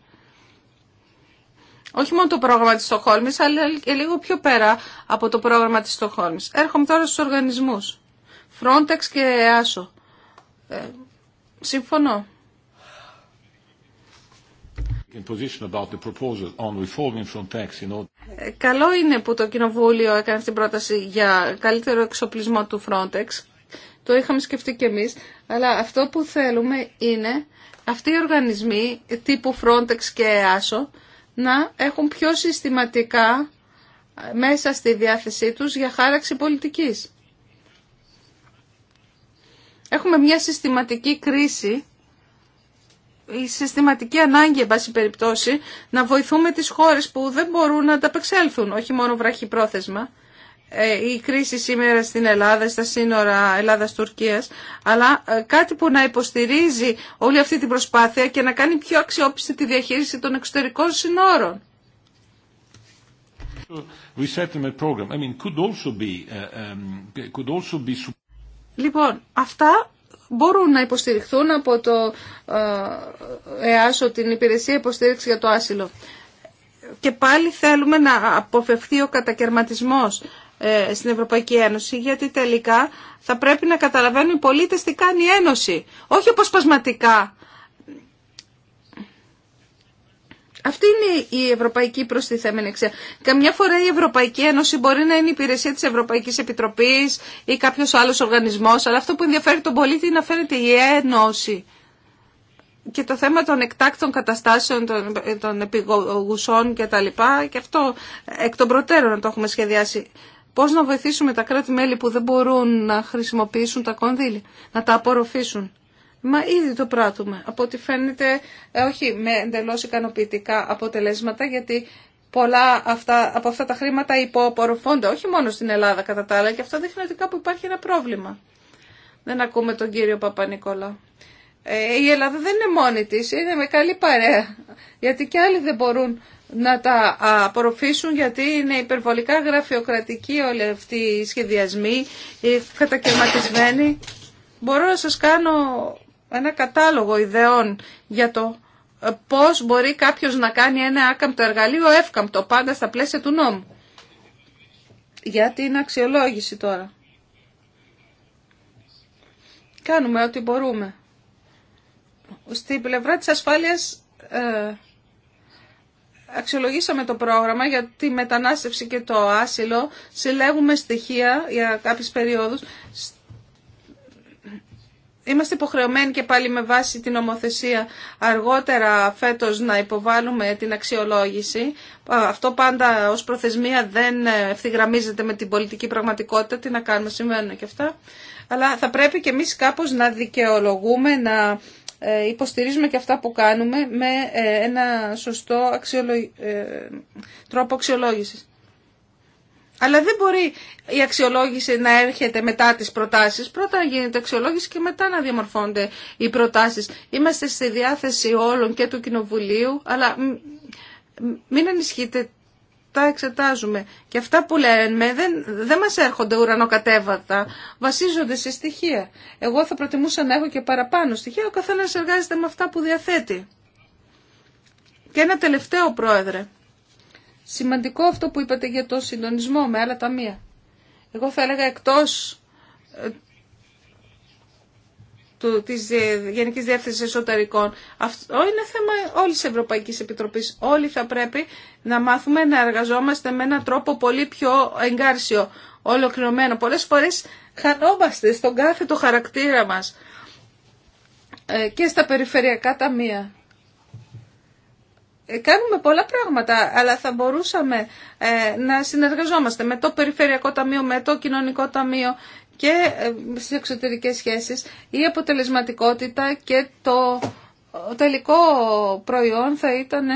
Όχι μόνο το πρόγραμμα της Στοχόλμης, αλλά και λίγο πιο πέρα από το πρόγραμμα της Στοχόλμης. Έρχομαι τώρα στους οργανισμούς. Frontex και EASO. Ε, συμφωνώ. Ε, καλό είναι που το Κοινοβούλιο έκανε την πρόταση για καλύτερο εξοπλισμό του Frontex το είχαμε σκεφτεί κι εμείς. Αλλά αυτό που θέλουμε είναι αυτοί οι οργανισμοί τύπου Frontex και EASO να έχουν πιο συστηματικά μέσα στη διάθεσή τους για χάραξη πολιτικής. Έχουμε μια συστηματική κρίση η συστηματική ανάγκη, εν πάση περιπτώσει, να βοηθούμε τις χώρες που δεν μπορούν να ανταπεξέλθουν, όχι μόνο βραχυπρόθεσμα. Ε, η κρίση σήμερα στην Ελλάδα, στα σύνορα Ελλάδας-Τουρκίας, αλλά ε, κάτι που να υποστηρίζει όλη αυτή την προσπάθεια και να κάνει πιο αξιόπιστη τη διαχείριση των εξωτερικών σύνορων. Uh, um, λοιπόν, αυτά μπορούν να υποστηριχθούν από το ε, ΕΑΣΟ, την Υπηρεσία Υποστήριξη για το Άσυλο. Και πάλι θέλουμε να αποφευθεί ο κατακαιρματισμός ε, στην Ευρωπαϊκή Ένωση, γιατί τελικά θα πρέπει να καταλαβαίνουν οι πολίτες τι κάνει η Ένωση, όχι αποσπασματικά. Αυτή είναι η ευρωπαϊκή προστιθέμενη αξία. Καμιά φορά η Ευρωπαϊκή Ένωση μπορεί να είναι η υπηρεσία τη Ευρωπαϊκή Επιτροπή ή κάποιο άλλο οργανισμό, αλλά αυτό που ενδιαφέρει τον πολίτη είναι να φαίνεται η Ένωση. Και το θέμα των εκτάκτων καταστάσεων, των, των επιγουσών και και αυτό εκ των προτέρων να το έχουμε σχεδιάσει. Πώς να βοηθήσουμε τα κράτη-μέλη που δεν μπορούν να χρησιμοποιήσουν τα κονδύλια, να τα απορροφήσουν. Μα ήδη το πράττουμε. Από ό,τι φαίνεται, ε, όχι με εντελώ ικανοποιητικά αποτελέσματα, γιατί πολλά αυτά, από αυτά τα χρήματα υποαπορροφώνται, όχι μόνο στην Ελλάδα κατά τα άλλα, και αυτό δείχνει ότι κάπου υπάρχει ένα πρόβλημα. Δεν ακούμε τον κύριο Παπα-Νικόλα. Ε, η Ελλάδα δεν είναι μόνη της, είναι με καλή παρέα, γιατί και άλλοι δεν μπορούν να τα απορροφήσουν γιατί είναι υπερβολικά γραφειοκρατικοί όλοι αυτοί οι σχεδιασμοί, οι κατακαιρματισμένοι. Μπορώ να σας κάνω ένα κατάλογο ιδεών για το ε, πώς μπορεί κάποιος να κάνει ένα άκαμπτο εργαλείο εύκαμπτο πάντα στα πλαίσια του νόμου. Για την αξιολόγηση τώρα. Κάνουμε ό,τι μπορούμε. Στην πλευρά της ασφάλειας ε, αξιολογήσαμε το πρόγραμμα για τη μετανάστευση και το άσυλο. Συλλέγουμε στοιχεία για κάποιες περιόδους. Είμαστε υποχρεωμένοι και πάλι με βάση την ομοθεσία αργότερα φέτος να υποβάλουμε την αξιολόγηση. Αυτό πάντα ως προθεσμία δεν ευθυγραμμίζεται με την πολιτική πραγματικότητα. Τι να κάνουμε, συμβαίνουν και αυτά. Αλλά θα πρέπει και εμείς κάπως να δικαιολογούμε, να ε, υποστηρίζουμε και αυτά που κάνουμε με ε, ένα σωστό ε, τρόπο αξιολόγησης. Αλλά δεν μπορεί η αξιολόγηση να έρχεται μετά τις προτάσεις. Πρώτα να γίνεται αξιολόγηση και μετά να διαμορφώνται οι προτάσεις. Είμαστε στη διάθεση όλων και του Κοινοβουλίου, αλλά μην ανησυχείτε τα εξετάζουμε. Και αυτά που λέμε δεν, δεν μας έρχονται ουρανοκατέβατα, βασίζονται σε στοιχεία. Εγώ θα προτιμούσα να έχω και παραπάνω στοιχεία, ο καθένας εργάζεται με αυτά που διαθέτει. Και ένα τελευταίο πρόεδρε. Σημαντικό αυτό που είπατε για το συντονισμό με άλλα ταμεία. Εγώ θα έλεγα εκτός ε, του, της ε, Γενικής Διεύθυνσης Εσωτερικών. Αυτό είναι θέμα όλης της Ευρωπαϊκής Επιτροπής. Όλοι θα πρέπει να μάθουμε να εργαζόμαστε με έναν τρόπο πολύ πιο εγκάρσιο, ολοκληρωμένο. Πολλές φορές χανόμαστε στον κάθε το χαρακτήρα μας ε, και στα περιφερειακά ταμεία. Ε, κάνουμε πολλά πράγματα, αλλά θα μπορούσαμε να συνεργαζόμαστε με το Περιφερειακό Ταμείο, με το Κοινωνικό Ταμείο και ε, στις εξωτερικές σχέσεις η αποτελεσματικότητα και το τελικό προϊόν θα ήταν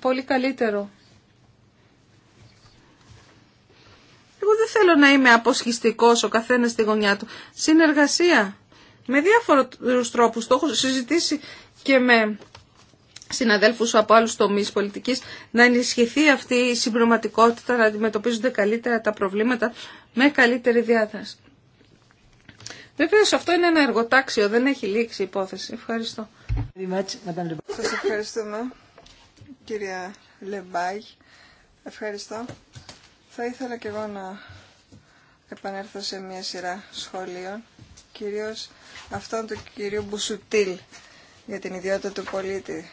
πολύ καλύτερο. Εγώ δεν θέλω να είμαι αποσχιστικός ο καθένας στη γωνιά του. Συνεργασία. Με διάφορους τρόπους. Το έχω συζητήσει και με συναδέλφους από άλλους τομείς πολιτικής να ενισχυθεί αυτή η συμπληρωματικότητα, να αντιμετωπίζονται καλύτερα τα προβλήματα με καλύτερη διάθεση. Βεβαίω αυτό είναι ένα εργοτάξιο, δεν έχει λήξει η υπόθεση. Ευχαριστώ. Σα ευχαριστούμε, κυρία Λεμπάγ. Ευχαριστώ. Θα ήθελα και εγώ να επανέλθω σε μια σειρά σχολείων, κυρίω αυτών του κυρίου Μπουσουτήλ για την ιδιότητα του πολίτη.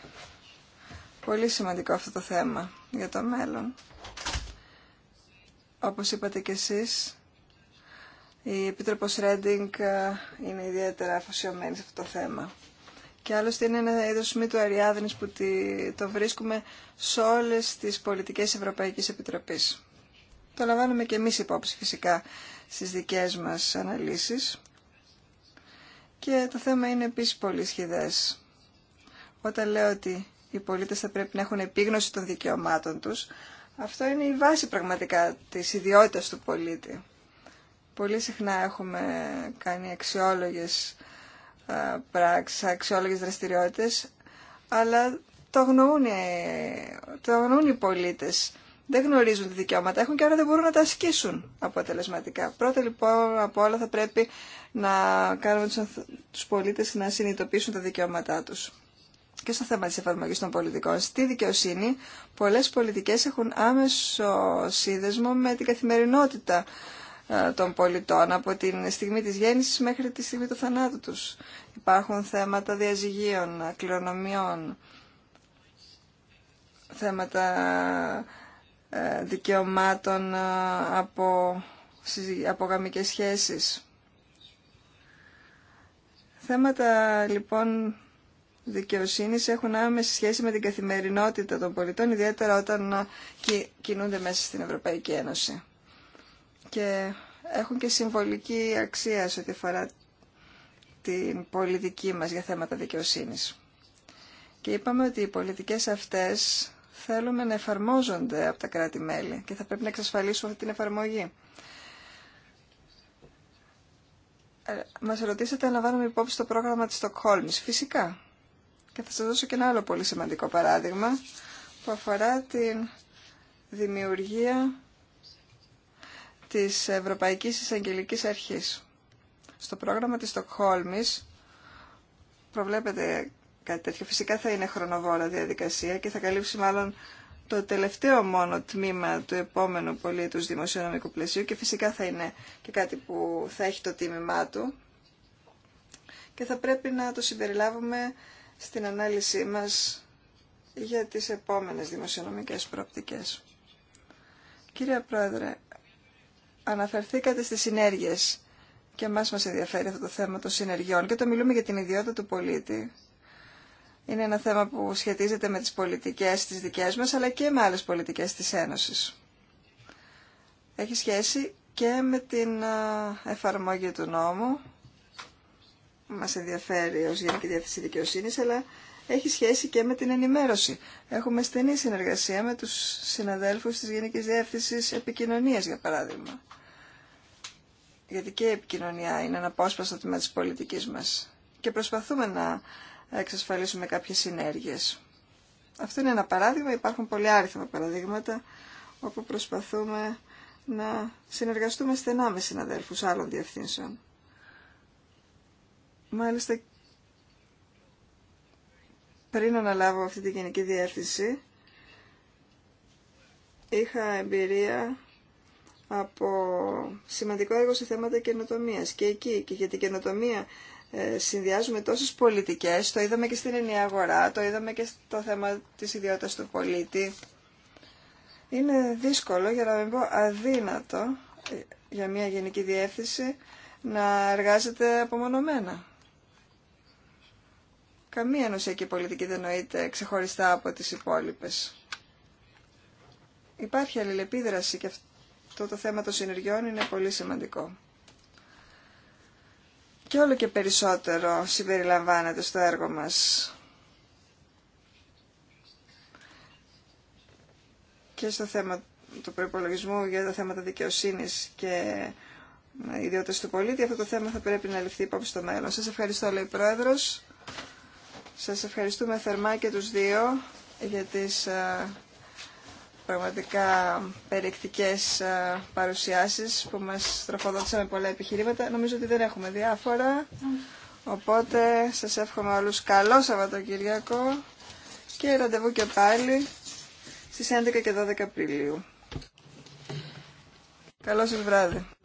Πολύ σημαντικό αυτό το θέμα για το μέλλον. Όπως είπατε κι εσείς, η Επίτροπος Ρέντινγκ ε, είναι ιδιαίτερα αφοσιωμένη σε αυτό το θέμα. Και άλλωστε είναι ένα είδος μη του Αριάδνης που το βρίσκουμε σε όλες τις πολιτικές Ευρωπαϊκής Επιτροπής. Το λαμβάνουμε και εμείς υπόψη φυσικά στις δικές μας αναλύσεις. Και το θέμα είναι επίσης πολύ σχηδές. Όταν λέω ότι οι πολίτες θα πρέπει να έχουν επίγνωση των δικαιωμάτων τους, αυτό είναι η βάση πραγματικά της ιδιότητας του πολίτη. Πολύ συχνά έχουμε κάνει αξιόλογες ε, πράξεις, αξιόλογες δραστηριότητες, αλλά το αγνοούν, ε, το αγνοούν οι πολίτες. Δεν γνωρίζουν τα δικαιώματα έχουν και άρα δεν μπορούν να τα ασκήσουν αποτελεσματικά. Πρώτα λοιπόν από όλα θα πρέπει να κάνουμε τους πολίτες να συνειδητοποιήσουν τα δικαιώματά τους. Και στο θέμα της εφαρμογής των πολιτικών. Στη δικαιοσύνη πολλές πολιτικές έχουν άμεσο σύνδεσμο με την καθημερινότητα ε, των πολιτών από την στιγμή της γέννησης μέχρι τη στιγμή του θανάτου τους. Υπάρχουν θέματα διαζυγίων, κληρονομιών, θέματα ε, δικαιωμάτων ε, από, από γαμικές σχέσεις. Θέματα λοιπόν δικαιοσύνης έχουν άμεση σχέση με την καθημερινότητα των πολιτών, ιδιαίτερα όταν κινούνται μέσα στην Ευρωπαϊκή Ένωση και έχουν και συμβολική αξία σε ό,τι αφορά την πολιτική μας για θέματα δικαιοσύνης. Και είπαμε ότι οι πολιτικές αυτές θέλουμε να εφαρμόζονται από τα κράτη-μέλη και θα πρέπει να εξασφαλίσουμε αυτή την εφαρμογή. Ε, μας ρωτήσατε να λαμβάνουμε υπόψη το πρόγραμμα της Στοκχόλμης. Φυσικά. Και θα σας δώσω και ένα άλλο πολύ σημαντικό παράδειγμα που αφορά την δημιουργία της Ευρωπαϊκής Εισαγγελικής Αρχής. Στο πρόγραμμα της Στοκχόλμης προβλέπεται κάτι τέτοιο. Φυσικά θα είναι χρονοβόρα διαδικασία και θα καλύψει μάλλον το τελευταίο μόνο τμήμα του επόμενου πολίτους δημοσιονομικού πλαισίου και φυσικά θα είναι και κάτι που θα έχει το τίμημά του και θα πρέπει να το συμπεριλάβουμε στην ανάλυση μας για τις επόμενες δημοσιονομικές προοπτικές. Κύριε Πρόεδρε, Αναφερθήκατε στις συνέργειες και εμάς μας ενδιαφέρει αυτό το θέμα των συνεργειών και το μιλούμε για την ιδιότητα του πολίτη είναι ένα θέμα που σχετίζεται με τις πολιτικές τις δικές μας αλλά και με άλλες πολιτικές της Ένωσης. Έχει σχέση και με την εφαρμόγη του νόμου μας ενδιαφέρει ως Γενική Διεύθυνση Δικαιοσύνης αλλά έχει σχέση και με την ενημέρωση. Έχουμε στενή συνεργασία με τους συναδέλφους της Γενικής Διεύθυνσης Επικοινωνίας, για παράδειγμα. Γιατί και η επικοινωνία είναι ένα απόσπαστο τμήμα της πολιτικής μας. Και προσπαθούμε να εξασφαλίσουμε κάποιες συνέργειες. Αυτό είναι ένα παράδειγμα, υπάρχουν πολλοί άριθμα παραδείγματα, όπου προσπαθούμε να συνεργαστούμε στενά με συναδέλφους άλλων διευθύνσεων. Μάλιστα πριν αναλάβω αυτή τη γενική διεύθυνση, είχα εμπειρία από σημαντικό έργο σε θέματα καινοτομία. Και εκεί, και για την καινοτομία, ε, συνδυάζουμε τόσε πολιτικές, Το είδαμε και στην ενιαία αγορά, το είδαμε και στο θέμα τη ιδιότητα του πολίτη. Είναι δύσκολο, για να μην πω αδύνατο, ε, για μια γενική διεύθυνση να εργάζεται απομονωμένα. Καμία ενωσιακή πολιτική δεν νοείται ξεχωριστά από τις υπόλοιπες. Υπάρχει αλληλεπίδραση και αυτό το θέμα των συνεργειών είναι πολύ σημαντικό. Και όλο και περισσότερο συμπεριλαμβάνεται στο έργο μας. Και στο θέμα του προπολογισμού για τα θέματα δικαιοσύνης και ιδιότητες του πολίτη, αυτό το θέμα θα πρέπει να ληφθεί υπόψη στο μέλλον. Σας ευχαριστώ, λέει Πρόεδρος. Σας ευχαριστούμε θερμά και τους δύο για τις ε, πραγματικά περιεκτικές ε, παρουσιάσεις που μας τροφοδότησαν με πολλά επιχειρήματα. Νομίζω ότι δεν έχουμε διάφορα, οπότε σας εύχομαι όλους καλό Σαββατοκυριακό και ραντεβού και πάλι στις 11 και 12 Απριλίου. Καλό σας βράδυ.